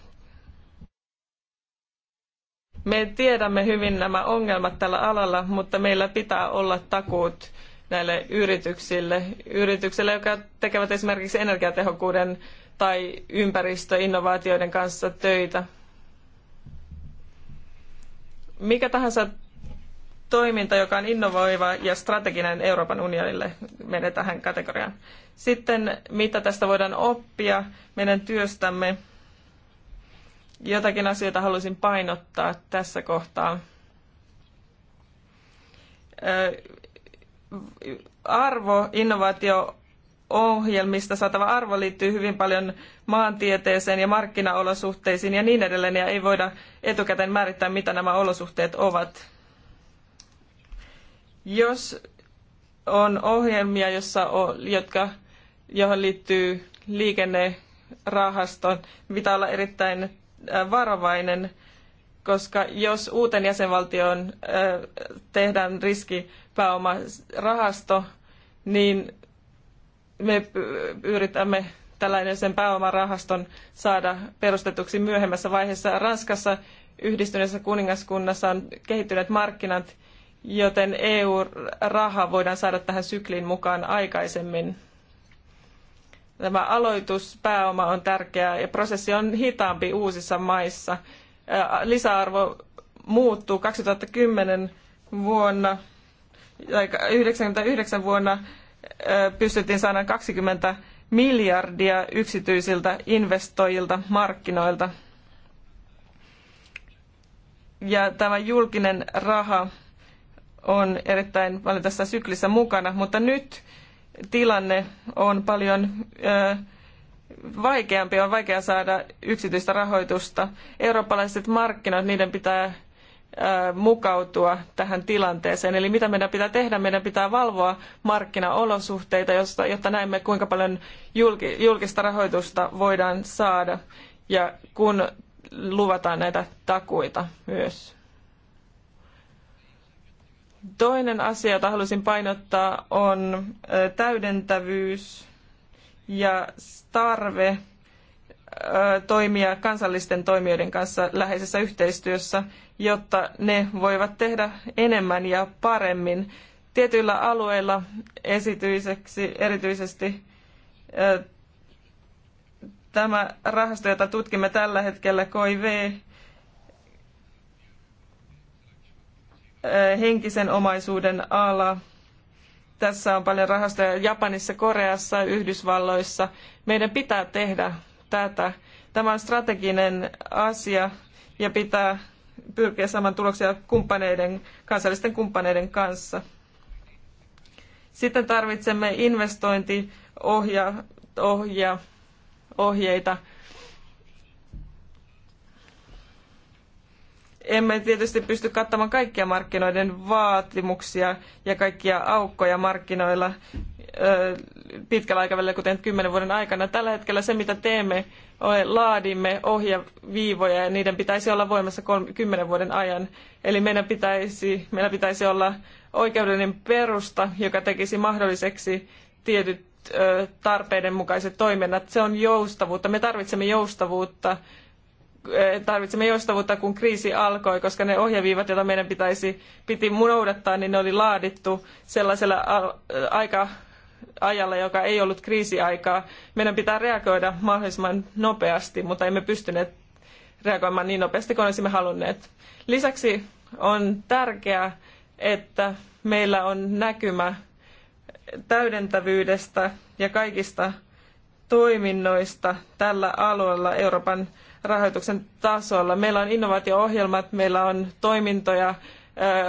Me tiedämme hyvin nämä ongelmat tällä alalla, mutta meillä pitää olla takuut näille yrityksille, yrityksille, jotka tekevät esimerkiksi energiatehokkuuden tai ympäristöinnovaatioiden kanssa töitä. Mikä tahansa toiminta, joka on innovoiva ja strateginen Euroopan unionille, menee tähän kategoriaan. Sitten mitä tästä voidaan oppia meidän työstämme. Jotakin asioita haluaisin painottaa tässä kohtaa arvo innovaatio ohjelmista saatava arvo liittyy hyvin paljon maantieteeseen ja markkinaolosuhteisiin ja niin edelleen, ja ei voida etukäteen määrittää, mitä nämä olosuhteet ovat. Jos on ohjelmia, jossa on, jotka, johon liittyy liikennerahaston, niin pitää olla erittäin varovainen, koska jos uuteen jäsenvaltioon tehdään riski pääomarahasto, niin me yritämme tällainen sen pääomarahaston saada perustetuksi myöhemmässä vaiheessa. Ranskassa yhdistyneessä kuningaskunnassa on kehittyneet markkinat, joten EU-raha voidaan saada tähän sykliin mukaan aikaisemmin. Tämä aloituspääoma on tärkeää ja prosessi on hitaampi uusissa maissa. Lisäarvo muuttuu 2010 vuonna 99 vuonna pystyttiin saamaan 20 miljardia yksityisiltä investoijilta markkinoilta. Ja tämä julkinen raha on erittäin paljon tässä syklissä mukana, mutta nyt tilanne on paljon vaikeampi, on vaikea saada yksityistä rahoitusta. Eurooppalaiset markkinat, niiden pitää mukautua tähän tilanteeseen. Eli mitä meidän pitää tehdä? Meidän pitää valvoa markkinaolosuhteita, jotta näemme kuinka paljon julkista rahoitusta voidaan saada ja kun luvataan näitä takuita myös. Toinen asia, jota haluaisin painottaa, on täydentävyys ja tarve toimia kansallisten toimijoiden kanssa läheisessä yhteistyössä, jotta ne voivat tehdä enemmän ja paremmin. Tietyillä alueilla esityiseksi, erityisesti tämä rahasto, jota tutkimme tällä hetkellä, KIV, henkisen omaisuuden ala. Tässä on paljon rahastoja Japanissa, Koreassa, Yhdysvalloissa. Meidän pitää tehdä tätä. Tämä on strateginen asia ja pitää pyrkiä saamaan tuloksia kumppaneiden, kansallisten kumppaneiden kanssa. Sitten tarvitsemme investointiohjeita. Ohja, ohjeita. Emme tietysti pysty kattamaan kaikkia markkinoiden vaatimuksia ja kaikkia aukkoja markkinoilla pitkällä aikavälillä, kuten kymmenen vuoden aikana. Tällä hetkellä se, mitä teemme, laadimme ohjaviivoja ja niiden pitäisi olla voimassa kymmenen vuoden ajan. Eli meidän pitäisi, meillä pitäisi olla oikeudellinen perusta, joka tekisi mahdolliseksi tietyt tarpeiden mukaiset toiminnat. Se on joustavuutta. Me tarvitsemme joustavuutta tarvitsemme joustavuutta, kun kriisi alkoi, koska ne ohjeviivat, joita meidän pitäisi, piti noudattaa, niin ne oli laadittu sellaisella aika ajalla, joka ei ollut kriisiaikaa. Meidän pitää reagoida mahdollisimman nopeasti, mutta emme pystyneet reagoimaan niin nopeasti kuin olisimme halunneet. Lisäksi on tärkeää, että meillä on näkymä täydentävyydestä ja kaikista toiminnoista tällä alueella Euroopan rahoituksen tasolla. Meillä on innovaatio-ohjelmat, meillä on toimintoja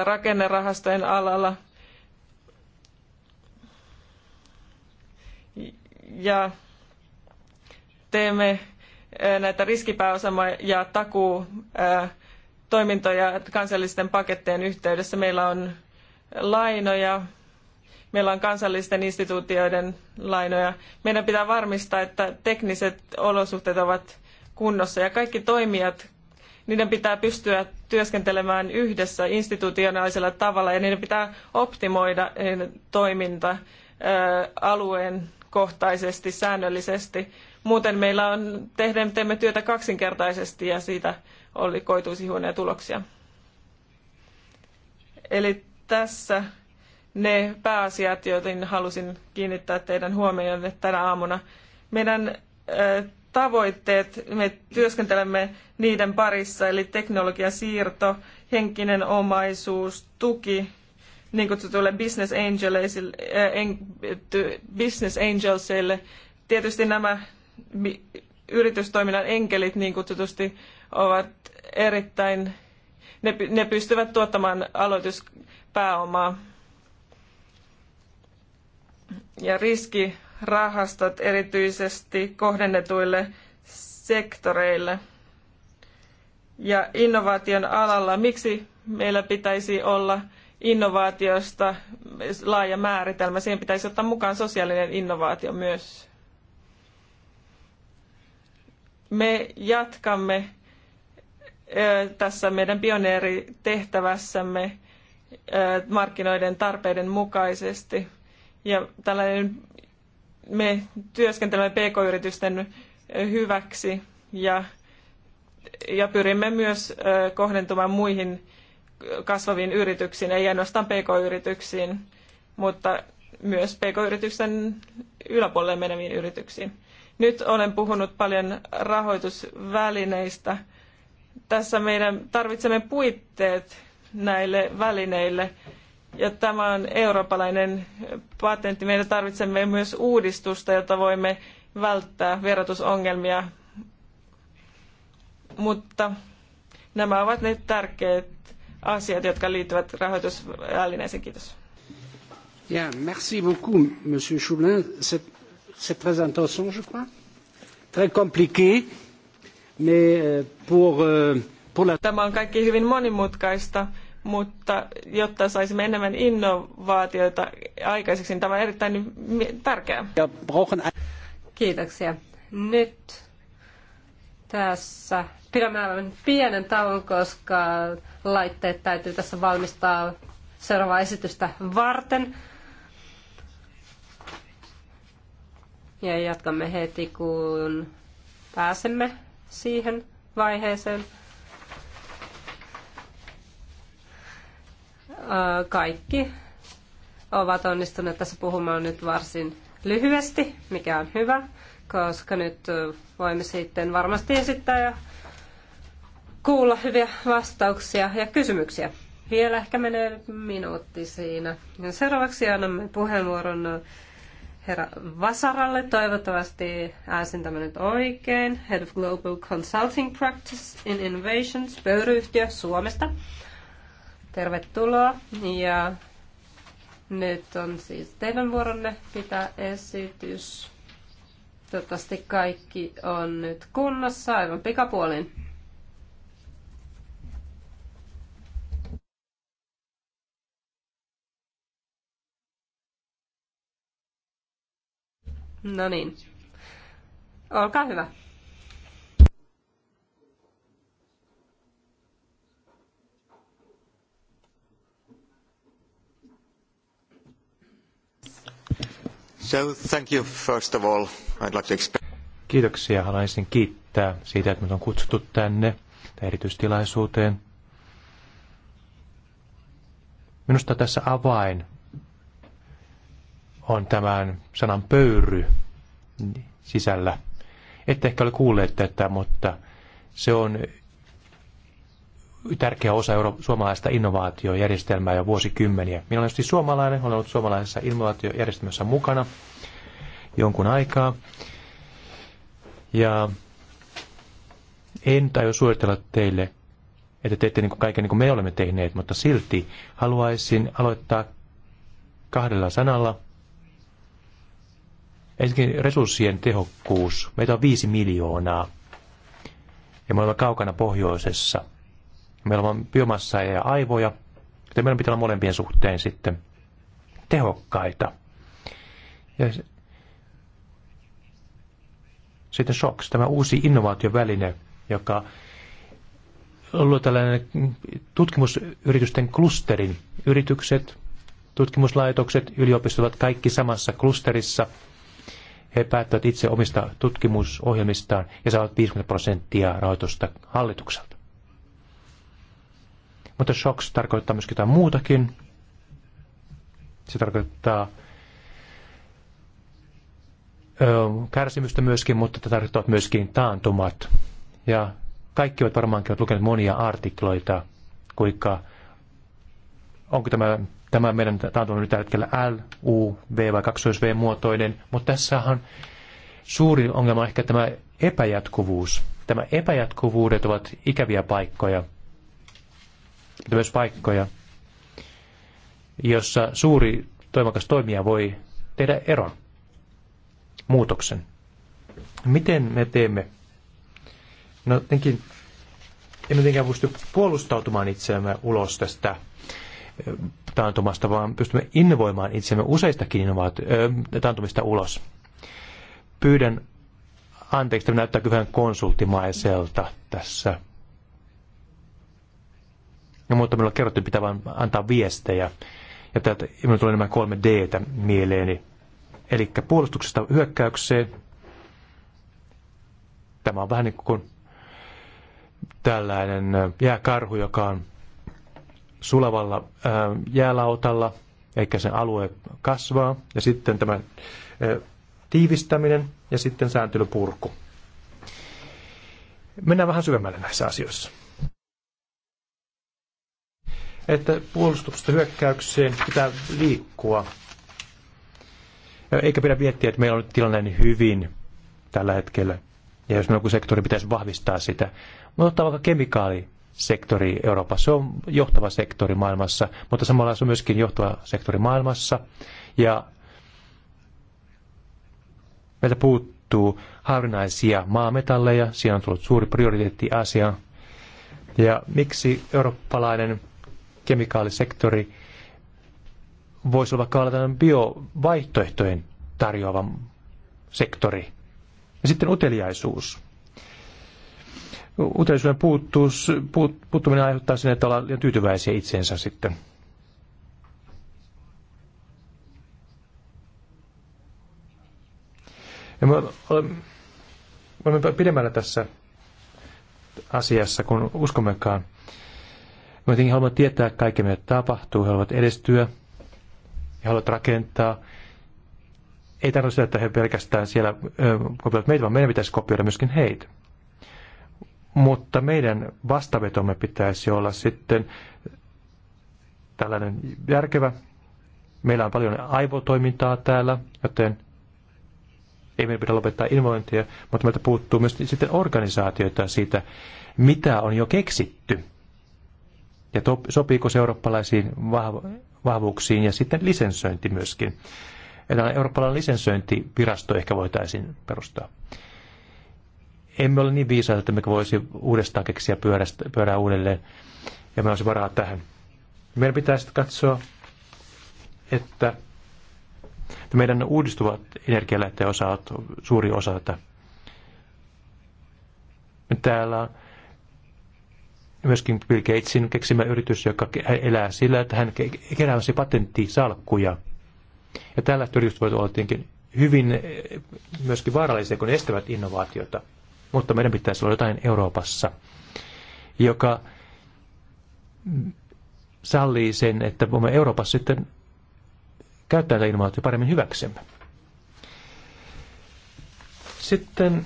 rakennerahastojen alalla – ja teemme näitä riskipääosama- ja takuutoimintoja kansallisten pakettien yhteydessä. Meillä on lainoja, meillä on kansallisten instituutioiden lainoja. Meidän pitää varmistaa, että tekniset olosuhteet ovat kunnossa ja kaikki toimijat, niiden pitää pystyä työskentelemään yhdessä institutionaalisella tavalla ja niiden pitää optimoida toiminta alueen kohtaisesti, säännöllisesti. Muuten meillä on, tehdään, teemme työtä kaksinkertaisesti ja siitä oli, koituisi huonoja tuloksia. Eli tässä ne pääasiat, joihin halusin kiinnittää teidän huomionne tänä aamuna. Meidän tavoitteet, me työskentelemme niiden parissa, eli teknologiasiirto, henkinen omaisuus, tuki niin kutsutuille business, eh, business angelsille. Tietysti nämä yritystoiminnan enkelit niin kutsutusti ovat erittäin, ne, ne pystyvät tuottamaan aloituspääomaa. Ja riskirahastot erityisesti kohdennetuille sektoreille. Ja innovaation alalla, miksi meillä pitäisi olla innovaatiosta laaja määritelmä. Siihen pitäisi ottaa mukaan sosiaalinen innovaatio myös. Me jatkamme tässä meidän pioneeritehtävässämme markkinoiden tarpeiden mukaisesti. Ja tällainen, me työskentelemme pk-yritysten hyväksi ja, ja pyrimme myös kohdentumaan muihin kasvaviin yrityksiin, ei ainoastaan pk-yrityksiin, mutta myös pk-yrityksen yläpuolelle meneviin yrityksiin. Nyt olen puhunut paljon rahoitusvälineistä. Tässä meidän tarvitsemme puitteet näille välineille. Ja tämä on eurooppalainen patentti. Meidän tarvitsemme myös uudistusta, jotta voimme välttää verotusongelmia. Mutta nämä ovat ne tärkeät asiat, jotka liittyvät rahoitusvälineeseen. Kiitos. Bien, merci beaucoup, Monsieur Choulin. Cette, cette présentation, je crois, très compliquée, mais euh, pour, euh, pour la... Tämä on kaikki hyvin monimutkaista, mutta jotta saisimme enemmän innovaatioita aikaiseksi, niin tämä on erittäin tärkeää. Kiitoksia. Nyt tässä pidämme pienen tauon, koska laitteet täytyy tässä valmistaa seuraavaa esitystä varten. Ja jatkamme heti, kun pääsemme siihen vaiheeseen. Kaikki ovat onnistuneet tässä puhumaan nyt varsin lyhyesti, mikä on hyvä, koska nyt voimme sitten varmasti esittää ja kuulla hyviä vastauksia ja kysymyksiä. Vielä ehkä menee minuutti siinä. Ja seuraavaksi annamme puheenvuoron äh, herra Vasaralle. Toivottavasti ääsin tämän nyt oikein. Head of Global Consulting Practice in Innovations, pöyryyhtiö Suomesta. Tervetuloa. Ja nyt on siis teidän vuoronne pitää esitys. Toivottavasti kaikki on nyt kunnossa aivan pikapuolin. No niin. Olkaa hyvä. So thank you first of all. I'd like to explain. Kiitoksia. Haluaisin kiittää siitä, että minut on kutsuttu tänne tai erityistilaisuuteen. Minusta tässä avain on tämän sanan pöyry sisällä. Ette ehkä ole kuulleet tätä, mutta se on tärkeä osa suomalaista innovaatiojärjestelmää jo vuosikymmeniä. Minä olen siis suomalainen, olen ollut suomalaisessa innovaatiojärjestelmässä mukana jonkun aikaa. Ja en tajua suositella teille, että teette niin kuin kaiken niin kuin me olemme tehneet, mutta silti haluaisin aloittaa kahdella sanalla, Ensinnäkin resurssien tehokkuus. Meitä on viisi miljoonaa ja me olemme kaukana pohjoisessa. Meillä on biomassaa ja aivoja, joten meidän pitää olla molempien suhteen sitten tehokkaita. Ja sitten SOX, tämä uusi innovaatioväline, joka luo tällainen tutkimusyritysten klusterin. Yritykset, tutkimuslaitokset, yliopistot ovat kaikki samassa klusterissa – he päättävät itse omista tutkimusohjelmistaan ja saavat 50 prosenttia rahoitusta hallitukselta. Mutta shocks tarkoittaa myös jotain muutakin. Se tarkoittaa ö, kärsimystä myöskin, mutta tätä tarkoittavat myöskin taantumat. Ja kaikki ovat varmaankin lukeneet monia artikloita, kuinka onko tämä Tämä meidän taantuma nyt tällä hetkellä L, U, V vai 2V muotoinen, mutta on suuri ongelma on ehkä tämä epäjatkuvuus. Tämä epäjatkuvuudet ovat ikäviä paikkoja, mutta myös paikkoja, jossa suuri toimakas toimija voi tehdä eron, muutoksen. Miten me teemme? No tietenkin emme tietenkään pysty puolustautumaan itseämme ulos tästä taantumasta, vaan pystymme innovoimaan itsemme useistakin innovaatio- taantumista ulos. Pyydän anteeksi, tämä näyttää kyllä konsulttimaiselta tässä. No, mutta minulla kerrottiin, pitää vain antaa viestejä. Ja täältä minulla tulee nämä kolme d mieleeni. Eli puolustuksesta hyökkäykseen. Tämä on vähän niin kuin tällainen jääkarhu, joka on sulavalla jäälautalla, eikä sen alue kasvaa, ja sitten tämä tiivistäminen ja sitten sääntelypurku. Mennään vähän syvemmälle näissä asioissa. Että puolustuksesta hyökkäykseen pitää liikkua. Eikä pidä miettiä, että meillä on tilanne niin hyvin tällä hetkellä. Ja jos joku sektori pitäisi vahvistaa sitä. Mutta ottaa vaikka kemikaali sektori Euroopassa. Se on johtava sektori maailmassa, mutta samalla se on myöskin johtava sektori maailmassa. Ja meiltä puuttuu harvinaisia maametalleja, siinä on tullut suuri prioriteetti asia. Ja miksi eurooppalainen kemikaalisektori voisi olla vaikka tällainen biovaihtoehtojen tarjoava sektori. Ja sitten uteliaisuus uteisuuden puuttuus, puut, puuttuminen aiheuttaa sen, että ollaan tyytyväisiä itseensä sitten. Ja me olemme pidemmällä tässä asiassa, kun uskommekaan. Me jotenkin haluamme tietää kaikki meille tapahtuu. He haluavat edistyä ja haluavat rakentaa. Ei tarvitse, että he pelkästään siellä kopioivat meitä, vaan meidän pitäisi kopioida myöskin heitä. Mutta meidän vastavetomme pitäisi olla sitten tällainen järkevä. Meillä on paljon aivotoimintaa täällä, joten ei meidän pidä lopettaa innovointia, mutta meiltä puuttuu myös sitten organisaatioita siitä, mitä on jo keksitty ja to, sopiiko se eurooppalaisiin vahvo, vahvuuksiin ja sitten lisensointi myöskin. Eli eurooppalainen lisensöintivirasto ehkä voitaisiin perustaa emme ole niin viisaita, että me voisi uudestaan keksiä pyörästä, pyörää uudelleen ja me olisi varaa tähän. Meidän pitää sitten katsoa, että meidän uudistuvat energialähteen osa on suuri osa tätä. Täällä on myöskin Bill Gatesin keksimä yritys, joka elää sillä, että hän keräämässä patenttisalkkuja. Ja tällä yritys voi olla hyvin eh, myöskin vaarallisia, kun estävät innovaatiota mutta meidän pitäisi olla jotain Euroopassa, joka sallii sen, että voimme Euroopassa sitten käyttää tätä innovaatioita paremmin hyväksemme. Sitten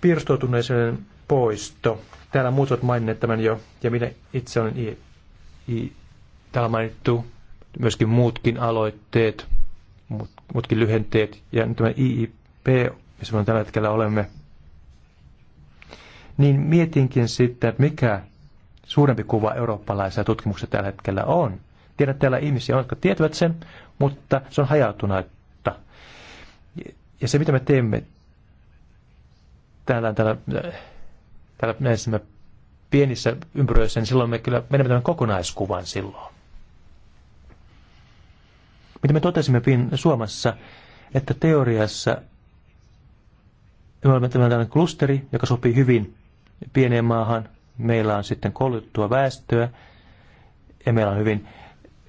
pirstoutuneisuuden poisto. Täällä muut ovat maininneet tämän jo, ja minä itse olen i, i, täällä mainittu myöskin muutkin aloitteet, muut, muutkin lyhenteet, ja nyt tämä IIP, missä me tällä hetkellä olemme, niin mietinkin sitten, mikä suurempi kuva eurooppalaisia tutkimuksia tällä hetkellä on. Tiedän, täällä ihmisiä on, jotka tietävät sen, mutta se on hajautunutta. Ja se, mitä me teemme täällä, täällä, täällä näissä pienissä ympyröissä, niin silloin me kyllä menemme tämän kokonaiskuvan silloin. Mitä me totesimme Suomessa, että teoriassa me olemme tämmöinen klusteri, joka sopii hyvin pieneen maahan, meillä on sitten koulutettua väestöä ja meillä on hyvin,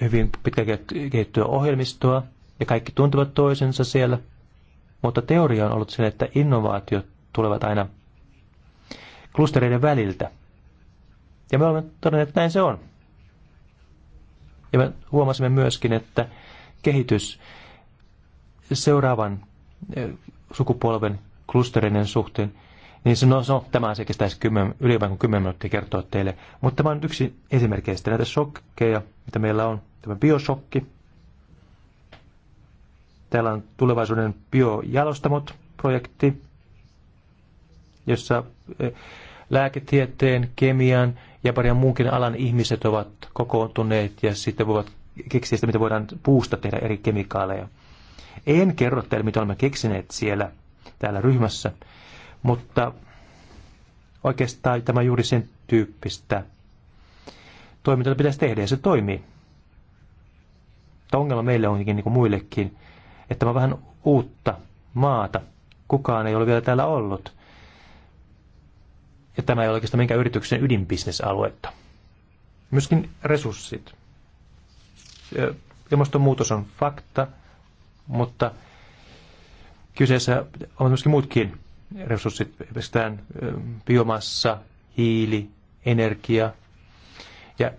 hyvin pitkä kehittyä ohjelmistoa ja kaikki tuntevat toisensa siellä. Mutta teoria on ollut se, että innovaatiot tulevat aina klustereiden väliltä. Ja me olemme todenneet, että näin se on. Ja me huomasimme myöskin, että kehitys seuraavan eh, sukupolven klustereiden suhteen – niin no, no tämä asia kestäisi siis yli yli kuin 10 minuuttia kertoa teille. Mutta tämä on yksi esimerkkeistä näitä shokkeja, mitä meillä on. Tämä biosokki. Täällä on tulevaisuuden biojalostamot-projekti, jossa eh, lääketieteen, kemian ja parian muunkin alan ihmiset ovat kokoontuneet ja sitten voivat keksiä sitä, mitä voidaan puusta tehdä eri kemikaaleja. En kerro teille, mitä olemme keksineet siellä täällä ryhmässä, mutta oikeastaan tämä juuri sen tyyppistä toimintaa pitäisi tehdä ja se toimii. Tämä ongelma meille onkin niin kuin muillekin, että tämä on vähän uutta maata. Kukaan ei ole vielä täällä ollut. Ja tämä ei ole oikeastaan minkään yrityksen ydinbisnesaluetta. Myöskin resurssit. Ilmastonmuutos on fakta, mutta kyseessä on myöskin muutkin resurssit, pestään biomassa, hiili, energia. Ja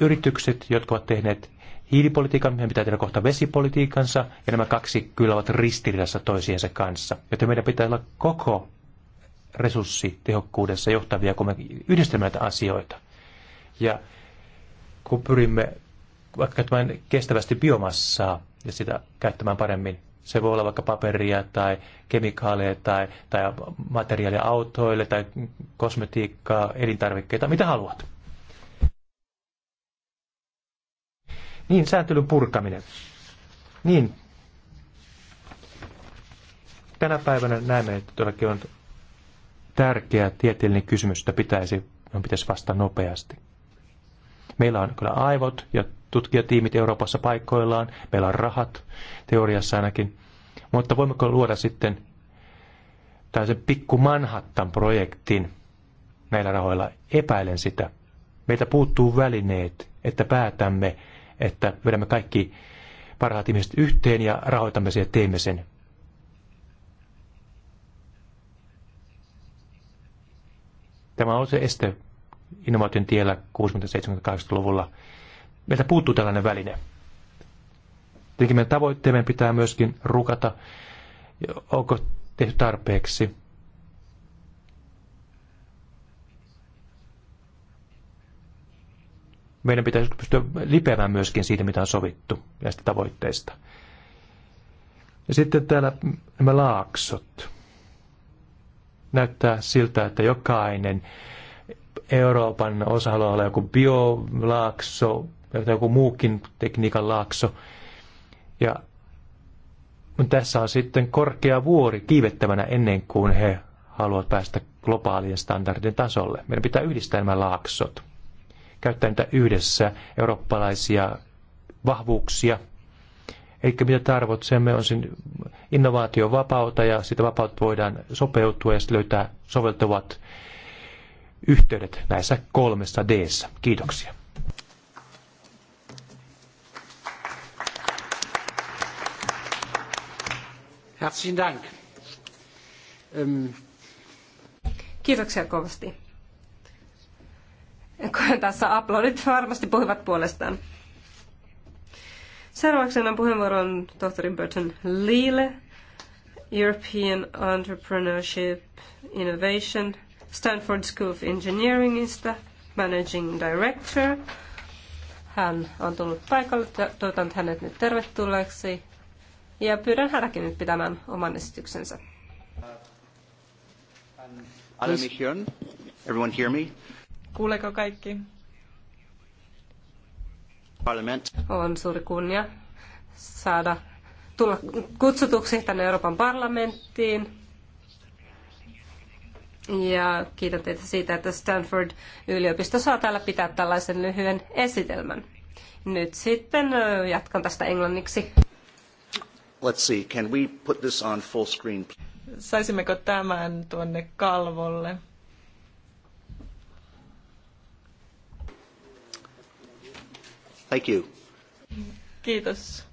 yritykset, jotka ovat tehneet hiilipolitiikan, meidän pitää tehdä kohta vesipolitiikansa, ja nämä kaksi kyllä ovat ristiriidassa toisiensa kanssa. Joten meidän pitää olla koko resurssitehokkuudessa johtavia, kun me yhdistämme näitä asioita. Ja kun pyrimme vaikka käyttämään kestävästi biomassaa ja sitä käyttämään paremmin, se voi olla vaikka paperia tai kemikaaleja tai, tai materiaalia autoille tai kosmetiikkaa, elintarvikkeita, mitä haluat. Niin, sääntelyn purkaminen. Niin. Tänä päivänä näemme, että todellakin on tärkeä tieteellinen kysymys, jota pitäisi, on pitäisi vastata nopeasti. Meillä on kyllä aivot ja tutkijatiimit Euroopassa paikoillaan, meillä on rahat, teoriassa ainakin, mutta voimmeko luoda sitten tällaisen pikku Manhattan projektin näillä rahoilla? Epäilen sitä. Meiltä puuttuu välineet, että päätämme, että vedämme kaikki parhaat ihmiset yhteen ja rahoitamme sen ja teemme sen. Tämä on se este innovaation tiellä 60-70-80-luvulla meiltä puuttuu tällainen väline. Tietenkin meidän tavoitteemme pitää myöskin rukata, onko tehty tarpeeksi. Meidän pitäisi pystyä lipeämään myöskin siitä, mitä on sovittu näistä tavoitteista. Ja sitten täällä nämä laaksot. Näyttää siltä, että jokainen Euroopan osa haluaa olla joku biolaakso, tai joku muukin tekniikan laakso. Ja tässä on sitten korkea vuori kiivettävänä ennen kuin he haluavat päästä globaalien standardin tasolle. Meidän pitää yhdistää nämä laaksot, käyttää niitä yhdessä eurooppalaisia vahvuuksia. Eli mitä tarvitsemme on sen innovaation vapauta ja sitä vapautta voidaan sopeutua ja löytää soveltuvat yhteydet näissä kolmessa d Kiitoksia. Herzlichen Dank. Ähm, Kiitoksia kovasti. Tässä aplodit varmasti puhuvat puolestaan. Seuraavaksi on puheenvuoron tohtori Burton Leele, European Entrepreneurship Innovation, Stanford School of Engineeringista, Managing Director. Hän on tullut paikalle, toivotan hänet nyt tervetulleeksi ja pyydän häntäkin nyt pitämään oman esityksensä. Everyone hear me? Kuuleeko kaikki? Parliament. On suuri kunnia saada tulla kutsutuksi tänne Euroopan parlamenttiin. Ja kiitän teitä siitä, että Stanford yliopisto saa täällä pitää tällaisen lyhyen esitelmän. Nyt sitten jatkan tästä englanniksi. Let's see, can we put this on full screen? Saisimmeko tämän tuonne kalvolle? Thank you. Kiitos.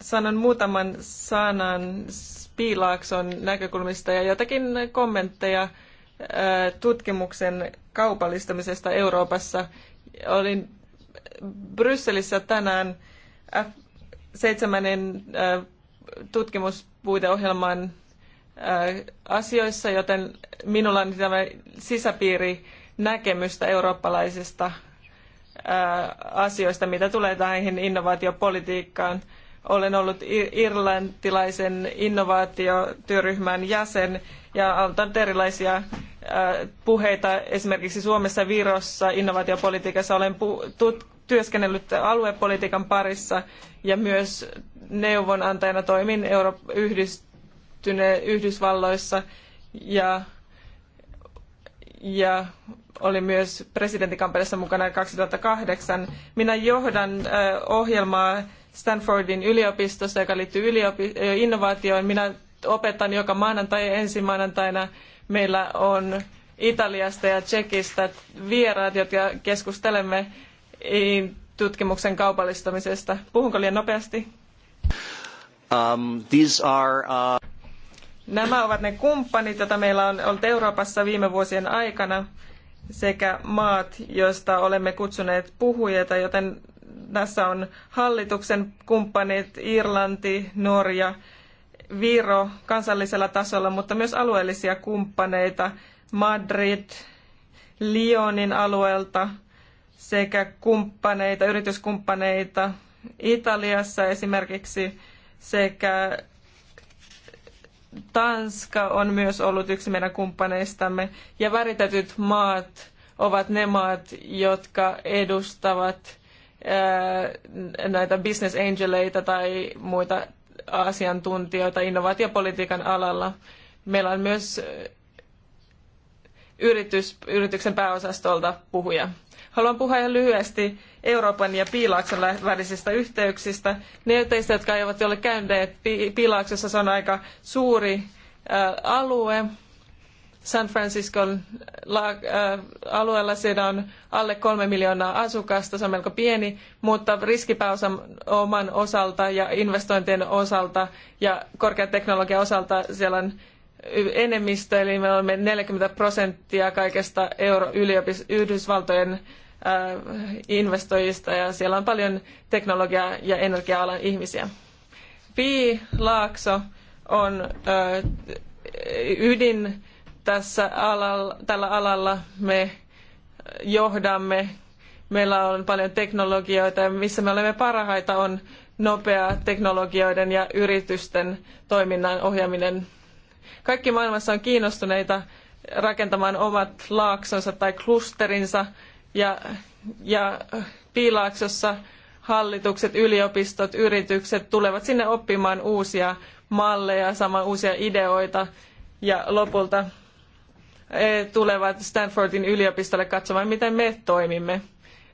Sanon muutaman sanan Spiilaakson näkökulmista ja jotakin kommentteja tutkimuksen kaupallistamisesta Euroopassa. Olin Brysselissä tänään F7 tutkimuspuiteohjelman asioissa, joten minulla on tämä sisäpiiri näkemystä eurooppalaisista asioista, mitä tulee tähän innovaatiopolitiikkaan. Olen ollut irlantilaisen innovaatiotyöryhmän jäsen ja antanut erilaisia puheita esimerkiksi Suomessa, Virossa, innovaatiopolitiikassa. Olen työskennellyt aluepolitiikan parissa ja myös neuvonantajana toimin Euro- yhdistyne- Yhdysvalloissa ja, ja olin myös presidentinkampanjassa mukana 2008. Minä johdan ohjelmaa Stanfordin yliopistossa, joka liittyy yliopi- innovaatioon. Minä opetan joka maanantai ja ensi maanantaina. Meillä on Italiasta ja Tsekistä vieraat, jotka keskustelemme tutkimuksen kaupallistamisesta. Puhunko liian nopeasti? Um, these are, uh... Nämä ovat ne kumppanit, joita meillä on ollut Euroopassa viime vuosien aikana, sekä maat, joista olemme kutsuneet puhujia, joten tässä on hallituksen kumppanit Irlanti, Norja, Viro kansallisella tasolla, mutta myös alueellisia kumppaneita Madrid, Lyonin alueelta, sekä kumppaneita, yrityskumppaneita Italiassa esimerkiksi sekä Tanska on myös ollut yksi meidän kumppaneistamme ja väritetyt maat ovat ne maat, jotka edustavat ää, näitä business angeleita tai muita asiantuntijoita innovaatiopolitiikan alalla. Meillä on myös yritys, yrityksen pääosastolta puhuja. Haluan puhua ihan lyhyesti Euroopan ja Piilaakson välisistä yhteyksistä. Ne teistä, jotka eivät ole käyneet Piilaaksossa, se on aika suuri äh, alue. San Franciscon äh, äh, alueella siinä on alle kolme miljoonaa asukasta, se on melko pieni, mutta riskipääosan oman osalta ja investointien osalta ja korkean teknologian osalta siellä on enemmistö, eli me olemme 40 prosenttia kaikesta euro Yhdysvaltojen äh, investoijista ja siellä on paljon teknologia- ja energia-alan ihmisiä. Pi Laakso on äh, ydin tässä alalla, tällä alalla. Me johdamme, meillä on paljon teknologioita ja missä me olemme parhaita on nopea teknologioiden ja yritysten toiminnan ohjaaminen kaikki maailmassa on kiinnostuneita rakentamaan omat laaksonsa tai klusterinsa ja, ja piilaaksossa hallitukset, yliopistot, yritykset tulevat sinne oppimaan uusia malleja, saamaan uusia ideoita ja lopulta e, tulevat Stanfordin yliopistolle katsomaan, miten me toimimme.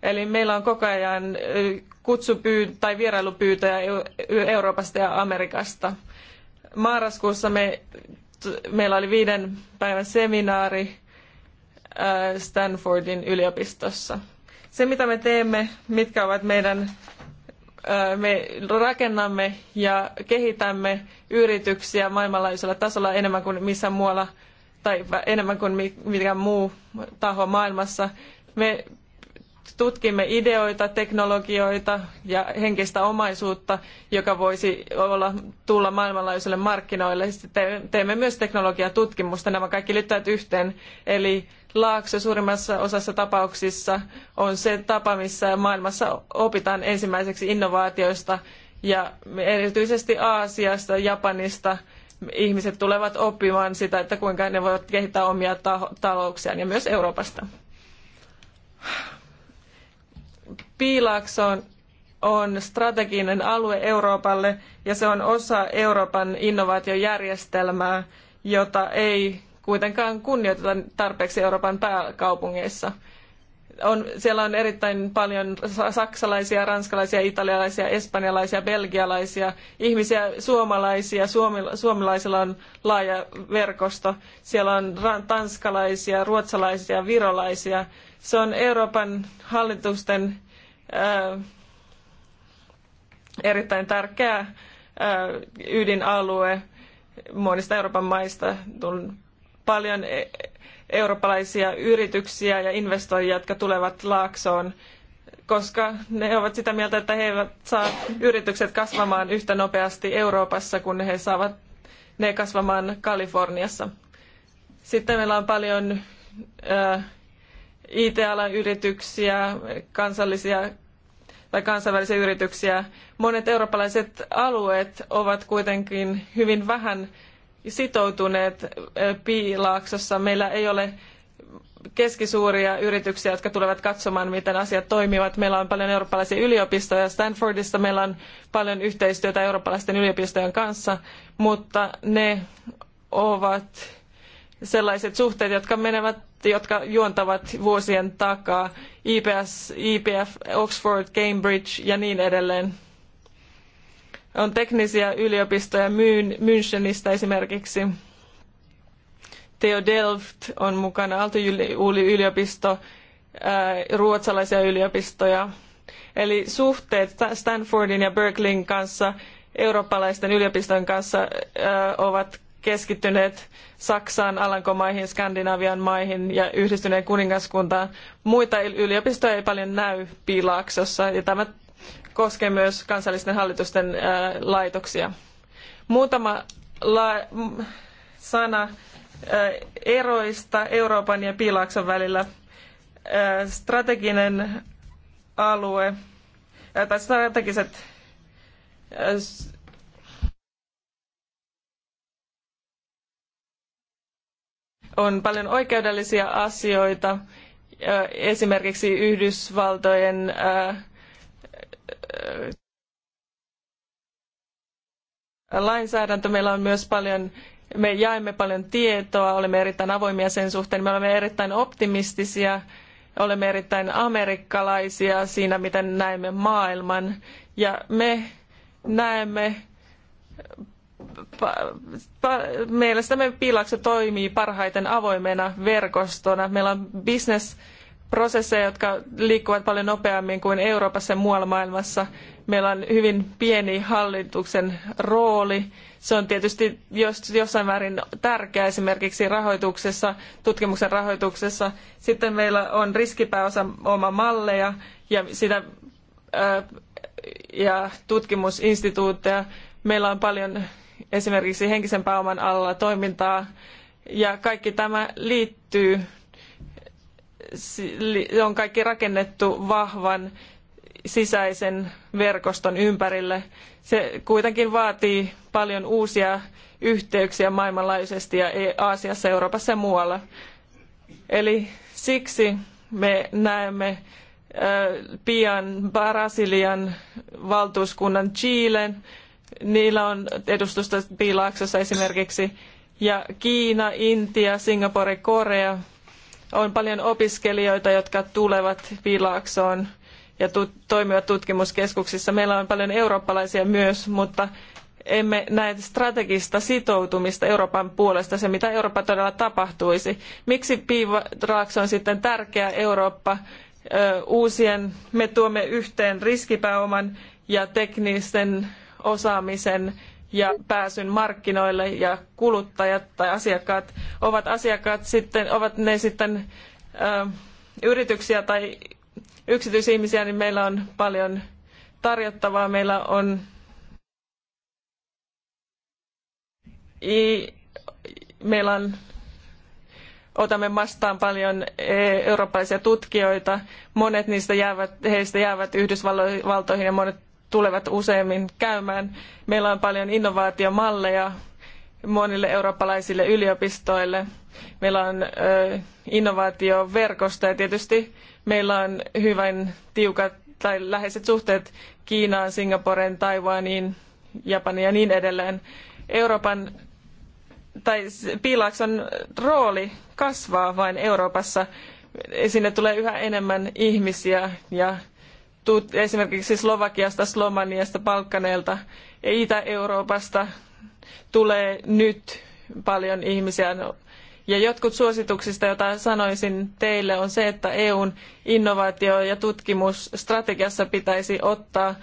Eli meillä on koko ajan e, kutsupyy- tai vierailupyyntöjä Euroopasta ja Amerikasta marraskuussa me, meillä oli viiden päivän seminaari äh, Stanfordin yliopistossa. Se, mitä me teemme, mitkä ovat meidän, äh, me rakennamme ja kehitämme yrityksiä maailmanlaajuisella tasolla enemmän kuin missään muualla tai enemmän kuin mikään muu taho maailmassa. Me tutkimme ideoita, teknologioita ja henkistä omaisuutta, joka voisi olla, tulla maailmanlaajuisille markkinoille. Sitten teemme myös teknologiatutkimusta. Nämä kaikki liittyvät yhteen. Eli Laakso suurimmassa osassa tapauksissa on se tapa, missä maailmassa opitaan ensimmäiseksi innovaatioista ja erityisesti Aasiasta, Japanista ihmiset tulevat oppimaan sitä, että kuinka ne voivat kehittää omia talouksiaan ja myös Euroopasta. Piilaakso on strateginen alue Euroopalle ja se on osa Euroopan innovaatiojärjestelmää, jota ei kuitenkaan kunnioiteta tarpeeksi Euroopan pääkaupungeissa. On, siellä on erittäin paljon saksalaisia, ranskalaisia, italialaisia, espanjalaisia, belgialaisia ihmisiä, suomalaisia. Suomi, suomalaisilla on laaja verkosto. Siellä on tanskalaisia, ruotsalaisia, virolaisia se on Euroopan hallitusten ää, äh, erittäin tärkeä ää, äh, ydinalue monista Euroopan maista. On paljon e-, eurooppalaisia yrityksiä ja investoijia, jotka tulevat Laaksoon koska ne ovat sitä mieltä, että he eivät saa yritykset kasvamaan yhtä nopeasti Euroopassa kuin he saavat ne kasvamaan Kaliforniassa. Sitten meillä on paljon äh, IT-alan yrityksiä, kansallisia tai kansainvälisiä yrityksiä. Monet eurooppalaiset alueet ovat kuitenkin hyvin vähän sitoutuneet eh, piilaaksossa. Meillä ei ole keskisuuria yrityksiä, jotka tulevat katsomaan, miten asiat toimivat. Meillä on paljon eurooppalaisia yliopistoja. Stanfordissa meillä on paljon yhteistyötä eurooppalaisten yliopistojen kanssa, mutta ne ovat sellaiset suhteet, jotka menevät, jotka juontavat vuosien takaa, IPS, IPF, Oxford, Cambridge ja niin edelleen. On teknisiä yliopistoja Münchenistä esimerkiksi. Theo Delft on mukana, Aalto-yliopisto, ruotsalaisia yliopistoja. Eli suhteet Stanfordin ja Berkeleyn kanssa, eurooppalaisten yliopistojen kanssa ovat keskittyneet Saksaan, Alankomaihin, Skandinavian maihin ja yhdistyneen kuningaskuntaan. Muita yliopistoja ei paljon näy piilaaksossa ja tämä koskee myös kansallisten hallitusten laitoksia. Muutama sana eroista Euroopan ja Piilaakson välillä. strateginen alue, tai strategiset on paljon oikeudellisia asioita, esimerkiksi Yhdysvaltojen lainsäädäntö. Meillä on myös paljon, me jaamme paljon tietoa, olemme erittäin avoimia sen suhteen. Me olemme erittäin optimistisia, olemme erittäin amerikkalaisia siinä, miten näemme maailman. Ja me näemme mielestämme piilakse toimii parhaiten avoimena verkostona. Meillä on bisnesprosesseja, jotka liikkuvat paljon nopeammin kuin Euroopassa ja muualla maailmassa. Meillä on hyvin pieni hallituksen rooli. Se on tietysti jossain määrin tärkeä esimerkiksi rahoituksessa, tutkimuksen rahoituksessa. Sitten meillä on riskipääosa oma malleja ja, sitä, ja tutkimusinstituutteja. Meillä on paljon esimerkiksi henkisen pääoman alla toimintaa. Ja kaikki tämä liittyy, on kaikki rakennettu vahvan sisäisen verkoston ympärille. Se kuitenkin vaatii paljon uusia yhteyksiä maailmanlaajuisesti ja e, Aasiassa, Euroopassa ja muualla. Eli siksi me näemme pian Brasilian valtuuskunnan Chilen Niillä on edustusta Piilaaksossa esimerkiksi. Ja Kiina, Intia, Singapore, Korea. On paljon opiskelijoita, jotka tulevat Piilaaksoon ja tu- toimivat tutkimuskeskuksissa. Meillä on paljon eurooppalaisia myös, mutta emme näe strategista sitoutumista Euroopan puolesta, se mitä Eurooppa todella tapahtuisi. Miksi Piiraakso on sitten tärkeä Eurooppa ö, uusien, me tuomme yhteen riskipääoman ja teknisten osaamisen ja pääsyn markkinoille ja kuluttajat tai asiakkaat ovat asiakkaat sitten, ovat ne sitten yrityksiä tai yksityisihmisiä, niin meillä on paljon tarjottavaa. Meillä on I, meillä on, otamme vastaan paljon e, eurooppalaisia tutkijoita. Monet niistä jäävät, heistä jäävät Yhdysvaltoihin ja monet tulevat useimmin käymään. Meillä on paljon innovaatiomalleja monille eurooppalaisille yliopistoille. Meillä on innovaatioverkosto ja tietysti meillä on hyvän tiukat tai läheiset suhteet Kiinaan, Singaporeen, Taiwaniin, Japaniin ja niin edelleen. Euroopan tai piilaakson rooli kasvaa vain Euroopassa. Sinne tulee yhä enemmän ihmisiä ja tuttu esimerkiksi Slovakiasta, Slomaniasta, Balkaneelta ja Itä-Euroopasta tulee nyt paljon ihmisiä. Ja jotkut suosituksista, joita sanoisin teille, on se, että EUn innovaatio- ja tutkimusstrategiassa pitäisi ottaa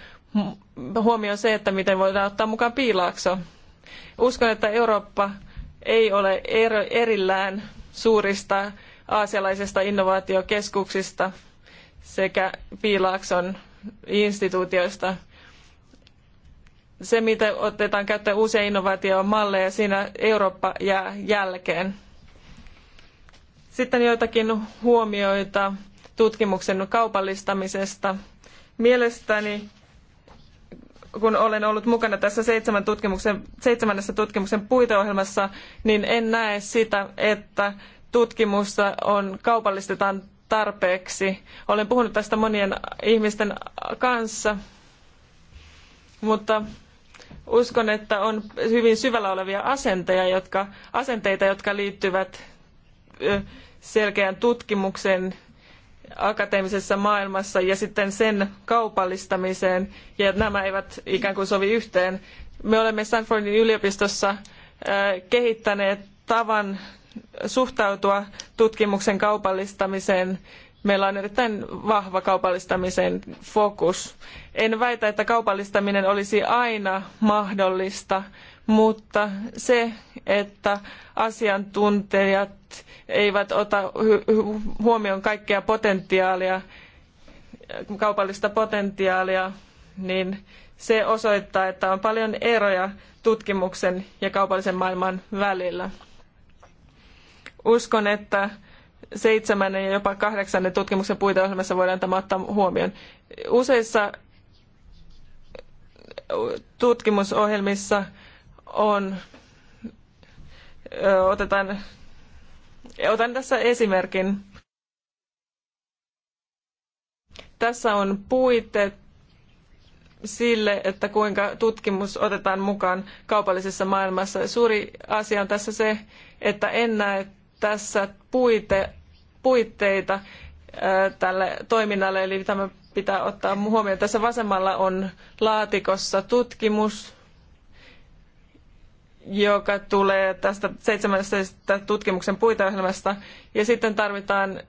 huomioon se, että miten voidaan ottaa mukaan piilaakso. Uskon, että Eurooppa ei ole er- erillään suurista aasialaisista innovaatiokeskuksista – sekä Piilakson instituutioista. Se, mitä otetaan käyttöön uusia innovaatiomalleja, siinä Eurooppa jää jälkeen. Sitten joitakin huomioita tutkimuksen kaupallistamisesta. Mielestäni, kun olen ollut mukana tässä seitsemän tutkimuksen, seitsemännessä tutkimuksen puiteohjelmassa, niin en näe sitä, että tutkimusta on, kaupallistetaan tarpeeksi. Olen puhunut tästä monien ihmisten kanssa, mutta uskon, että on hyvin syvällä olevia asenteja, jotka, asenteita, jotka liittyvät selkeään tutkimukseen akateemisessa maailmassa ja sitten sen kaupallistamiseen, ja nämä eivät ikään kuin sovi yhteen. Me olemme Stanfordin yliopistossa kehittäneet tavan suhtautua tutkimuksen kaupallistamiseen. Meillä on erittäin vahva kaupallistamisen fokus. En väitä, että kaupallistaminen olisi aina mahdollista, mutta se, että asiantuntijat eivät ota huomioon kaikkea potentiaalia, kaupallista potentiaalia, niin se osoittaa, että on paljon eroja tutkimuksen ja kaupallisen maailman välillä uskon, että seitsemännen ja jopa kahdeksannen tutkimuksen puiteohjelmassa voidaan tämä ottaa huomioon. Useissa tutkimusohjelmissa on, otetaan, otan tässä esimerkin. Tässä on puite sille, että kuinka tutkimus otetaan mukaan kaupallisessa maailmassa. Suuri asia on tässä se, että en näe tässä puite, puitteita tälle toiminnalle, eli tämä pitää ottaa huomioon. Tässä vasemmalla on laatikossa tutkimus, joka tulee tästä seitsemästä tutkimuksen puiteohjelmasta. Ja sitten tarvitaan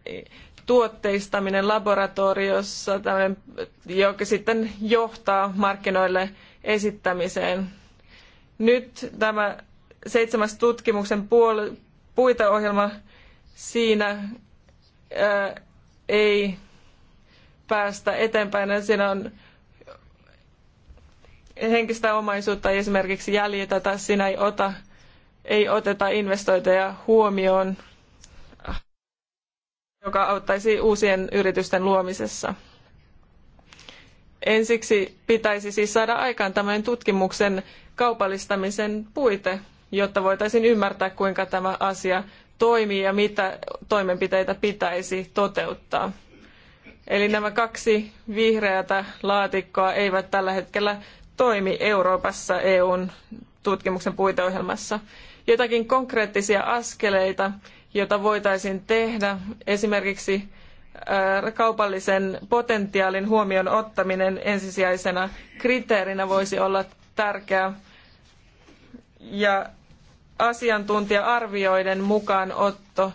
tuotteistaminen laboratoriossa, joka sitten johtaa markkinoille esittämiseen. Nyt tämä seitsemäs tutkimuksen puiteohjelma, siinä ää, ei päästä eteenpäin. Ja siinä on henkistä omaisuutta esimerkiksi jäljitä tai siinä ei, ota, ei oteta investointeja huomioon, joka auttaisi uusien yritysten luomisessa. Ensiksi pitäisi siis saada aikaan tämän tutkimuksen kaupallistamisen puite jotta voitaisiin ymmärtää, kuinka tämä asia toimii ja mitä toimenpiteitä pitäisi toteuttaa. Eli nämä kaksi vihreätä laatikkoa eivät tällä hetkellä toimi Euroopassa EUn tutkimuksen puiteohjelmassa. Jotakin konkreettisia askeleita, joita voitaisiin tehdä, esimerkiksi äh, kaupallisen potentiaalin huomioon ottaminen ensisijaisena kriteerinä voisi olla tärkeä ja asiantuntija-arvioiden mukaan otto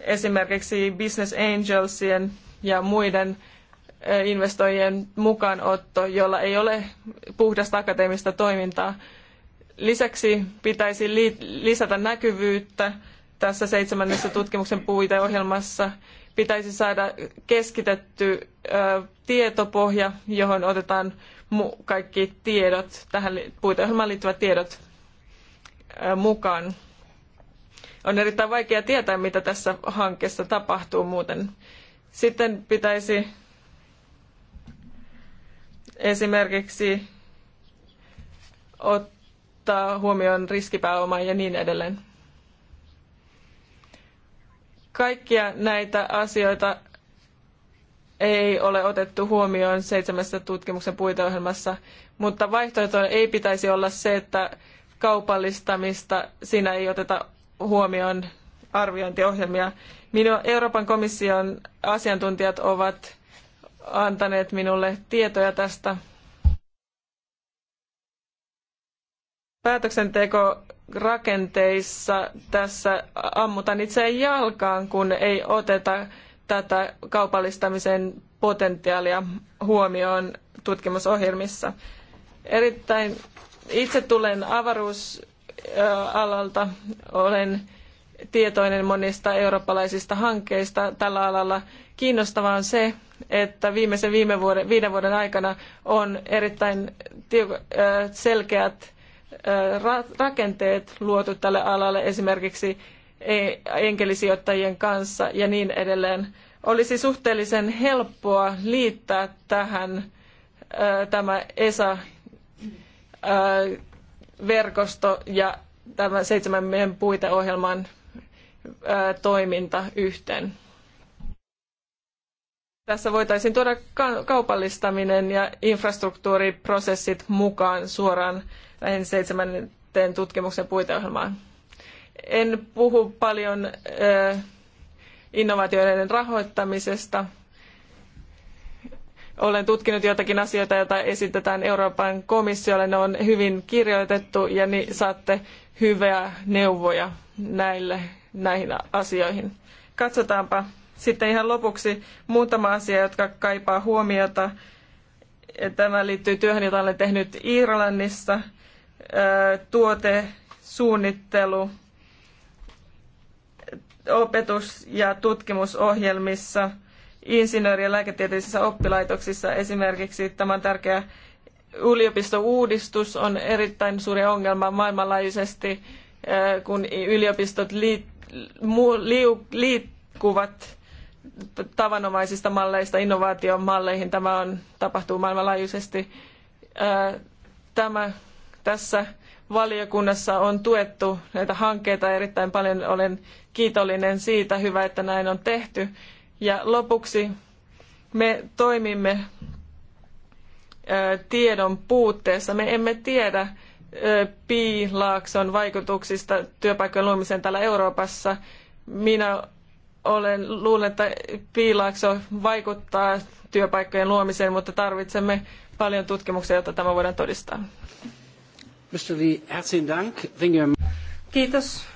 esimerkiksi Business Angelsien ja muiden investoijien mukaanotto, jolla ei ole puhdasta akateemista toimintaa. Lisäksi pitäisi lisätä näkyvyyttä tässä seitsemännessä tutkimuksen puiteohjelmassa. Pitäisi saada keskitetty tietopohja, johon otetaan kaikki tiedot, tähän puiteohjelmaan liittyvät tiedot mukaan. On erittäin vaikea tietää, mitä tässä hankkeessa tapahtuu muuten. Sitten pitäisi esimerkiksi ottaa huomioon riskipääoma ja niin edelleen. Kaikkia näitä asioita ei ole otettu huomioon seitsemässä tutkimuksen puiteohjelmassa, mutta vaihtoehto ei pitäisi olla se, että kaupallistamista. Siinä ei oteta huomioon arviointiohjelmia. Minua Euroopan komission asiantuntijat ovat antaneet minulle tietoja tästä. Päätöksenteko rakenteissa tässä ammutaan itse jalkaan, kun ei oteta tätä kaupallistamisen potentiaalia huomioon tutkimusohjelmissa. Erittäin itse tulen avaruusalalta, olen tietoinen monista eurooppalaisista hankkeista tällä alalla. Kiinnostavaa on se, että viimeisen viime vuoden, viiden vuoden aikana on erittäin selkeät rakenteet luotu tälle alalle esimerkiksi e-, enkelisijoittajien kanssa ja niin edelleen. Olisi suhteellisen helppoa liittää tähän tämä ESA verkosto ja tämä seitsemän miehen puiteohjelman toiminta yhteen. Tässä voitaisiin tuoda kaupallistaminen ja infrastruktuuriprosessit mukaan suoraan näihin seitsemänteen tutkimuksen puiteohjelmaan. En puhu paljon innovaatioiden rahoittamisesta – olen tutkinut joitakin asioita, joita esitetään Euroopan komissiolle. Ne on hyvin kirjoitettu ja niin saatte hyviä neuvoja näille, näihin asioihin. Katsotaanpa sitten ihan lopuksi muutama asia, jotka kaipaa huomiota. Tämä liittyy työhön, jota olen tehnyt Irlannissa. Tuotesuunnittelu, opetus- ja tutkimusohjelmissa – insinööri- ja lääketieteellisissä oppilaitoksissa esimerkiksi. Tämä on tärkeä yliopistouudistus on erittäin suuri ongelma maailmanlaajuisesti, eh, kun yliopistot liikkuvat tavanomaisista malleista innovaatiomalleihin. Tämä on, tapahtuu maailmanlaajuisesti. Eh, tämä tässä valiokunnassa on tuettu näitä hankkeita erittäin paljon. Olen kiitollinen siitä. Hyvä, että näin on tehty. Ja lopuksi me toimimme tiedon puutteessa. Me emme tiedä piilaakson vaikutuksista työpaikkojen luomiseen täällä Euroopassa. Minä olen, luulen, että piilaakso vaikuttaa työpaikkojen luomiseen, mutta tarvitsemme paljon tutkimuksia, jotta tämä voidaan todistaa. Mr. Lee, herzlichen Dank. Kiitos.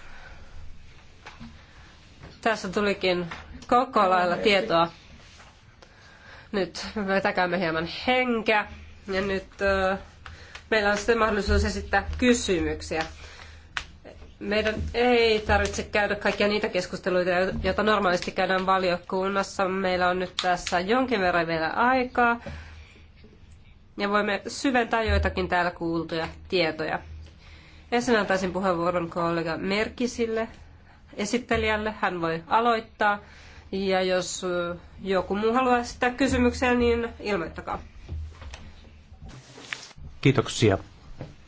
Tässä tulikin koko lailla tietoa. Nyt vetäkäämme hieman henkeä. Ja nyt meillä on sitten mahdollisuus esittää kysymyksiä. Meidän ei tarvitse käydä kaikkia niitä keskusteluita, joita normaalisti käydään valiokunnassa. Meillä on nyt tässä jonkin verran vielä aikaa. Ja voimme syventää joitakin täällä kuultuja tietoja. Ensin antaisin puheenvuoron kollega Merkisille, esittelijälle. Hän voi aloittaa ja jos joku muu haluaa sitä kysymyksiä, niin ilmoittakaa. Kiitoksia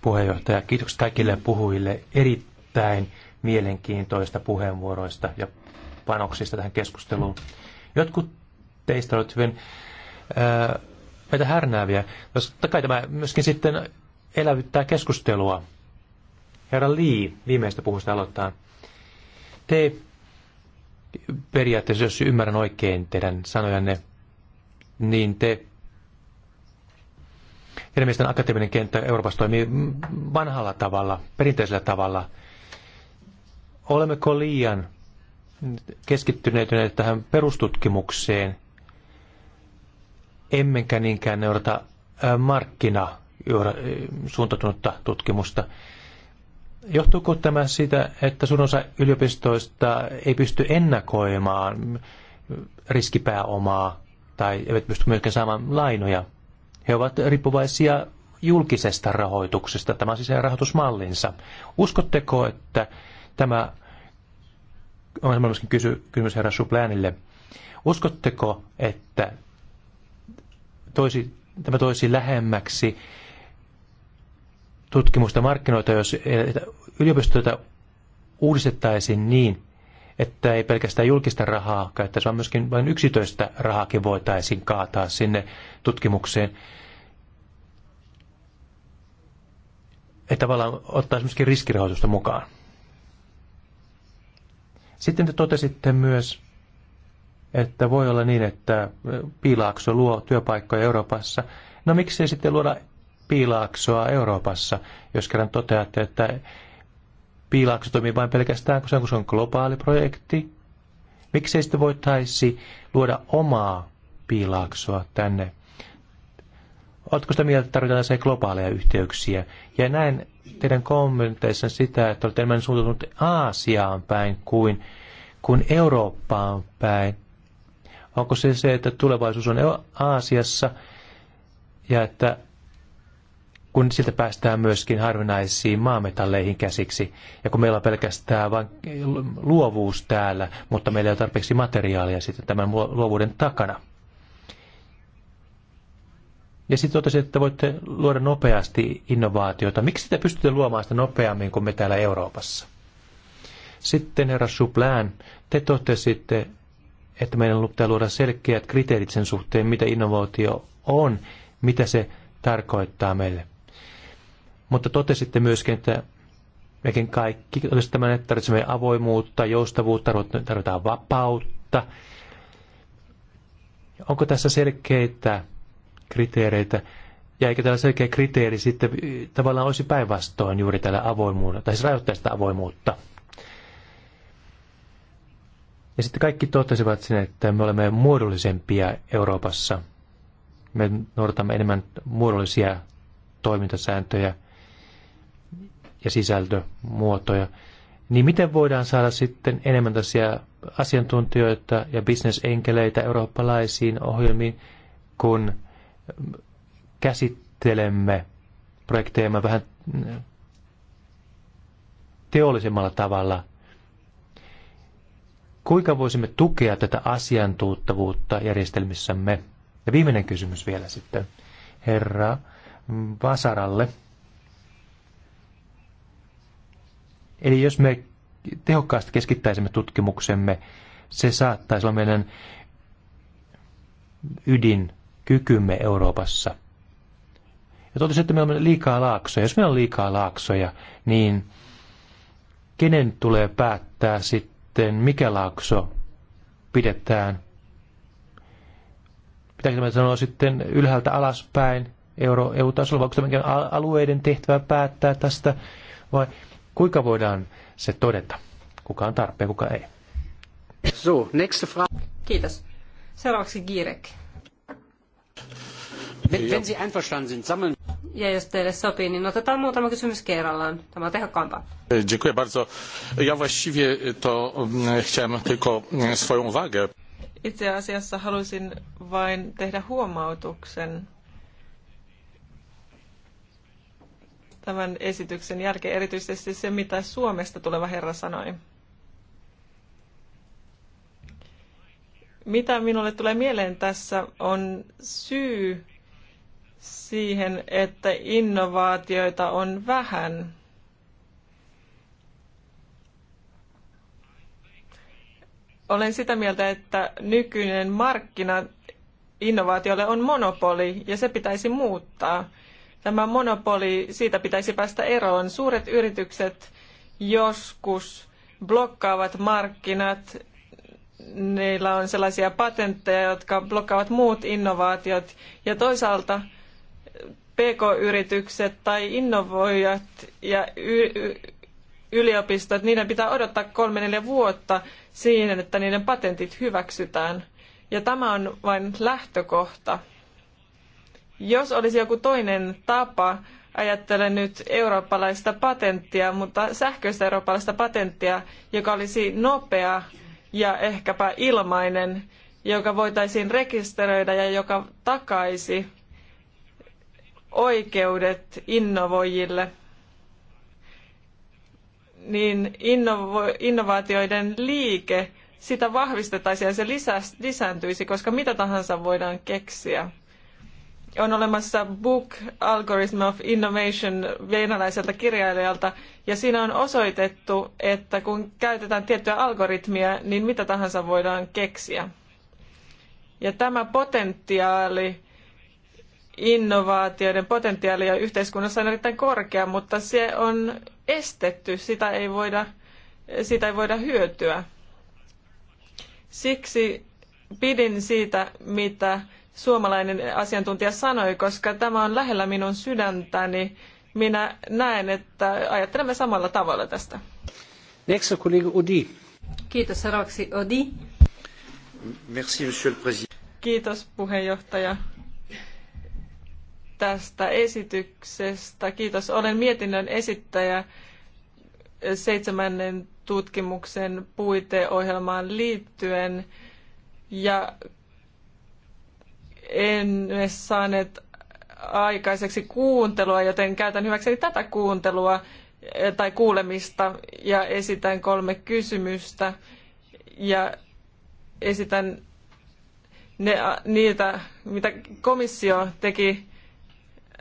puheenjohtaja. Kiitoksia kaikille puhujille erittäin mielenkiintoista puheenvuoroista ja panoksista tähän keskusteluun. Jotkut teistä olivat hyvin ää, meitä härnääviä, totta kai tämä myöskin sitten elävyttää keskustelua. Herra Lee, viimeistä puhusta aloittaa. Te periaatteessa, jos ymmärrän oikein teidän sanojanne, niin te Enemmistön akateeminen kenttä Euroopassa toimii vanhalla tavalla, perinteisellä tavalla. Olemmeko liian keskittyneet tähän perustutkimukseen, emmekä niinkään noudata markkina suuntautunutta tutkimusta. Johtuuko tämä sitä, että sun osa yliopistoista ei pysty ennakoimaan riskipääomaa tai eivät pysty myöskään saamaan lainoja? He ovat riippuvaisia julkisesta rahoituksesta, tämä on siis rahoitusmallinsa. Uskotteko, että tämä, on myöskin kysy, kysymys herra Suplänille, uskotteko, että toisi, tämä toisi lähemmäksi tutkimusta markkinoita, jos eh, yliopistoita uudistettaisiin niin, että ei pelkästään julkista rahaa käyttäisi, vaan myöskin vain yksityistä rahaakin voitaisiin kaataa sinne tutkimukseen. Että tavallaan ottaisi myöskin riskirahoitusta mukaan. Sitten te totesitte myös, että voi olla niin, että piilaakso luo työpaikkoja Euroopassa. No miksi sitten luoda piilaaksoa Euroopassa, jos kerran toteatte, että piilaakso toimii vain pelkästään, kun se on, kun se on globaali projekti. Miksei sitten voitaisi luoda omaa piilaaksoa tänne? Oletko sitä mieltä, että tarvitaan se globaaleja yhteyksiä? Ja näin teidän kommenteissa sitä, että olette enemmän suuntautunut Aasiaan päin kuin, kuin Eurooppaan päin. Onko se se, että tulevaisuus on Aasiassa ja että kun siltä päästään myöskin harvinaisiin maametalleihin käsiksi. Ja kun meillä on pelkästään vain luovuus täällä, mutta meillä ei ole tarpeeksi materiaalia sitten tämän luovuuden takana. Ja sitten totesin, että voitte luoda nopeasti innovaatiota. Miksi te pystytte luomaan sitä nopeammin kuin me täällä Euroopassa? Sitten herra Suplään, te totesitte, että meidän pitää luoda selkeät kriteerit sen suhteen, mitä innovaatio on, mitä se tarkoittaa meille mutta totesitte myöskin, että mekin kaikki olisi tämän, että tarvitsemme avoimuutta, joustavuutta, tarvitaan vapautta. Onko tässä selkeitä kriteereitä? Ja eikö tällä selkeä kriteeri sitten tavallaan olisi päinvastoin juuri tällä avoimuudella, tai siis rajoittaa sitä avoimuutta? Ja sitten kaikki totesivat sinne, että me olemme muodollisempia Euroopassa. Me noudatamme enemmän muodollisia toimintasääntöjä ja sisältömuotoja, niin miten voidaan saada sitten enemmän tällaisia asiantuntijoita ja bisnesenkeleitä eurooppalaisiin ohjelmiin, kun käsittelemme projekteja vähän teollisemmalla tavalla. Kuinka voisimme tukea tätä asiantuuttavuutta järjestelmissämme? Ja viimeinen kysymys vielä sitten herra Vasaralle. Eli jos me tehokkaasti keskittäisimme tutkimuksemme, se saattaisi olla meidän ydinkykymme Euroopassa. Ja totesi, että meillä on liikaa laaksoja. Jos meillä on liikaa laaksoja, niin kenen tulee päättää sitten, mikä laakso pidetään? Pitääkö tämä sanoa sitten ylhäältä alaspäin euro-EU-tasolla, onko tämä alueiden tehtävä päättää tästä, vai Kuinka voidaan se todeta? Kuka on tarpeen, kuka ei? So, next fra- Kiitos. Seuraavaksi Girek. Ja jos teille sopii, niin otetaan muutama kysymys kerrallaan. Tämä on tehokkaampaa. Dziękuję bardzo. Ja właściwie to mm, chciałem tylko mm, swoją uwagę. Itse asiassa halusin vain tehdä huomautuksen tämän esityksen jälkeen, erityisesti se, mitä Suomesta tuleva herra sanoi. Mitä minulle tulee mieleen tässä on syy siihen, että innovaatioita on vähän. Olen sitä mieltä, että nykyinen markkina innovaatiolle on monopoli ja se pitäisi muuttaa tämä monopoli, siitä pitäisi päästä eroon. Suuret yritykset joskus blokkaavat markkinat, niillä on sellaisia patentteja, jotka blokkaavat muut innovaatiot, ja toisaalta PK-yritykset tai innovoijat ja yliopistot, niiden pitää odottaa kolme neljä vuotta siihen, että niiden patentit hyväksytään. Ja tämä on vain lähtökohta. Jos olisi joku toinen tapa, ajattelen nyt eurooppalaista patenttia, mutta sähköistä eurooppalaista patenttia, joka olisi nopea ja ehkäpä ilmainen, joka voitaisiin rekisteröidä ja joka takaisi oikeudet innovoijille, niin innovo- innovaatioiden liike, sitä vahvistettaisiin ja se lisä- lisääntyisi, koska mitä tahansa voidaan keksiä on olemassa Book Algorithm of Innovation venäläiseltä kirjailijalta, ja siinä on osoitettu, että kun käytetään tiettyä algoritmia, niin mitä tahansa voidaan keksiä. Ja tämä potentiaali, innovaatioiden potentiaali on yhteiskunnassa on erittäin korkea, mutta se on estetty, sitä ei voida, sitä ei voida hyötyä. Siksi pidin siitä, mitä suomalainen asiantuntija sanoi, koska tämä on lähellä minun sydäntäni. Minä näen, että ajattelemme samalla tavalla tästä. Next, kollega Odi. Kiitos, seuraavaksi Odi. Merci, monsieur le président. Kiitos, puheenjohtaja tästä esityksestä. Kiitos. Olen mietinnön esittäjä seitsemännen tutkimuksen puiteohjelmaan liittyen. Ja emme saaneet aikaiseksi kuuntelua, joten käytän hyväkseni tätä kuuntelua eh, tai kuulemista ja esitän kolme kysymystä ja esitän ne, niitä, mitä komissio teki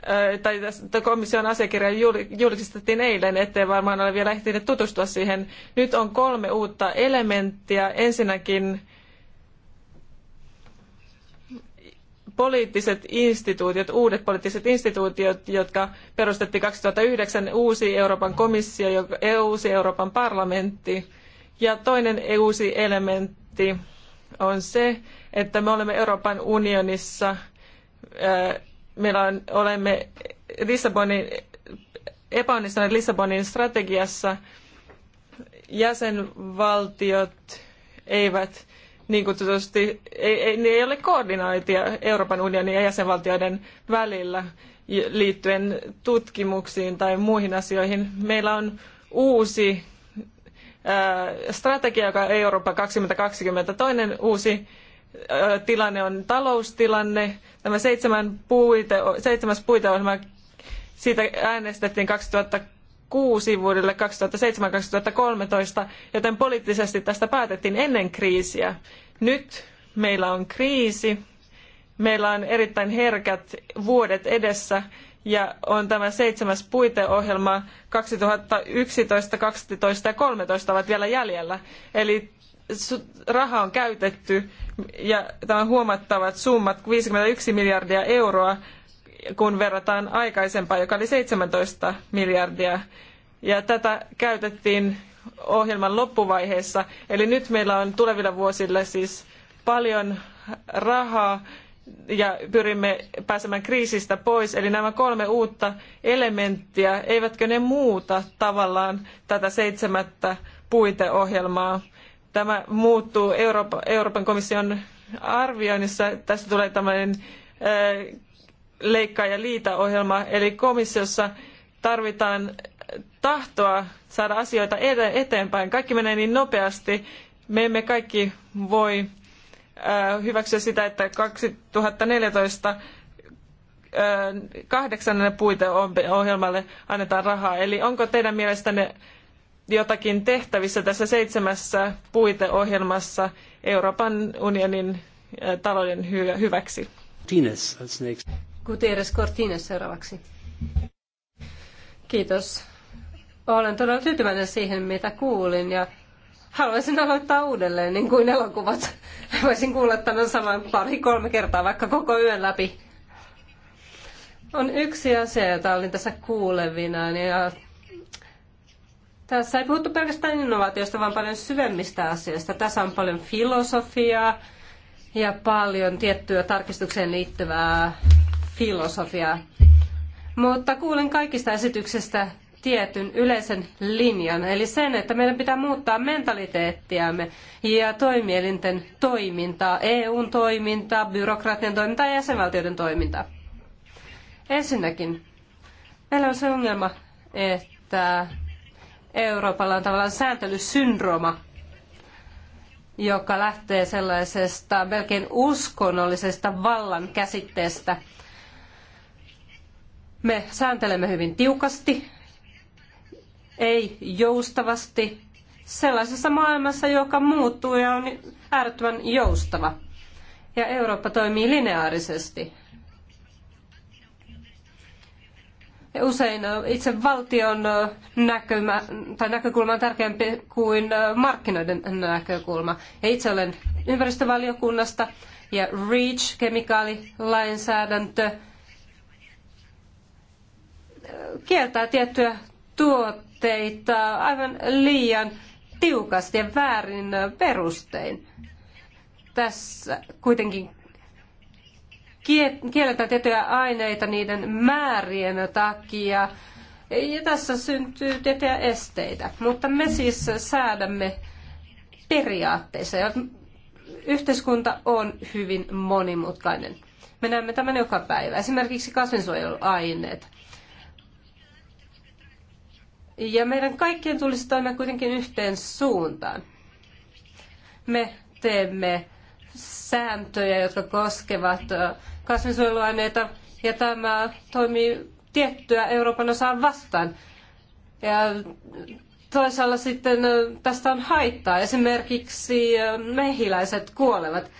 eh, tai tästä komission asiakirja julkistettiin eilen, ettei varmaan ole vielä ehtinyt tutustua siihen. Nyt on kolme uutta elementtiä. Ensinnäkin poliittiset instituutiot, uudet poliittiset instituutiot, jotka perustettiin 2009, uusi Euroopan komissio, e- uusi Euroopan parlamentti. Ja toinen e- uusi elementti on se, että me olemme Euroopan unionissa, meillä on, olemme Lissabonin, epäonnistuneet Lissabonin strategiassa, jäsenvaltiot eivät niin kutsutusti ei, ei, niin ei ole koordinaatia Euroopan unionin ja jäsenvaltioiden välillä liittyen tutkimuksiin tai muihin asioihin. Meillä on uusi ää, strategia, joka on Eurooppa 2020. Toinen uusi ää, tilanne on taloustilanne. Tämä seitsemän puite, seitsemäs puiteohjelma, siitä äänestettiin 2010 kuusi vuodelle 2007-2013, joten poliittisesti tästä päätettiin ennen kriisiä. Nyt meillä on kriisi, meillä on erittäin herkät vuodet edessä ja on tämä seitsemäs puiteohjelma 2011, 12 ja 13 ovat vielä jäljellä. Eli raha on käytetty ja tämä on huomattavat summat, 51 miljardia euroa kun verrataan aikaisempaan, joka oli 17 miljardia. Ja tätä käytettiin ohjelman loppuvaiheessa. Eli nyt meillä on tulevilla vuosilla siis paljon rahaa ja pyrimme pääsemään kriisistä pois. Eli nämä kolme uutta elementtiä, eivätkö ne muuta tavallaan tätä seitsemättä puiteohjelmaa? Tämä muuttuu Euroopan, komission arvioinnissa. Tästä tulee tämmöinen leikkaa ja liitä ohjelma, eli komissiossa tarvitaan tahtoa saada asioita eteenpäin. Kaikki menee niin nopeasti. Me emme kaikki voi äh, hyväksyä sitä, että 2014 äh, kahdeksannen puiteohjelmalle annetaan rahaa. Eli onko teidän mielestänne jotakin tehtävissä tässä seitsemässä puiteohjelmassa Euroopan unionin äh, talouden hyväksi? Gutierrez Cortines seuraavaksi. Kiitos. Olen todella tyytyväinen siihen, mitä kuulin ja haluaisin aloittaa uudelleen, niin kuin elokuvat. [laughs] Voisin kuulla tämän saman pari-kolme kertaa, vaikka koko yön läpi. On yksi asia, jota olin tässä kuulevina, niin, ja tässä ei puhuttu pelkästään innovaatioista, vaan paljon syvemmistä asioista. Tässä on paljon filosofiaa ja paljon tiettyä tarkistukseen liittyvää filosofiaa. Mutta kuulen kaikista esityksistä tietyn yleisen linjan, eli sen, että meidän pitää muuttaa mentaliteettiamme ja toimielinten toimintaa, EUn toimintaa, byrokratian toimintaa ja jäsenvaltioiden toimintaa. Ensinnäkin, meillä on se ongelma, että Euroopalla on tavallaan sääntelysyndrooma, joka lähtee sellaisesta melkein uskonnollisesta vallan käsitteestä – me sääntelemme hyvin tiukasti, ei joustavasti, sellaisessa maailmassa, joka muuttuu ja on äärettömän joustava. Ja Eurooppa toimii lineaarisesti. Ja usein itse valtion näkymä, tai näkökulma on tärkeämpi kuin markkinoiden näkökulma. Ja itse olen ympäristövaliokunnasta ja REACH, kemikaalilainsäädäntö, kieltää tiettyjä tuotteita aivan liian tiukasti ja väärin perustein. Tässä kuitenkin kielletään tiettyjä aineita niiden määrien takia. Ja tässä syntyy tiettyjä esteitä. Mutta me siis säädämme periaatteissa. Ja yhteiskunta on hyvin monimutkainen. Me näemme tämän joka päivä. Esimerkiksi kasvinsuojeluaineet. Ja meidän kaikkien tulisi toimia kuitenkin yhteen suuntaan. Me teemme sääntöjä, jotka koskevat kasvinsuojeluaineita, ja tämä toimii tiettyä Euroopan osaa vastaan. Ja toisaalla sitten tästä on haittaa. Esimerkiksi mehiläiset kuolevat.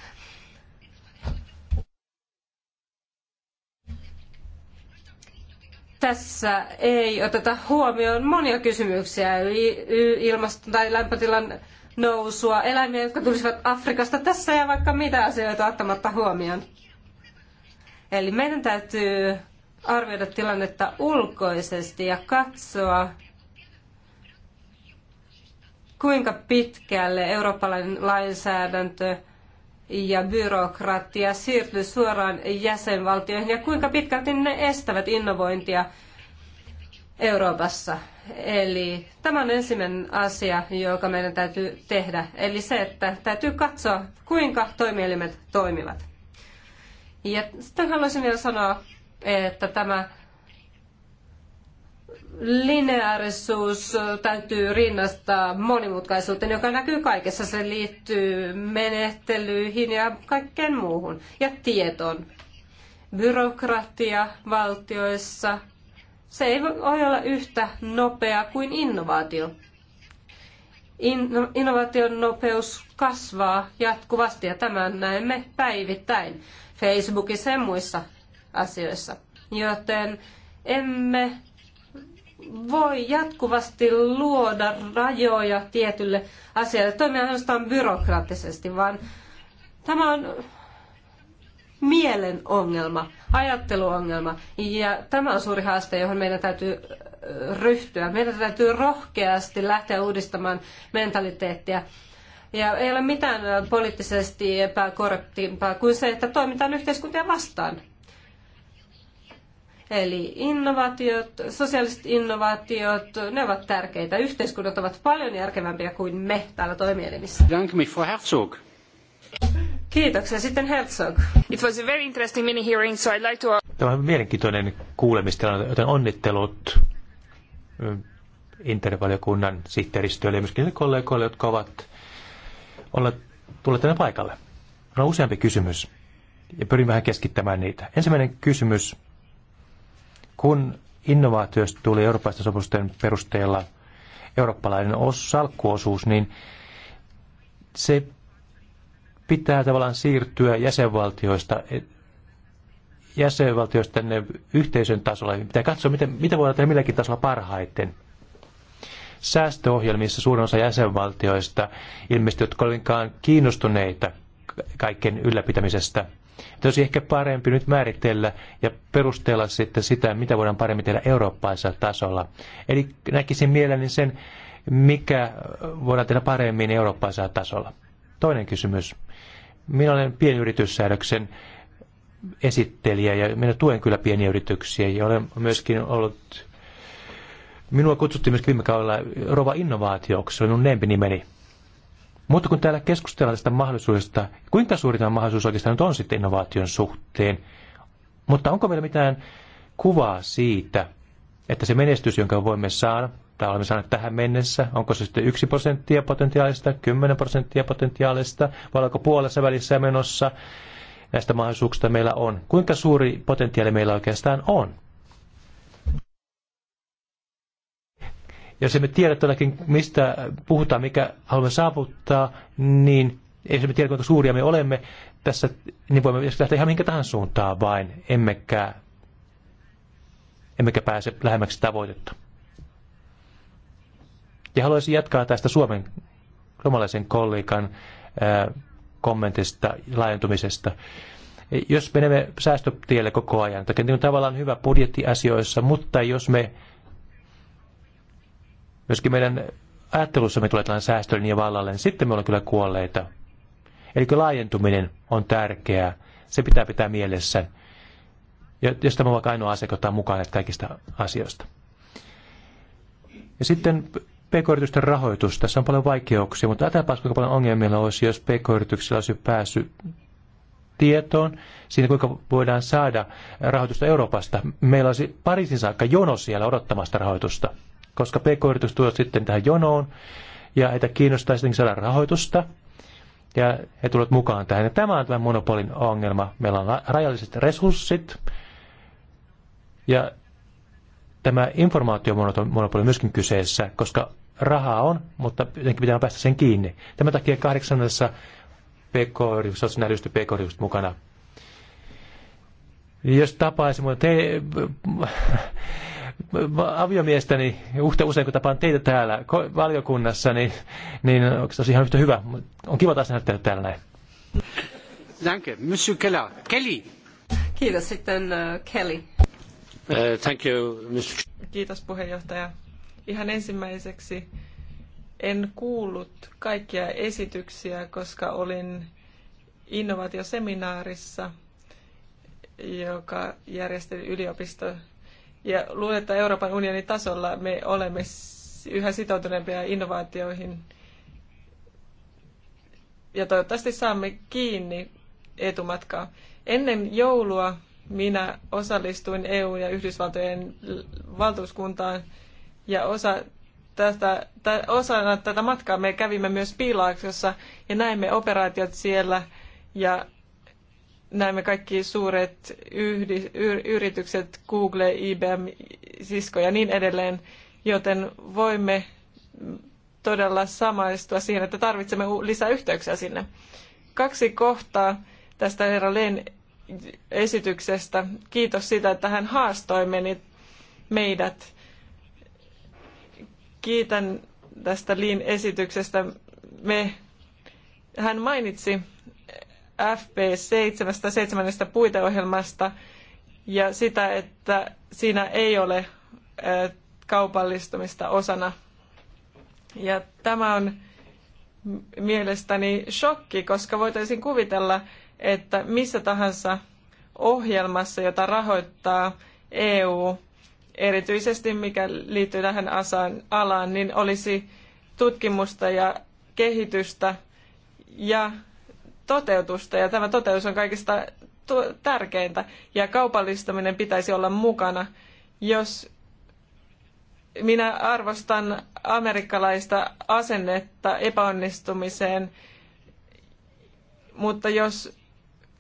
tässä ei oteta huomioon monia kysymyksiä, ilmaston tai lämpötilan nousua, eläimiä, jotka tulisivat Afrikasta tässä ja vaikka mitä asioita ottamatta huomioon. Eli meidän täytyy arvioida tilannetta ulkoisesti ja katsoa, kuinka pitkälle eurooppalainen lainsäädäntö – ja byrokratia siirtyy suoraan jäsenvaltioihin ja kuinka pitkälti ne estävät innovointia Euroopassa. Eli tämä on ensimmäinen asia, joka meidän täytyy tehdä. Eli se, että täytyy katsoa, kuinka toimielimet toimivat. Ja sitten haluaisin vielä sanoa, että tämä lineaarisuus täytyy rinnastaa monimutkaisuuteen, joka näkyy kaikessa. Se liittyy menettelyihin ja kaikkeen muuhun ja tietoon. Byrokratia valtioissa, se ei voi olla yhtä nopea kuin innovaatio. innovaation nopeus kasvaa jatkuvasti ja tämän näemme päivittäin Facebookissa ja muissa asioissa. Joten emme voi jatkuvasti luoda rajoja tietylle asialle, toimia ainoastaan byrokraattisesti, vaan tämä on mielen ongelma, ajatteluongelma. Ja tämä on suuri haaste, johon meidän täytyy ryhtyä. Meidän täytyy rohkeasti lähteä uudistamaan mentaliteettia. Ja ei ole mitään poliittisesti epäkorrektimpaa kuin se, että toimitaan yhteiskuntia vastaan. Eli innovaatiot, sosiaaliset innovaatiot, ne ovat tärkeitä. Yhteiskunnat ovat paljon järkevämpiä kuin me täällä toimielimissä. Dank mich, Frau Herzog. Kiitoksia. Sitten Herzog. It was a very interesting mini hearing, so I'd like to... Tämä on mielenkiintoinen kuulemista, joten onnittelut mm, intervaliokunnan sihteeristölle ja myöskin kollegoille, jotka ovat olleet tulleet tänne paikalle. On useampi kysymys ja pyrin vähän keskittämään niitä. Ensimmäinen kysymys kun innovaatioista tuli eurooppalaisten sopimusten perusteella eurooppalainen os, salkkuosuus, niin se pitää tavallaan siirtyä jäsenvaltioista e, jäsenvaltioista tänne yhteisön tasolle. Pitää katsoa, miten, mitä voidaan tehdä milläkin tasolla parhaiten. Säästöohjelmissa suurin osa jäsenvaltioista ilmeisesti, jotka olivat kiinnostuneita kaiken ylläpitämisestä – olisi ehkä parempi nyt määritellä ja perustella sitten sitä, mitä voidaan paremmin tehdä eurooppalaisella tasolla. Eli näkisin mielelläni sen, mikä voidaan tehdä paremmin eurooppalaisella tasolla. Toinen kysymys. Minä olen pienyrityssäädöksen esittelijä ja minä tuen kyllä pieniä yrityksiä ja olen myöskin ollut Minua kutsuttiin myös viime kaudella Rova Innovaatioksi, se oli mun lempinimeni. Mutta kun täällä keskustellaan tästä mahdollisuudesta, kuinka suuri tämä mahdollisuus oikeastaan nyt on sitten innovaation suhteen, mutta onko meillä mitään kuvaa siitä, että se menestys, jonka voimme saada, tai olemme saaneet tähän mennessä, onko se sitten 1 prosenttia potentiaalista, 10 prosenttia potentiaalista, vai onko puolessa välissä menossa näistä mahdollisuuksista meillä on? Kuinka suuri potentiaali meillä oikeastaan on? Jos emme tiedä todellakin, mistä puhutaan, mikä haluamme saavuttaa, niin jos se tiedä, kuinka suuria me olemme tässä, niin voimme lähteä ihan minkä tahansa suuntaan vain, emmekä, emmekä pääse lähemmäksi tavoitetta. Ja haluaisin jatkaa tästä Suomen suomalaisen kollegan kommentista laajentumisesta. Jos menemme säästötielle koko ajan, tai niin on tavallaan hyvä budjettiasioissa, mutta jos me myöskin meidän ajattelussamme tulee tällainen ja vallalle, niin sitten me ollaan kyllä kuolleita. Eli laajentuminen on tärkeää. Se pitää pitää mielessä. Ja jos tämä on vaikka ainoa asia, ottaa mukaan näistä kaikista asioista. Ja sitten pk rahoitus. Tässä on paljon vaikeuksia, mutta ajatellaanpa, kuinka paljon ongelmia olisi, jos pk olisi päässyt tietoon siinä, kuinka voidaan saada rahoitusta Euroopasta. Meillä olisi Pariisin saakka jono siellä odottamasta rahoitusta koska pk-yritys tuo sitten tähän jonoon ja heitä kiinnostaa sitten saada rahoitusta ja he tulevat mukaan tähän. Ja tämä on tämän monopolin ongelma. Meillä on rajalliset resurssit ja tämä informaatiomonopoli on myöskin kyseessä, koska rahaa on, mutta jotenkin pitää päästä sen kiinni. Tämän takia kahdeksannessa pk-yrityksessä on nähdysti pk mukana. Jos tapaisin, mutta te, aviomiestäni, uhte usein kun tapaan teitä täällä valiokunnassa, niin, niin onko tosi ihan yhtä hyvä? On kiva taas nähdä täällä näin. Danke. Monsieur Kela. Kelly. Kiitos sitten uh, Kelly. Uh, thank you, Mr. Kiitos puheenjohtaja. Ihan ensimmäiseksi en kuullut kaikkia esityksiä, koska olin innovaatioseminaarissa, joka järjesti yliopisto ja luulen, että Euroopan unionin tasolla me olemme yhä sitoutuneempia innovaatioihin. Ja toivottavasti saamme kiinni etumatkaa. Ennen joulua minä osallistuin EU- ja Yhdysvaltojen valtuuskuntaan ja osa tästä, osana tätä matkaa me kävimme myös Piilaaksossa ja näimme operaatiot siellä ja näemme kaikki suuret yhdi, yritykset, Google, IBM, Cisco ja niin edelleen, joten voimme todella samaistua siihen, että tarvitsemme lisää yhteyksiä sinne. Kaksi kohtaa tästä herra Len esityksestä. Kiitos siitä, että hän haastoi meidät. Kiitän tästä Liin esityksestä. Me, hän mainitsi FP7, seitsemännestä puiteohjelmasta ja sitä, että siinä ei ole kaupallistumista osana. Ja tämä on mielestäni shokki, koska voitaisiin kuvitella, että missä tahansa ohjelmassa, jota rahoittaa EU, erityisesti mikä liittyy tähän alaan, niin olisi tutkimusta ja kehitystä ja toteutusta ja tämä toteutus on kaikista tärkeintä ja kaupallistaminen pitäisi olla mukana. Jos minä arvostan amerikkalaista asennetta epäonnistumiseen, mutta jos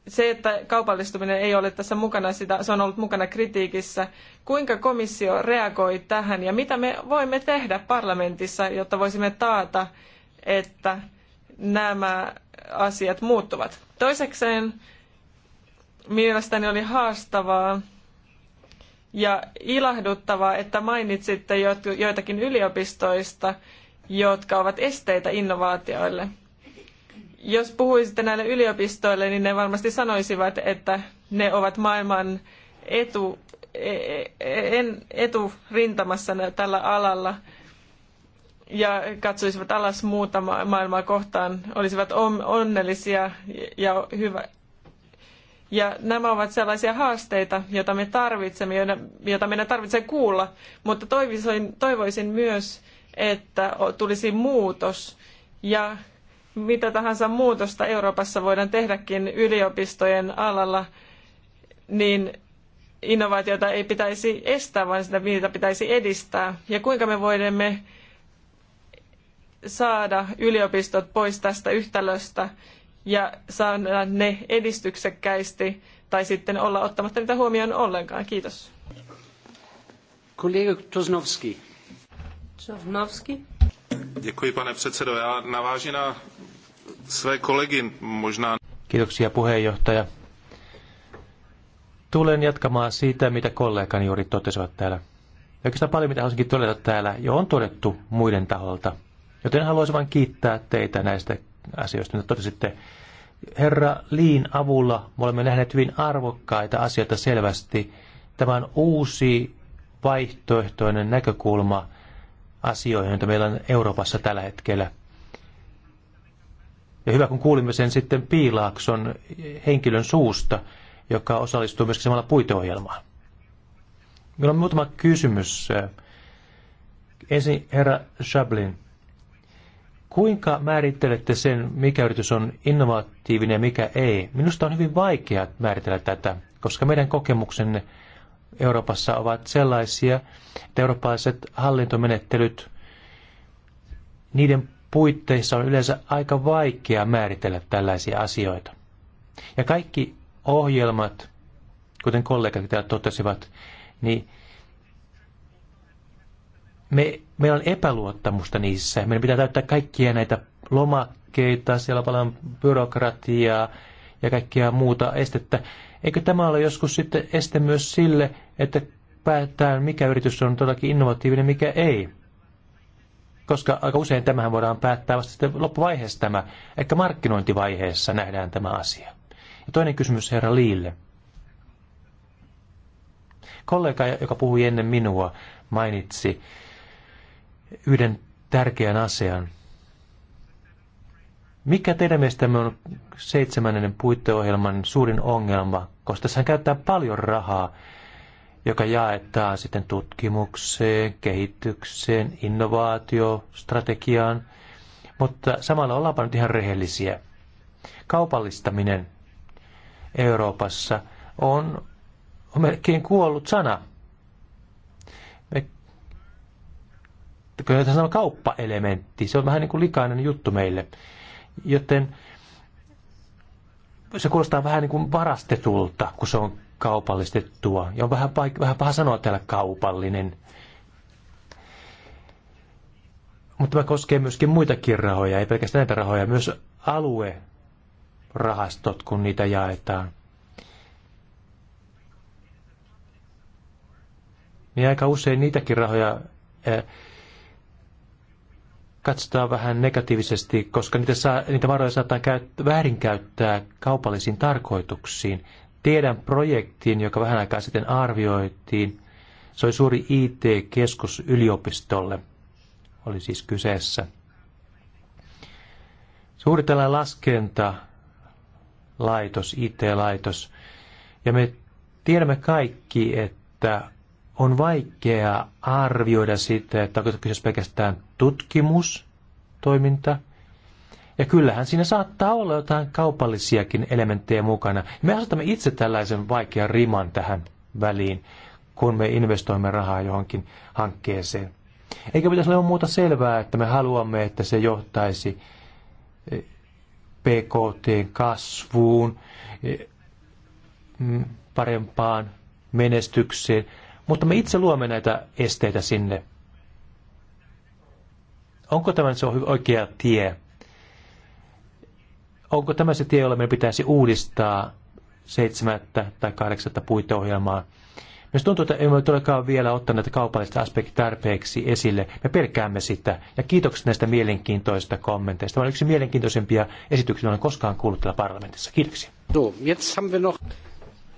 se, että kaupallistuminen ei ole tässä mukana, sitä, se on ollut mukana kritiikissä. Kuinka komissio reagoi tähän ja mitä me voimme tehdä parlamentissa, jotta voisimme taata, että nämä asiat muuttuvat. Toisekseen mielestäni oli haastavaa ja ilahduttavaa, että mainitsitte joitakin yliopistoista, jotka ovat esteitä innovaatioille. Jos puhuisitte näille yliopistoille, niin ne varmasti sanoisivat, että ne ovat maailman etu, e, e, eturintamassa tällä alalla – ja katsoisivat alas muuta maailmaa kohtaan, olisivat onnellisia ja hyvä. Ja nämä ovat sellaisia haasteita, joita me tarvitsemme, joita meidän tarvitsee kuulla, mutta toivoisin, toivoisin myös, että tulisi muutos ja mitä tahansa muutosta Euroopassa voidaan tehdäkin yliopistojen alalla, niin innovaatiota ei pitäisi estää, vaan sitä niitä pitäisi edistää. Ja kuinka me voimme saada yliopistot pois tästä yhtälöstä ja saada ne edistyksekkäisti tai sitten olla ottamatta niitä huomioon ollenkaan. Kiitos. Kollega Tosnovski. Tosnovski. Děkuji, pane předsedo. Já navážu na své kolegy možná. Kiitoksia puheenjohtaja. Tulen jatkamaan siitä, mitä kollegani juuri totesivat täällä. Oikeastaan paljon, mitä haluaisinkin todeta täällä, jo on todettu muiden taholta – Joten haluaisin vain kiittää teitä näistä asioista, mitä totesitte. Herra Liin avulla me olemme nähneet hyvin arvokkaita asioita selvästi. Tämä on uusi vaihtoehtoinen näkökulma asioihin, joita meillä on Euroopassa tällä hetkellä. Ja hyvä, kun kuulimme sen sitten Piilaakson henkilön suusta, joka osallistuu myöskin samalla puiteohjelmaan. Meillä on muutama kysymys. Ensin herra Shablin kuinka määrittelette sen, mikä yritys on innovatiivinen ja mikä ei? Minusta on hyvin vaikea määritellä tätä, koska meidän kokemuksenne Euroopassa ovat sellaisia, että eurooppalaiset hallintomenettelyt, niiden puitteissa on yleensä aika vaikea määritellä tällaisia asioita. Ja kaikki ohjelmat, kuten kollegat täällä totesivat, niin me, meillä on epäluottamusta niissä. Meidän pitää täyttää kaikkia näitä lomakkeita, siellä on paljon byrokratiaa ja kaikkea muuta estettä. Eikö tämä ole joskus sitten este myös sille, että päättää mikä yritys on todellakin innovatiivinen, mikä ei? Koska aika usein tämähän voidaan päättää vasta sitten loppuvaiheessa tämä, ehkä markkinointivaiheessa nähdään tämä asia. Ja toinen kysymys herra Liille. Kollega, joka puhui ennen minua, mainitsi yhden tärkeän asian. Mikä teidän mielestämme on seitsemännen puitteohjelman suurin ongelma? Koska sehän käyttää paljon rahaa, joka jaetaan sitten tutkimukseen, kehitykseen, innovaatiostrategiaan. Mutta samalla ollaanpa nyt ihan rehellisiä. Kaupallistaminen Euroopassa on, on melkein kuollut sana – kyllä tämä kauppaelementti, se on vähän niin kuin likainen juttu meille. Joten se kuulostaa vähän niin kuin varastetulta, kun se on kaupallistettua. Ja on vähän, paik- vähän paha sanoa täällä kaupallinen. Mutta tämä koskee myöskin muitakin rahoja, ei pelkästään näitä rahoja, myös aluerahastot, kun niitä jaetaan. Niin aika usein niitäkin rahoja eh, katsotaan vähän negatiivisesti, koska niitä, saa, niitä varoja saattaa käyt, väärinkäyttää kaupallisiin tarkoituksiin. Tiedän projektiin, joka vähän aikaa sitten arvioitiin. Se oli suuri IT-keskus yliopistolle, oli siis kyseessä. Suuri tällainen laskenta laitos, IT-laitos. Ja me tiedämme kaikki, että on vaikea arvioida sitä, että onko kyseessä pelkästään tutkimustoiminta. Ja kyllähän siinä saattaa olla jotain kaupallisiakin elementtejä mukana. me asetamme itse tällaisen vaikean riman tähän väliin, kun me investoimme rahaa johonkin hankkeeseen. Eikä pitäisi ole muuta selvää, että me haluamme, että se johtaisi eh, PKT-kasvuun, eh, mm, parempaan menestykseen – mutta me itse luomme näitä esteitä sinne. Onko tämä se oikea tie? Onko tämä se tie, jolla meidän pitäisi uudistaa seitsemättä tai kahdeksatta puiteohjelmaa? Minusta tuntuu, että emme todellakaan vielä ottaa näitä kaupallista aspektia tarpeeksi esille. Me pelkäämme sitä. Ja kiitokset näistä mielenkiintoista kommenteista. Tämä on yksi mielenkiintoisempia esityksiä, joita olen koskaan kuullut täällä parlamentissa. Kiitoksia. No, jetzt haben wir noch...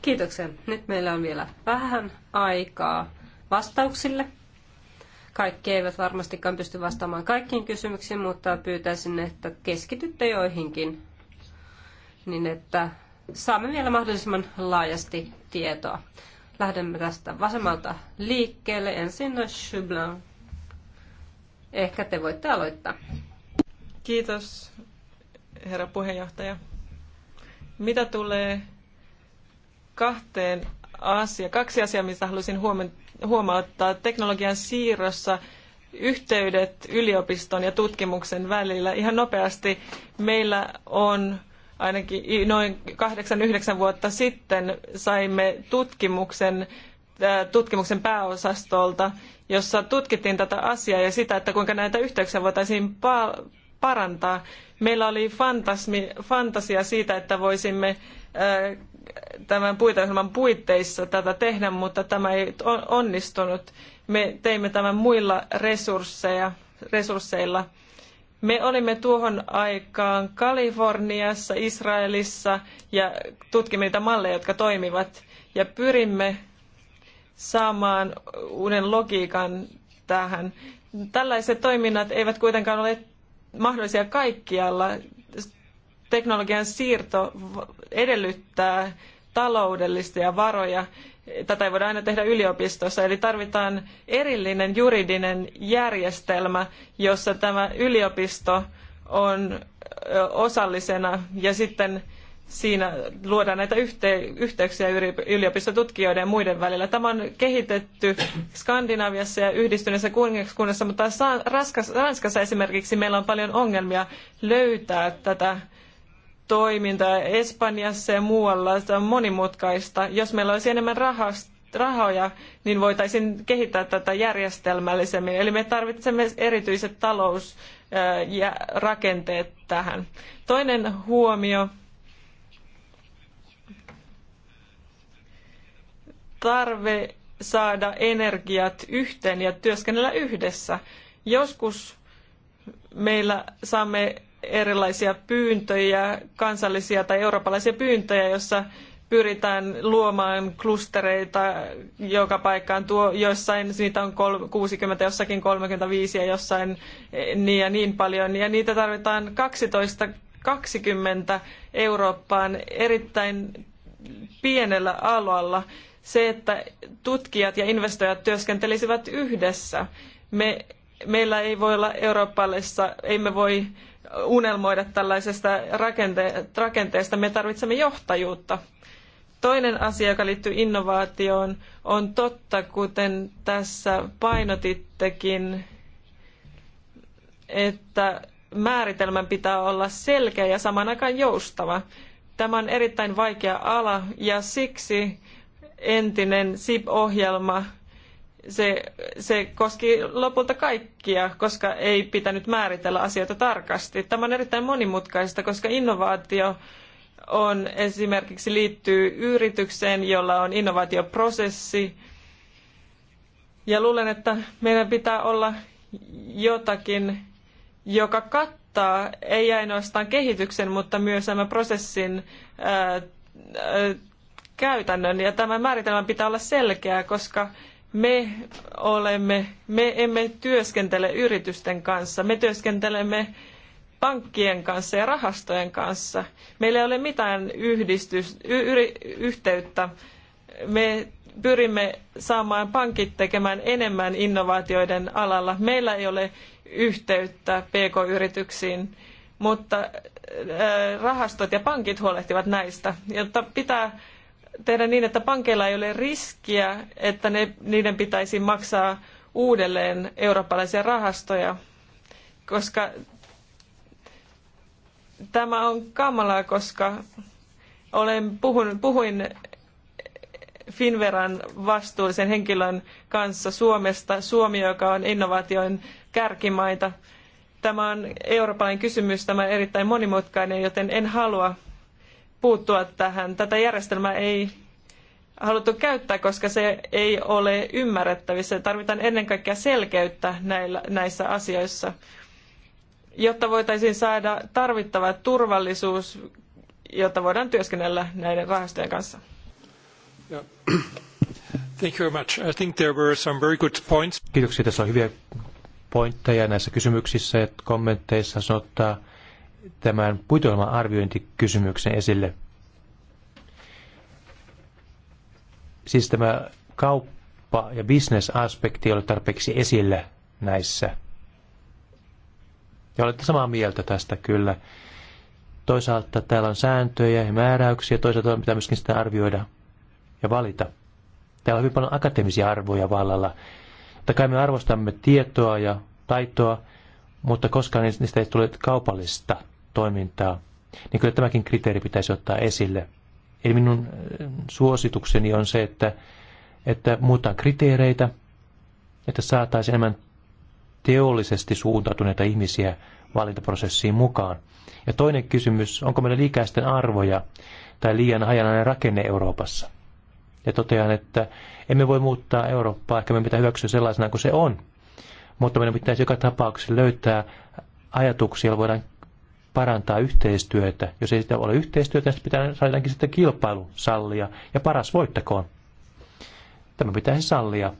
Kiitoksia. Nyt meillä on vielä vähän aikaa vastauksille. Kaikki eivät varmastikaan pysty vastaamaan kaikkiin kysymyksiin, mutta pyytäisin, että keskitytte joihinkin, niin että saamme vielä mahdollisimman laajasti tietoa. Lähdemme tästä vasemmalta liikkeelle. Ensin Schublan. Ehkä te voitte aloittaa. Kiitos, herra puheenjohtaja. Mitä tulee kahteen asiaan. Kaksi asiaa, mistä haluaisin huomauttaa. Teknologian siirrossa yhteydet yliopiston ja tutkimuksen välillä ihan nopeasti. Meillä on ainakin noin kahdeksan yhdeksän vuotta sitten saimme tutkimuksen, äh, tutkimuksen pääosastolta, jossa tutkittiin tätä asiaa ja sitä, että kuinka näitä yhteyksiä voitaisiin parantaa. Meillä oli fantasmi, fantasia siitä, että voisimme äh, tämän puiteohjelman puitteissa tätä tehdä, mutta tämä ei onnistunut. Me teimme tämän muilla resursseja, resursseilla. Me olimme tuohon aikaan Kaliforniassa, Israelissa ja tutkimme niitä malleja, jotka toimivat. Ja pyrimme saamaan uuden logiikan tähän. Tällaiset toiminnat eivät kuitenkaan ole mahdollisia kaikkialla teknologian siirto edellyttää taloudellisia varoja. Tätä ei voida aina tehdä yliopistossa, eli tarvitaan erillinen juridinen järjestelmä, jossa tämä yliopisto on osallisena ja sitten siinä luodaan näitä yhteyksiä yliopistotutkijoiden ja muiden välillä. Tämä on kehitetty Skandinaviassa ja yhdistyneessä kuningaskunnassa, mutta Ranskassa esimerkiksi meillä on paljon ongelmia löytää tätä toiminta Espanjassa ja muualla se on monimutkaista. Jos meillä olisi enemmän rahoja, niin voitaisiin kehittää tätä järjestelmällisemmin. Eli me tarvitsemme erityiset talousrakenteet tähän. Toinen huomio tarve saada energiat yhteen ja työskennellä yhdessä. Joskus meillä saamme erilaisia pyyntöjä, kansallisia tai eurooppalaisia pyyntöjä, jossa pyritään luomaan klustereita joka paikkaan. Tuo, joissain niitä on 60, jossakin 35 ja jossain e, niin ja niin paljon. Ja niitä tarvitaan 12 20 Eurooppaan erittäin pienellä alalla. Se, että tutkijat ja investoijat työskentelisivät yhdessä. Me, meillä ei voi olla Euroopassa, ei me voi unelmoida tällaisesta rakente- rakenteesta. Me tarvitsemme johtajuutta. Toinen asia, joka liittyy innovaatioon, on totta, kuten tässä painotittekin, että määritelmän pitää olla selkeä ja saman aikaan joustava. Tämä on erittäin vaikea ala ja siksi entinen SIP-ohjelma se, se koski lopulta kaikkia, koska ei pitänyt määritellä asioita tarkasti. Tämä on erittäin monimutkaista, koska innovaatio on esimerkiksi liittyy yritykseen, jolla on innovaatioprosessi. Ja luulen, että meidän pitää olla jotakin, joka kattaa ei ainoastaan kehityksen, mutta myös nämä prosessin ää, ää, käytännön. Ja tämä määritelmä pitää olla selkeä, koska me, olemme, me emme työskentele yritysten kanssa, me työskentelemme pankkien kanssa ja rahastojen kanssa. Meillä ei ole mitään yhdistys, y, yhteyttä. Me pyrimme saamaan pankit tekemään enemmän innovaatioiden alalla. Meillä ei ole yhteyttä pk-yrityksiin, mutta äh, rahastot ja pankit huolehtivat näistä, jotta pitää tehdä niin, että pankeilla ei ole riskiä, että ne, niiden pitäisi maksaa uudelleen eurooppalaisia rahastoja, koska tämä on kamalaa, koska olen puhun, puhuin Finveran vastuullisen henkilön kanssa Suomesta, Suomi, joka on innovaation kärkimaita. Tämä on eurooppalainen kysymys, tämä on erittäin monimutkainen, joten en halua puuttua tähän. Tätä järjestelmää ei haluttu käyttää, koska se ei ole ymmärrettävissä. Tarvitaan ennen kaikkea selkeyttä näillä, näissä asioissa, jotta voitaisiin saada tarvittava turvallisuus, jotta voidaan työskennellä näiden rahastojen kanssa. Yeah. Thank you very much. I think there were some very good points. Kiitoksia. Tässä on hyviä pointteja näissä kysymyksissä ja kommentteissa. Sanottaa, tämän puitelman arviointikysymyksen esille. Siis tämä kauppa- ja bisnesaspekti ei ole tarpeeksi esillä näissä. Ja olette samaa mieltä tästä kyllä. Toisaalta täällä on sääntöjä ja määräyksiä, toisaalta pitää myöskin sitä arvioida ja valita. Täällä on hyvin paljon akateemisia arvoja vallalla. Mutta kai me arvostamme tietoa ja taitoa, mutta koskaan niistä ei tule kaupallista toimintaa, niin kyllä tämäkin kriteeri pitäisi ottaa esille. Eli minun äh, suositukseni on se, että, että muutaan kriteereitä, että saataisiin enemmän teollisesti suuntautuneita ihmisiä valintaprosessiin mukaan. Ja toinen kysymys, onko meillä liikäisten arvoja tai liian hajanainen rakenne Euroopassa? Ja totean, että emme voi muuttaa Eurooppaa, ehkä me pitää hyväksyä sellaisena kuin se on. Mutta meidän pitäisi joka tapauksessa löytää ajatuksia, joilla voidaan parantaa yhteistyötä. Jos ei sitä ole yhteistyötä, niin pitää saadaankin sitten kilpailu sallia ja paras voittakoon. Tämä pitäisi sallia.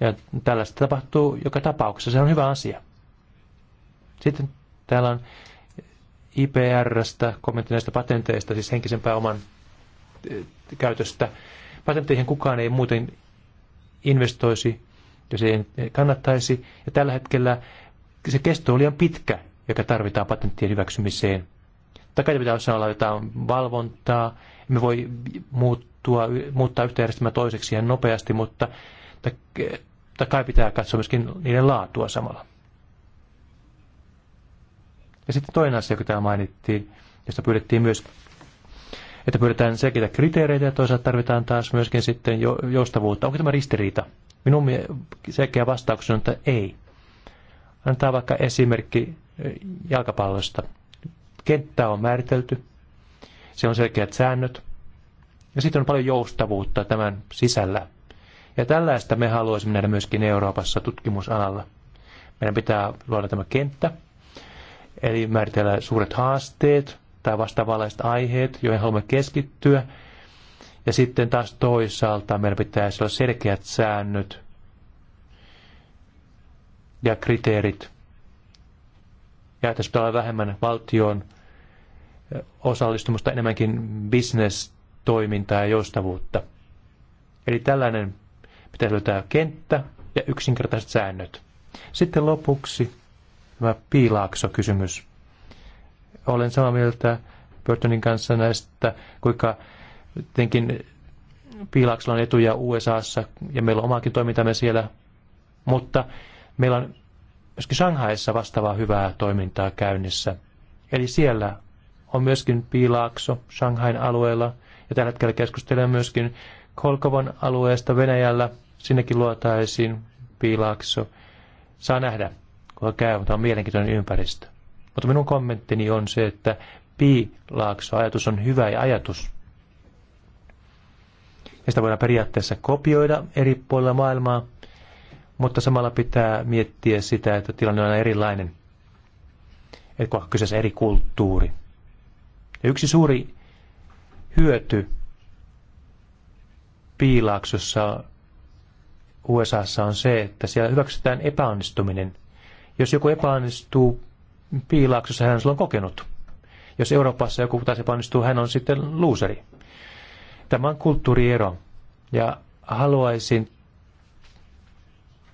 Ja tällaista tapahtuu joka tapauksessa, se on hyvä asia. Sitten täällä on IPRstä, kommentti näistä patenteista, siis henkisen pääoman eh, käytöstä. Patenteihin kukaan ei muuten investoisi, jos ei kannattaisi. Ja tällä hetkellä se kesto on liian pitkä joka tarvitaan patenttien hyväksymiseen. Takaisin pitää osaa olla jotain valvontaa. Me voi muuttua, muuttaa yhtä järjestelmää toiseksi ihan nopeasti, mutta takai pitää katsoa myöskin niiden laatua samalla. Ja sitten toinen asia, joka täällä mainittiin, josta pyydettiin myös, että pyydetään selkeitä kriteereitä ja toisaalta tarvitaan taas myöskin sitten joustavuutta. Onko tämä ristiriita? Minun selkeä vastaukseni on, että ei. Annetaan vaikka esimerkki jalkapallosta. Kenttä on määritelty, se on selkeät säännöt, ja sitten on paljon joustavuutta tämän sisällä. Ja tällaista me haluaisimme nähdä myöskin Euroopassa tutkimusalalla. Meidän pitää luoda tämä kenttä, eli määritellä suuret haasteet tai vastaavanlaiset aiheet, joihin haluamme keskittyä. Ja sitten taas toisaalta meidän pitäisi olla selkeät säännöt ja kriteerit ja että pitää olla vähemmän valtion osallistumusta, enemmänkin bisnestoimintaa ja joustavuutta. Eli tällainen pitää löytää kenttä ja yksinkertaiset säännöt. Sitten lopuksi tämä piilaakso-kysymys. Olen samaa mieltä Burtonin kanssa näistä, kuinka tietenkin piilaaksolla on etuja USAssa ja meillä on omaakin toimintamme siellä, mutta meillä on myöskin Shanghaissa vastaavaa hyvää toimintaa käynnissä. Eli siellä on myöskin Piilaakso Shanghain alueella ja tällä hetkellä keskustellaan myöskin Kolkovan alueesta Venäjällä. Sinnekin luotaisiin Piilaakso. Saa nähdä, kun käy, mutta on mielenkiintoinen ympäristö. Mutta minun kommenttini on se, että Piilaakso-ajatus on hyvä ja ajatus. Ja sitä voidaan periaatteessa kopioida eri puolilla maailmaa, mutta samalla pitää miettiä sitä, että tilanne on erilainen, että on kyseessä eri kulttuuri. Ja yksi suuri hyöty piilaaksossa USAssa on se, että siellä hyväksytään epäonnistuminen. Jos joku epäonnistuu piilaaksossa, hän on silloin kokenut. Jos Euroopassa joku taas epäonnistuu, hän on sitten luuseri. Tämä on kulttuuriero. Ja haluaisin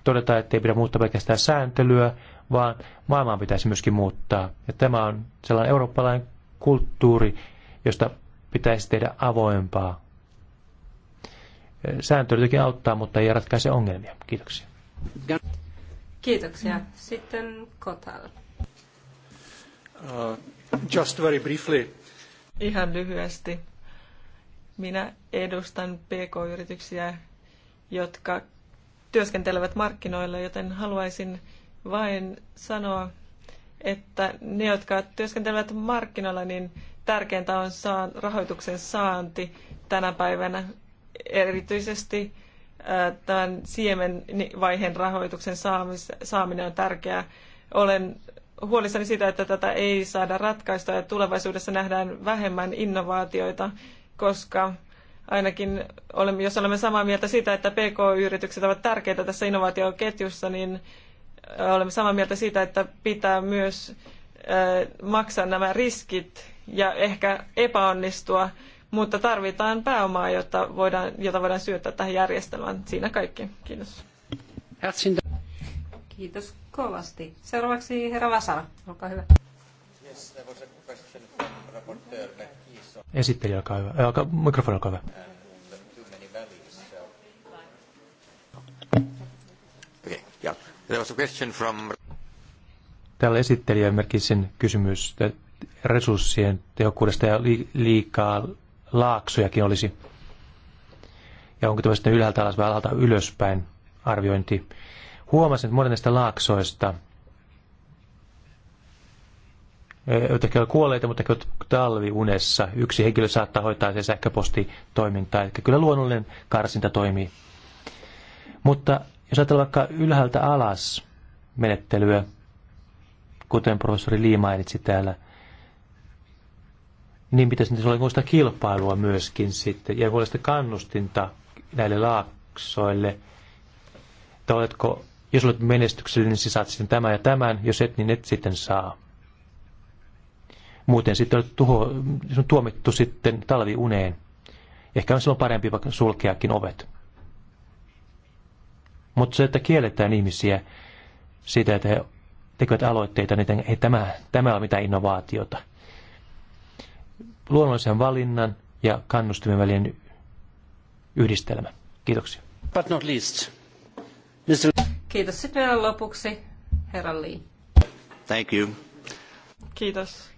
todeta, että ei pidä muuttaa pelkästään sääntelyä, vaan maailmaa pitäisi myöskin muuttaa. Ja tämä on sellainen eurooppalainen kulttuuri, josta pitäisi tehdä avoimpaa. Sääntely toki auttaa, mutta ei ratkaise ongelmia. Kiitoksia. Kiitoksia. Sitten Kotal. Uh, just very briefly. Ihan lyhyesti. Minä edustan PK-yrityksiä, jotka työskentelevät markkinoilla, joten haluaisin vain sanoa, että ne, jotka työskentelevät markkinoilla, niin tärkeintä on saa, rahoituksen saanti tänä päivänä, erityisesti äh, tämän siemenvaiheen rahoituksen saamis, saaminen on tärkeää. Olen huolissani siitä, että tätä ei saada ratkaistua ja tulevaisuudessa nähdään vähemmän innovaatioita, koska ainakin olemme, jos olemme samaa mieltä siitä, että PK-yritykset ovat tärkeitä tässä innovaatioketjussa, niin äh, olemme samaa mieltä siitä, että pitää myös äh, maksaa nämä riskit ja ehkä epäonnistua, mutta tarvitaan pääomaa, jotta voidaan, jota voidaan syöttää tähän järjestelmään. Siinä kaikki. Kiitos. Kiitos kovasti. Seuraavaksi herra Vasara, olkaa hyvä. Yes, Esittelijä, olkaa hyvä. Äh, mikrofoni, olkaa hyvä. Täällä esittelijä sen kysymys resurssien tehokkuudesta ja liikaa laaksojakin olisi. Ja onko tämä sitten ylhäältä alas vai alhaalta ylöspäin arviointi. Huomasin, että monen näistä laaksoista – jotka ovat kuolleita, mutta ehkä talviunessa. Yksi henkilö saattaa hoitaa se sähköpostitoimintaa, eli kyllä luonnollinen karsinta toimii. Mutta jos ajatellaan vaikka ylhäältä alas menettelyä, kuten professori Lee mainitsi täällä, niin pitäisi olla sitä kilpailua myöskin sitten, ja voi kannustinta näille laaksoille, että oletko, jos olet menestyksellinen, niin saat sitten tämän ja tämän, jos et, niin et sitten saa. Muuten sitten on, tuho, on tuomittu sitten talviuneen. Ehkä on silloin parempi vaikka sulkeakin ovet. Mutta se, että kielletään ihmisiä siitä, että he tekevät aloitteita, niin ei tämä, tämä ole mitään innovaatiota. Luonnollisen valinnan ja kannustimen välinen yhdistelmä. Kiitoksia. But not least. Mr. Kiitos sitten lopuksi, herra Lee. Thank you. Kiitos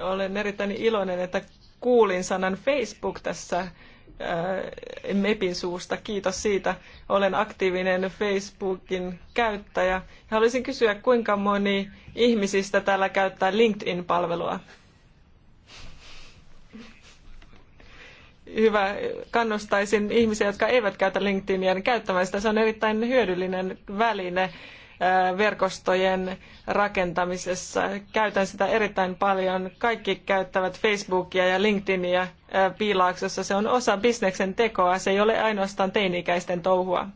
olen erittäin iloinen, että kuulin sanan Facebook tässä äh, MEPin suusta. Kiitos siitä. Olen aktiivinen Facebookin käyttäjä. Haluaisin kysyä, kuinka moni ihmisistä täällä käyttää LinkedIn-palvelua? Hyvä. Kannustaisin ihmisiä, jotka eivät käytä LinkedInia, käyttämään sitä. Se on erittäin hyödyllinen väline verkostojen rakentamisessa. Käytän sitä erittäin paljon. Kaikki käyttävät Facebookia ja LinkedInia piilaaksossa. Se on osa bisneksen tekoa, se ei ole ainoastaan teini-ikäisten touhua.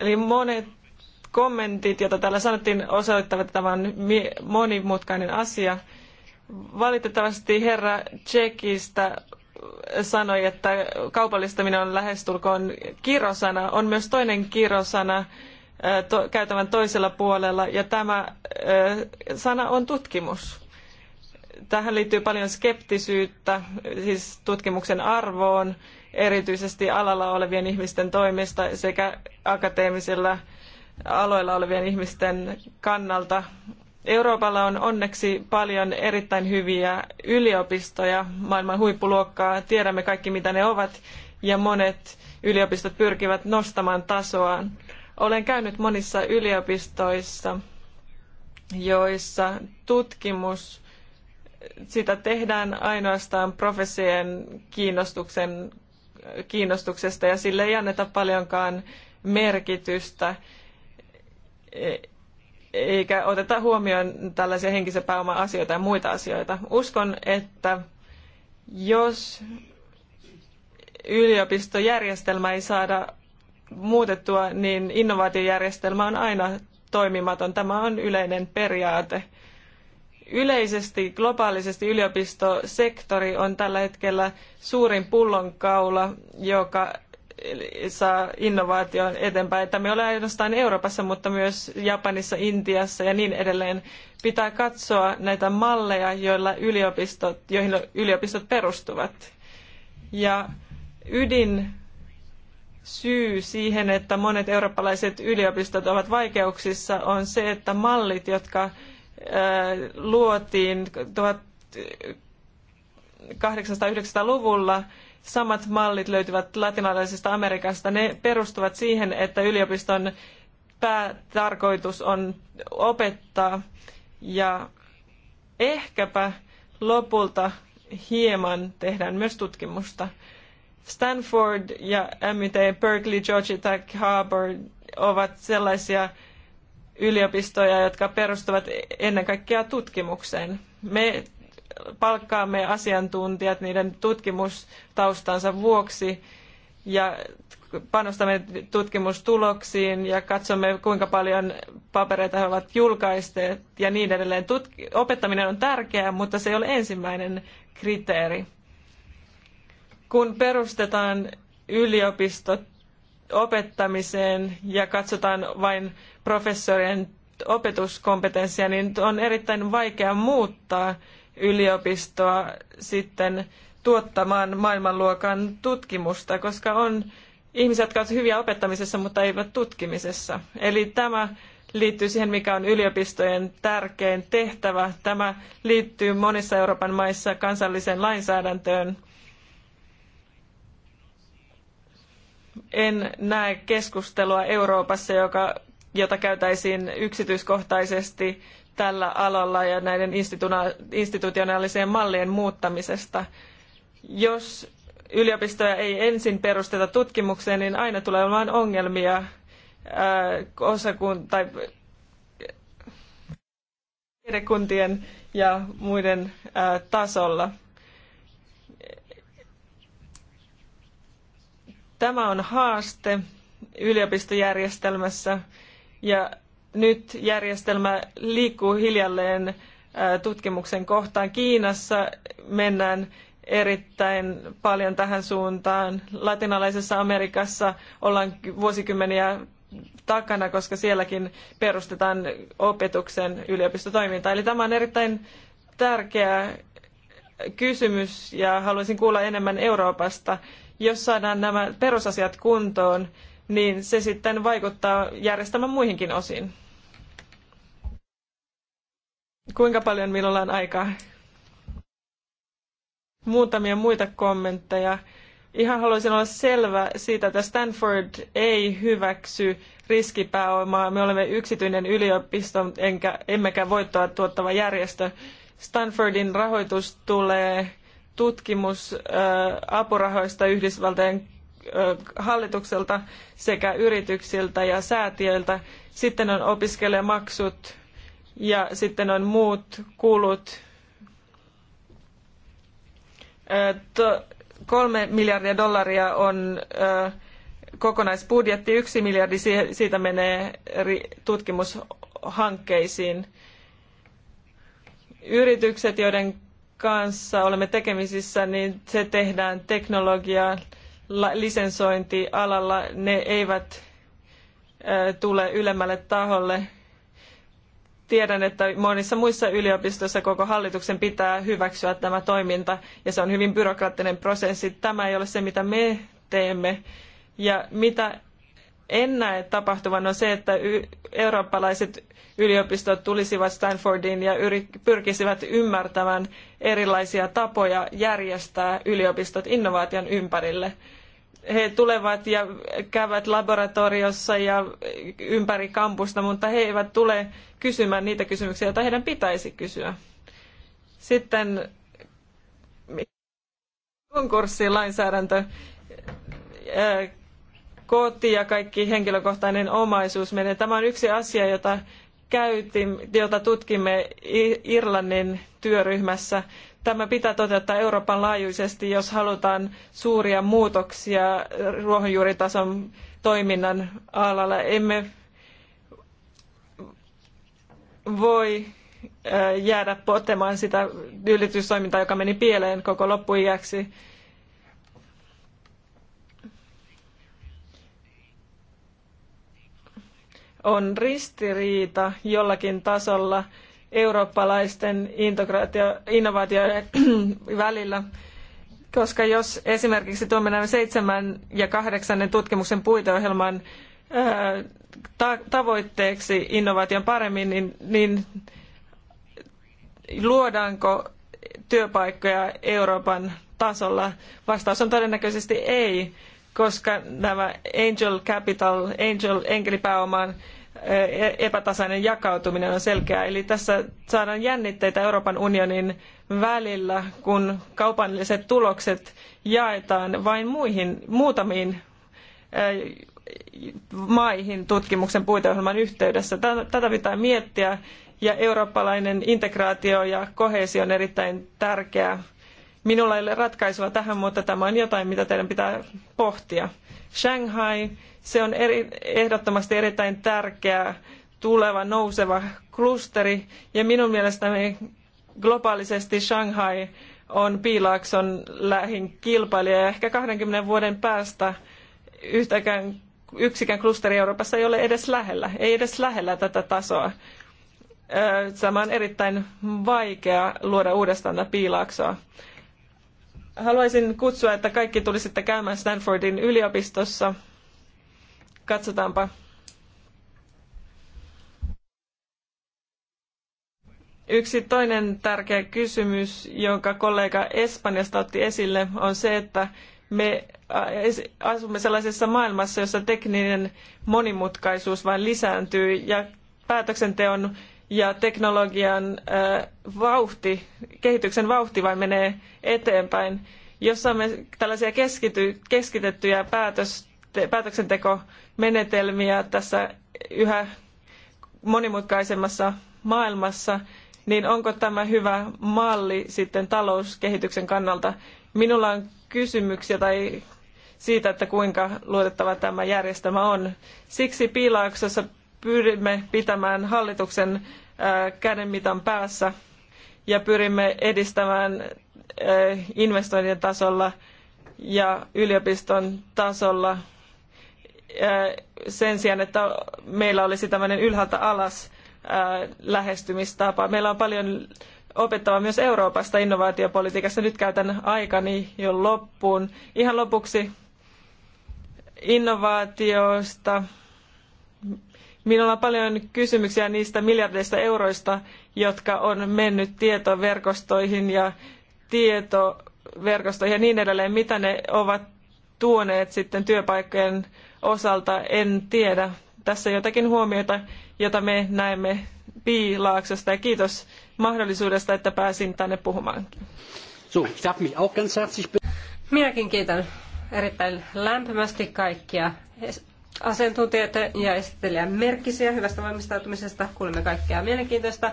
Eli monet kommentit, joita täällä sanottiin, osoittavat, että tämä on monimutkainen asia. Valitettavasti herra Tsekistä sanoi, että kaupallistaminen on lähestulkoon kirosana. On myös toinen kirosana, to, käytävän toisella puolella ja tämä sana on tutkimus. Tähän liittyy paljon skeptisyyttä, siis tutkimuksen arvoon, erityisesti alalla olevien ihmisten toimesta sekä akateemisilla aloilla olevien ihmisten kannalta. Euroopalla on onneksi paljon erittäin hyviä yliopistoja maailman huippuluokkaa. Tiedämme kaikki, mitä ne ovat, ja monet yliopistot pyrkivät nostamaan tasoaan olen käynyt monissa yliopistoissa, joissa tutkimus sitä tehdään ainoastaan professien kiinnostuksen, kiinnostuksesta ja sille ei anneta paljonkaan merkitystä eikä oteta huomioon tällaisia henkisen pääoman asioita ja muita asioita. Uskon, että jos yliopistojärjestelmä ei saada muutettua, niin innovaatiojärjestelmä on aina toimimaton. Tämä on yleinen periaate. Yleisesti, globaalisesti yliopistosektori on tällä hetkellä suurin pullonkaula, joka saa innovaation eteenpäin. Että me olemme ainoastaan Euroopassa, mutta myös Japanissa, Intiassa ja niin edelleen. Pitää katsoa näitä malleja, joilla yliopistot, joihin yliopistot perustuvat. Ja ydin syy siihen, että monet eurooppalaiset yliopistot ovat vaikeuksissa, on se, että mallit, jotka luotiin 1800 luvulla samat mallit löytyvät latinalaisesta Amerikasta. Ne perustuvat siihen, että yliopiston päätarkoitus on opettaa ja ehkäpä lopulta hieman tehdään myös tutkimusta. Stanford ja MIT, Berkeley, Georgia Tech, Harvard ovat sellaisia yliopistoja, jotka perustuvat ennen kaikkea tutkimukseen. Me palkkaamme asiantuntijat niiden tutkimustaustansa vuoksi ja panostamme tutkimustuloksiin ja katsomme, kuinka paljon papereita he ovat julkaisteet ja niin edelleen. opettaminen on tärkeää, mutta se ei ole ensimmäinen kriteeri kun perustetaan yliopisto opettamiseen ja katsotaan vain professorien opetuskompetenssia, niin on erittäin vaikea muuttaa yliopistoa sitten tuottamaan maailmanluokan tutkimusta, koska on ihmiset, jotka ovat hyviä opettamisessa, mutta eivät tutkimisessa. Eli tämä liittyy siihen, mikä on yliopistojen tärkein tehtävä. Tämä liittyy monissa Euroopan maissa kansalliseen lainsäädäntöön en näe keskustelua Euroopassa, joka, jota käytäisiin yksityiskohtaisesti tällä alalla ja näiden institutionaaliseen mallien muuttamisesta. Jos yliopistoja ei ensin perusteta tutkimukseen, niin aina tulee olemaan ongelmia ää, osakun, tai tiedekuntien ja muiden ää, tasolla. Tämä on haaste yliopistojärjestelmässä ja nyt järjestelmä liikkuu hiljalleen äh, tutkimuksen kohtaan. Kiinassa mennään erittäin paljon tähän suuntaan. Latinalaisessa Amerikassa ollaan vuosikymmeniä takana, koska sielläkin perustetaan opetuksen yliopistotoimintaa. Eli tämä on erittäin tärkeä kysymys ja haluaisin kuulla enemmän Euroopasta jos saadaan nämä perusasiat kuntoon, niin se sitten vaikuttaa järjestelmän muihinkin osiin. Kuinka paljon minulla on aikaa? Muutamia muita kommentteja. Ihan haluaisin olla selvä siitä, että Stanford ei hyväksy riskipääomaa. Me olemme yksityinen yliopisto, enkä, emmekä voittoa tuottava järjestö. Stanfordin rahoitus tulee tutkimusapurahoista Yhdysvaltojen hallitukselta sekä yrityksiltä ja säätiöiltä. Sitten on opiskelijamaksut ja sitten on muut kulut. Kolme miljardia dollaria on kokonaisbudjetti, yksi miljardi siitä menee tutkimushankkeisiin. Yritykset, joiden kanssa olemme tekemisissä, niin se tehdään teknologia lisensointialalla. Ne eivät tule ylemmälle taholle. Tiedän, että monissa muissa yliopistoissa koko hallituksen pitää hyväksyä tämä toiminta, ja se on hyvin byrokraattinen prosessi. Tämä ei ole se, mitä me teemme. Ja mitä en näe tapahtuvan on se, että eurooppalaiset yliopistot tulisivat Stanfordiin ja pyrkisivät ymmärtämään erilaisia tapoja järjestää yliopistot innovaation ympärille. He tulevat ja käyvät laboratoriossa ja ympäri kampusta, mutta he eivät tule kysymään niitä kysymyksiä, joita heidän pitäisi kysyä. Sitten konkurssilainsäädäntö koti ja kaikki henkilökohtainen omaisuus menee. Tämä on yksi asia, jota, käytin, jota tutkimme Irlannin työryhmässä. Tämä pitää toteuttaa Euroopan laajuisesti, jos halutaan suuria muutoksia ruohonjuuritason toiminnan alalla. Emme voi jäädä potemaan sitä yritystoimintaa, joka meni pieleen koko loppuiäksi. on ristiriita jollakin tasolla eurooppalaisten innovaatioiden [clears throat] välillä. Koska jos esimerkiksi tuomme nämä seitsemän ja kahdeksannen tutkimuksen puiteohjelman tavoitteeksi innovaation paremmin, niin, niin luodaanko työpaikkoja Euroopan tasolla? Vastaus on todennäköisesti ei koska nämä angel capital, angel enkelipääoman eh, e- epätasainen jakautuminen on selkeää. Eli tässä saadaan jännitteitä Euroopan unionin välillä, kun kaupalliset tulokset jaetaan vain muihin, muutamiin eh, maihin tutkimuksen puiteohjelman yhteydessä. Tätä pitää miettiä ja eurooppalainen integraatio ja koheesio on erittäin tärkeää Minulla ei ole ratkaisua tähän, mutta tämä on jotain, mitä teidän pitää pohtia. Shanghai, se on eri, ehdottomasti erittäin tärkeä tuleva nouseva klusteri ja minun mielestäni globaalisesti Shanghai on Piilaakson lähin kilpailija ja ehkä 20 vuoden päästä yhtäkään yksikään klusteri Euroopassa ei ole edes lähellä, ei edes lähellä tätä tasoa. Tämä on erittäin vaikea luoda uudestaan tätä piilaaksoa. Haluaisin kutsua, että kaikki tulisitte käymään Stanfordin yliopistossa. Katsotaanpa. Yksi toinen tärkeä kysymys, jonka kollega Espanjasta otti esille, on se, että me asumme sellaisessa maailmassa, jossa tekninen monimutkaisuus vain lisääntyy ja päätöksenteon ja teknologian vauhti, kehityksen vauhti vain menee eteenpäin. Jos saamme tällaisia keskity, keskitettyjä päätös, päätöksentekomenetelmiä tässä yhä monimutkaisemmassa maailmassa, niin onko tämä hyvä malli sitten talouskehityksen kannalta? Minulla on kysymyksiä tai siitä, että kuinka luotettava tämä järjestelmä on. Siksi piilaaksossa pyrimme pitämään hallituksen äh, kädenmitan päässä ja pyrimme edistämään äh, investointien tasolla ja yliopiston tasolla äh, sen sijaan, että meillä olisi tämmöinen ylhäältä alas lähestymistapa. Meillä on paljon opettavaa myös Euroopasta innovaatiopolitiikassa. Nyt käytän aikani jo loppuun. Ihan lopuksi innovaatioista. Minulla on paljon kysymyksiä niistä miljardeista euroista, jotka on mennyt tietoverkostoihin ja tietoverkostoihin ja niin edelleen. Mitä ne ovat tuoneet sitten työpaikkojen osalta, en tiedä. Tässä jotakin huomiota, jota me näemme Piilaaksosta ja kiitos mahdollisuudesta, että pääsin tänne puhumaan. So, ich darf mich auch ganz herzlich Minäkin kiitän erittäin lämpimästi kaikkia asiantuntijoita ja esittelijä Merkkisiä hyvästä valmistautumisesta. Kuulemme kaikkea mielenkiintoista.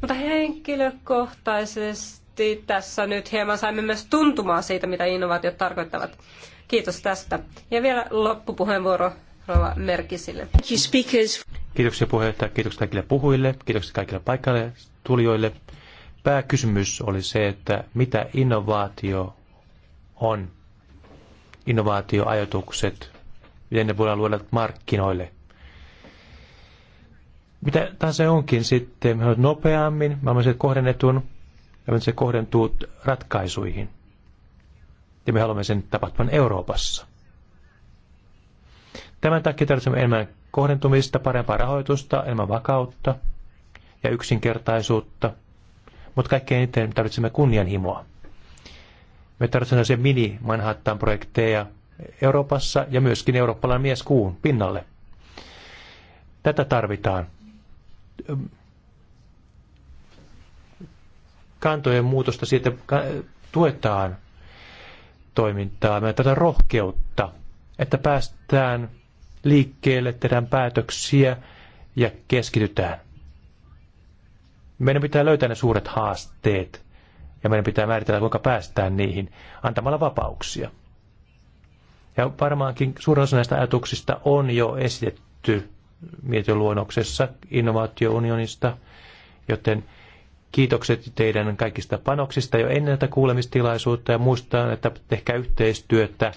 Mutta henkilökohtaisesti tässä nyt hieman saimme myös tuntumaa siitä, mitä innovaatiot tarkoittavat. Kiitos tästä. Ja vielä loppupuheenvuoro Rova Merkisille. Kiitoksia puheenjohtaja, kiitoksia kaikille puhujille, kiitoksia kaikille paikalle tulijoille. Pääkysymys oli se, että mitä innovaatio on. Innovaatioajatukset miten ne voidaan luoda markkinoille. Mitä se onkin sitten, me nopeammin, me se kohdennetun, ja se kohdentuu ratkaisuihin. Ja me haluamme sen tapahtuvan Euroopassa. Tämän takia tarvitsemme enemmän kohdentumista, parempaa rahoitusta, enemmän vakautta ja yksinkertaisuutta. Mutta kaikkein eniten tarvitsemme kunnianhimoa. Me tarvitsemme sen mini-Manhattan-projekteja, Euroopassa ja myöskin eurooppalainen mies kuun pinnalle. Tätä tarvitaan. Kantojen muutosta siitä tuetaan toimintaa, me tätä rohkeutta, että päästään liikkeelle, tehdään päätöksiä ja keskitytään. Meidän pitää löytää ne suuret haasteet ja meidän pitää määritellä, kuinka päästään niihin antamalla vapauksia. Ja varmaankin suurin osa näistä ajatuksista on jo esitetty mietintöluonnoksessa innovaatiounionista, joten kiitokset teidän kaikista panoksista jo ennen tätä kuulemistilaisuutta ja muistan, että tehkää yhteistyötä.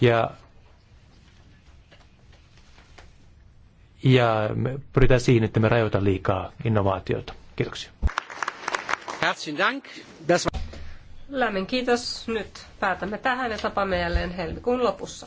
Ja, ja me pyritään siihen, että me rajoita liikaa innovaatiota. Kiitoksia. Herzlichen Dank. Lämmin kiitos. Nyt päätämme tähän ja tapaamme jälleen helmikuun lopussa.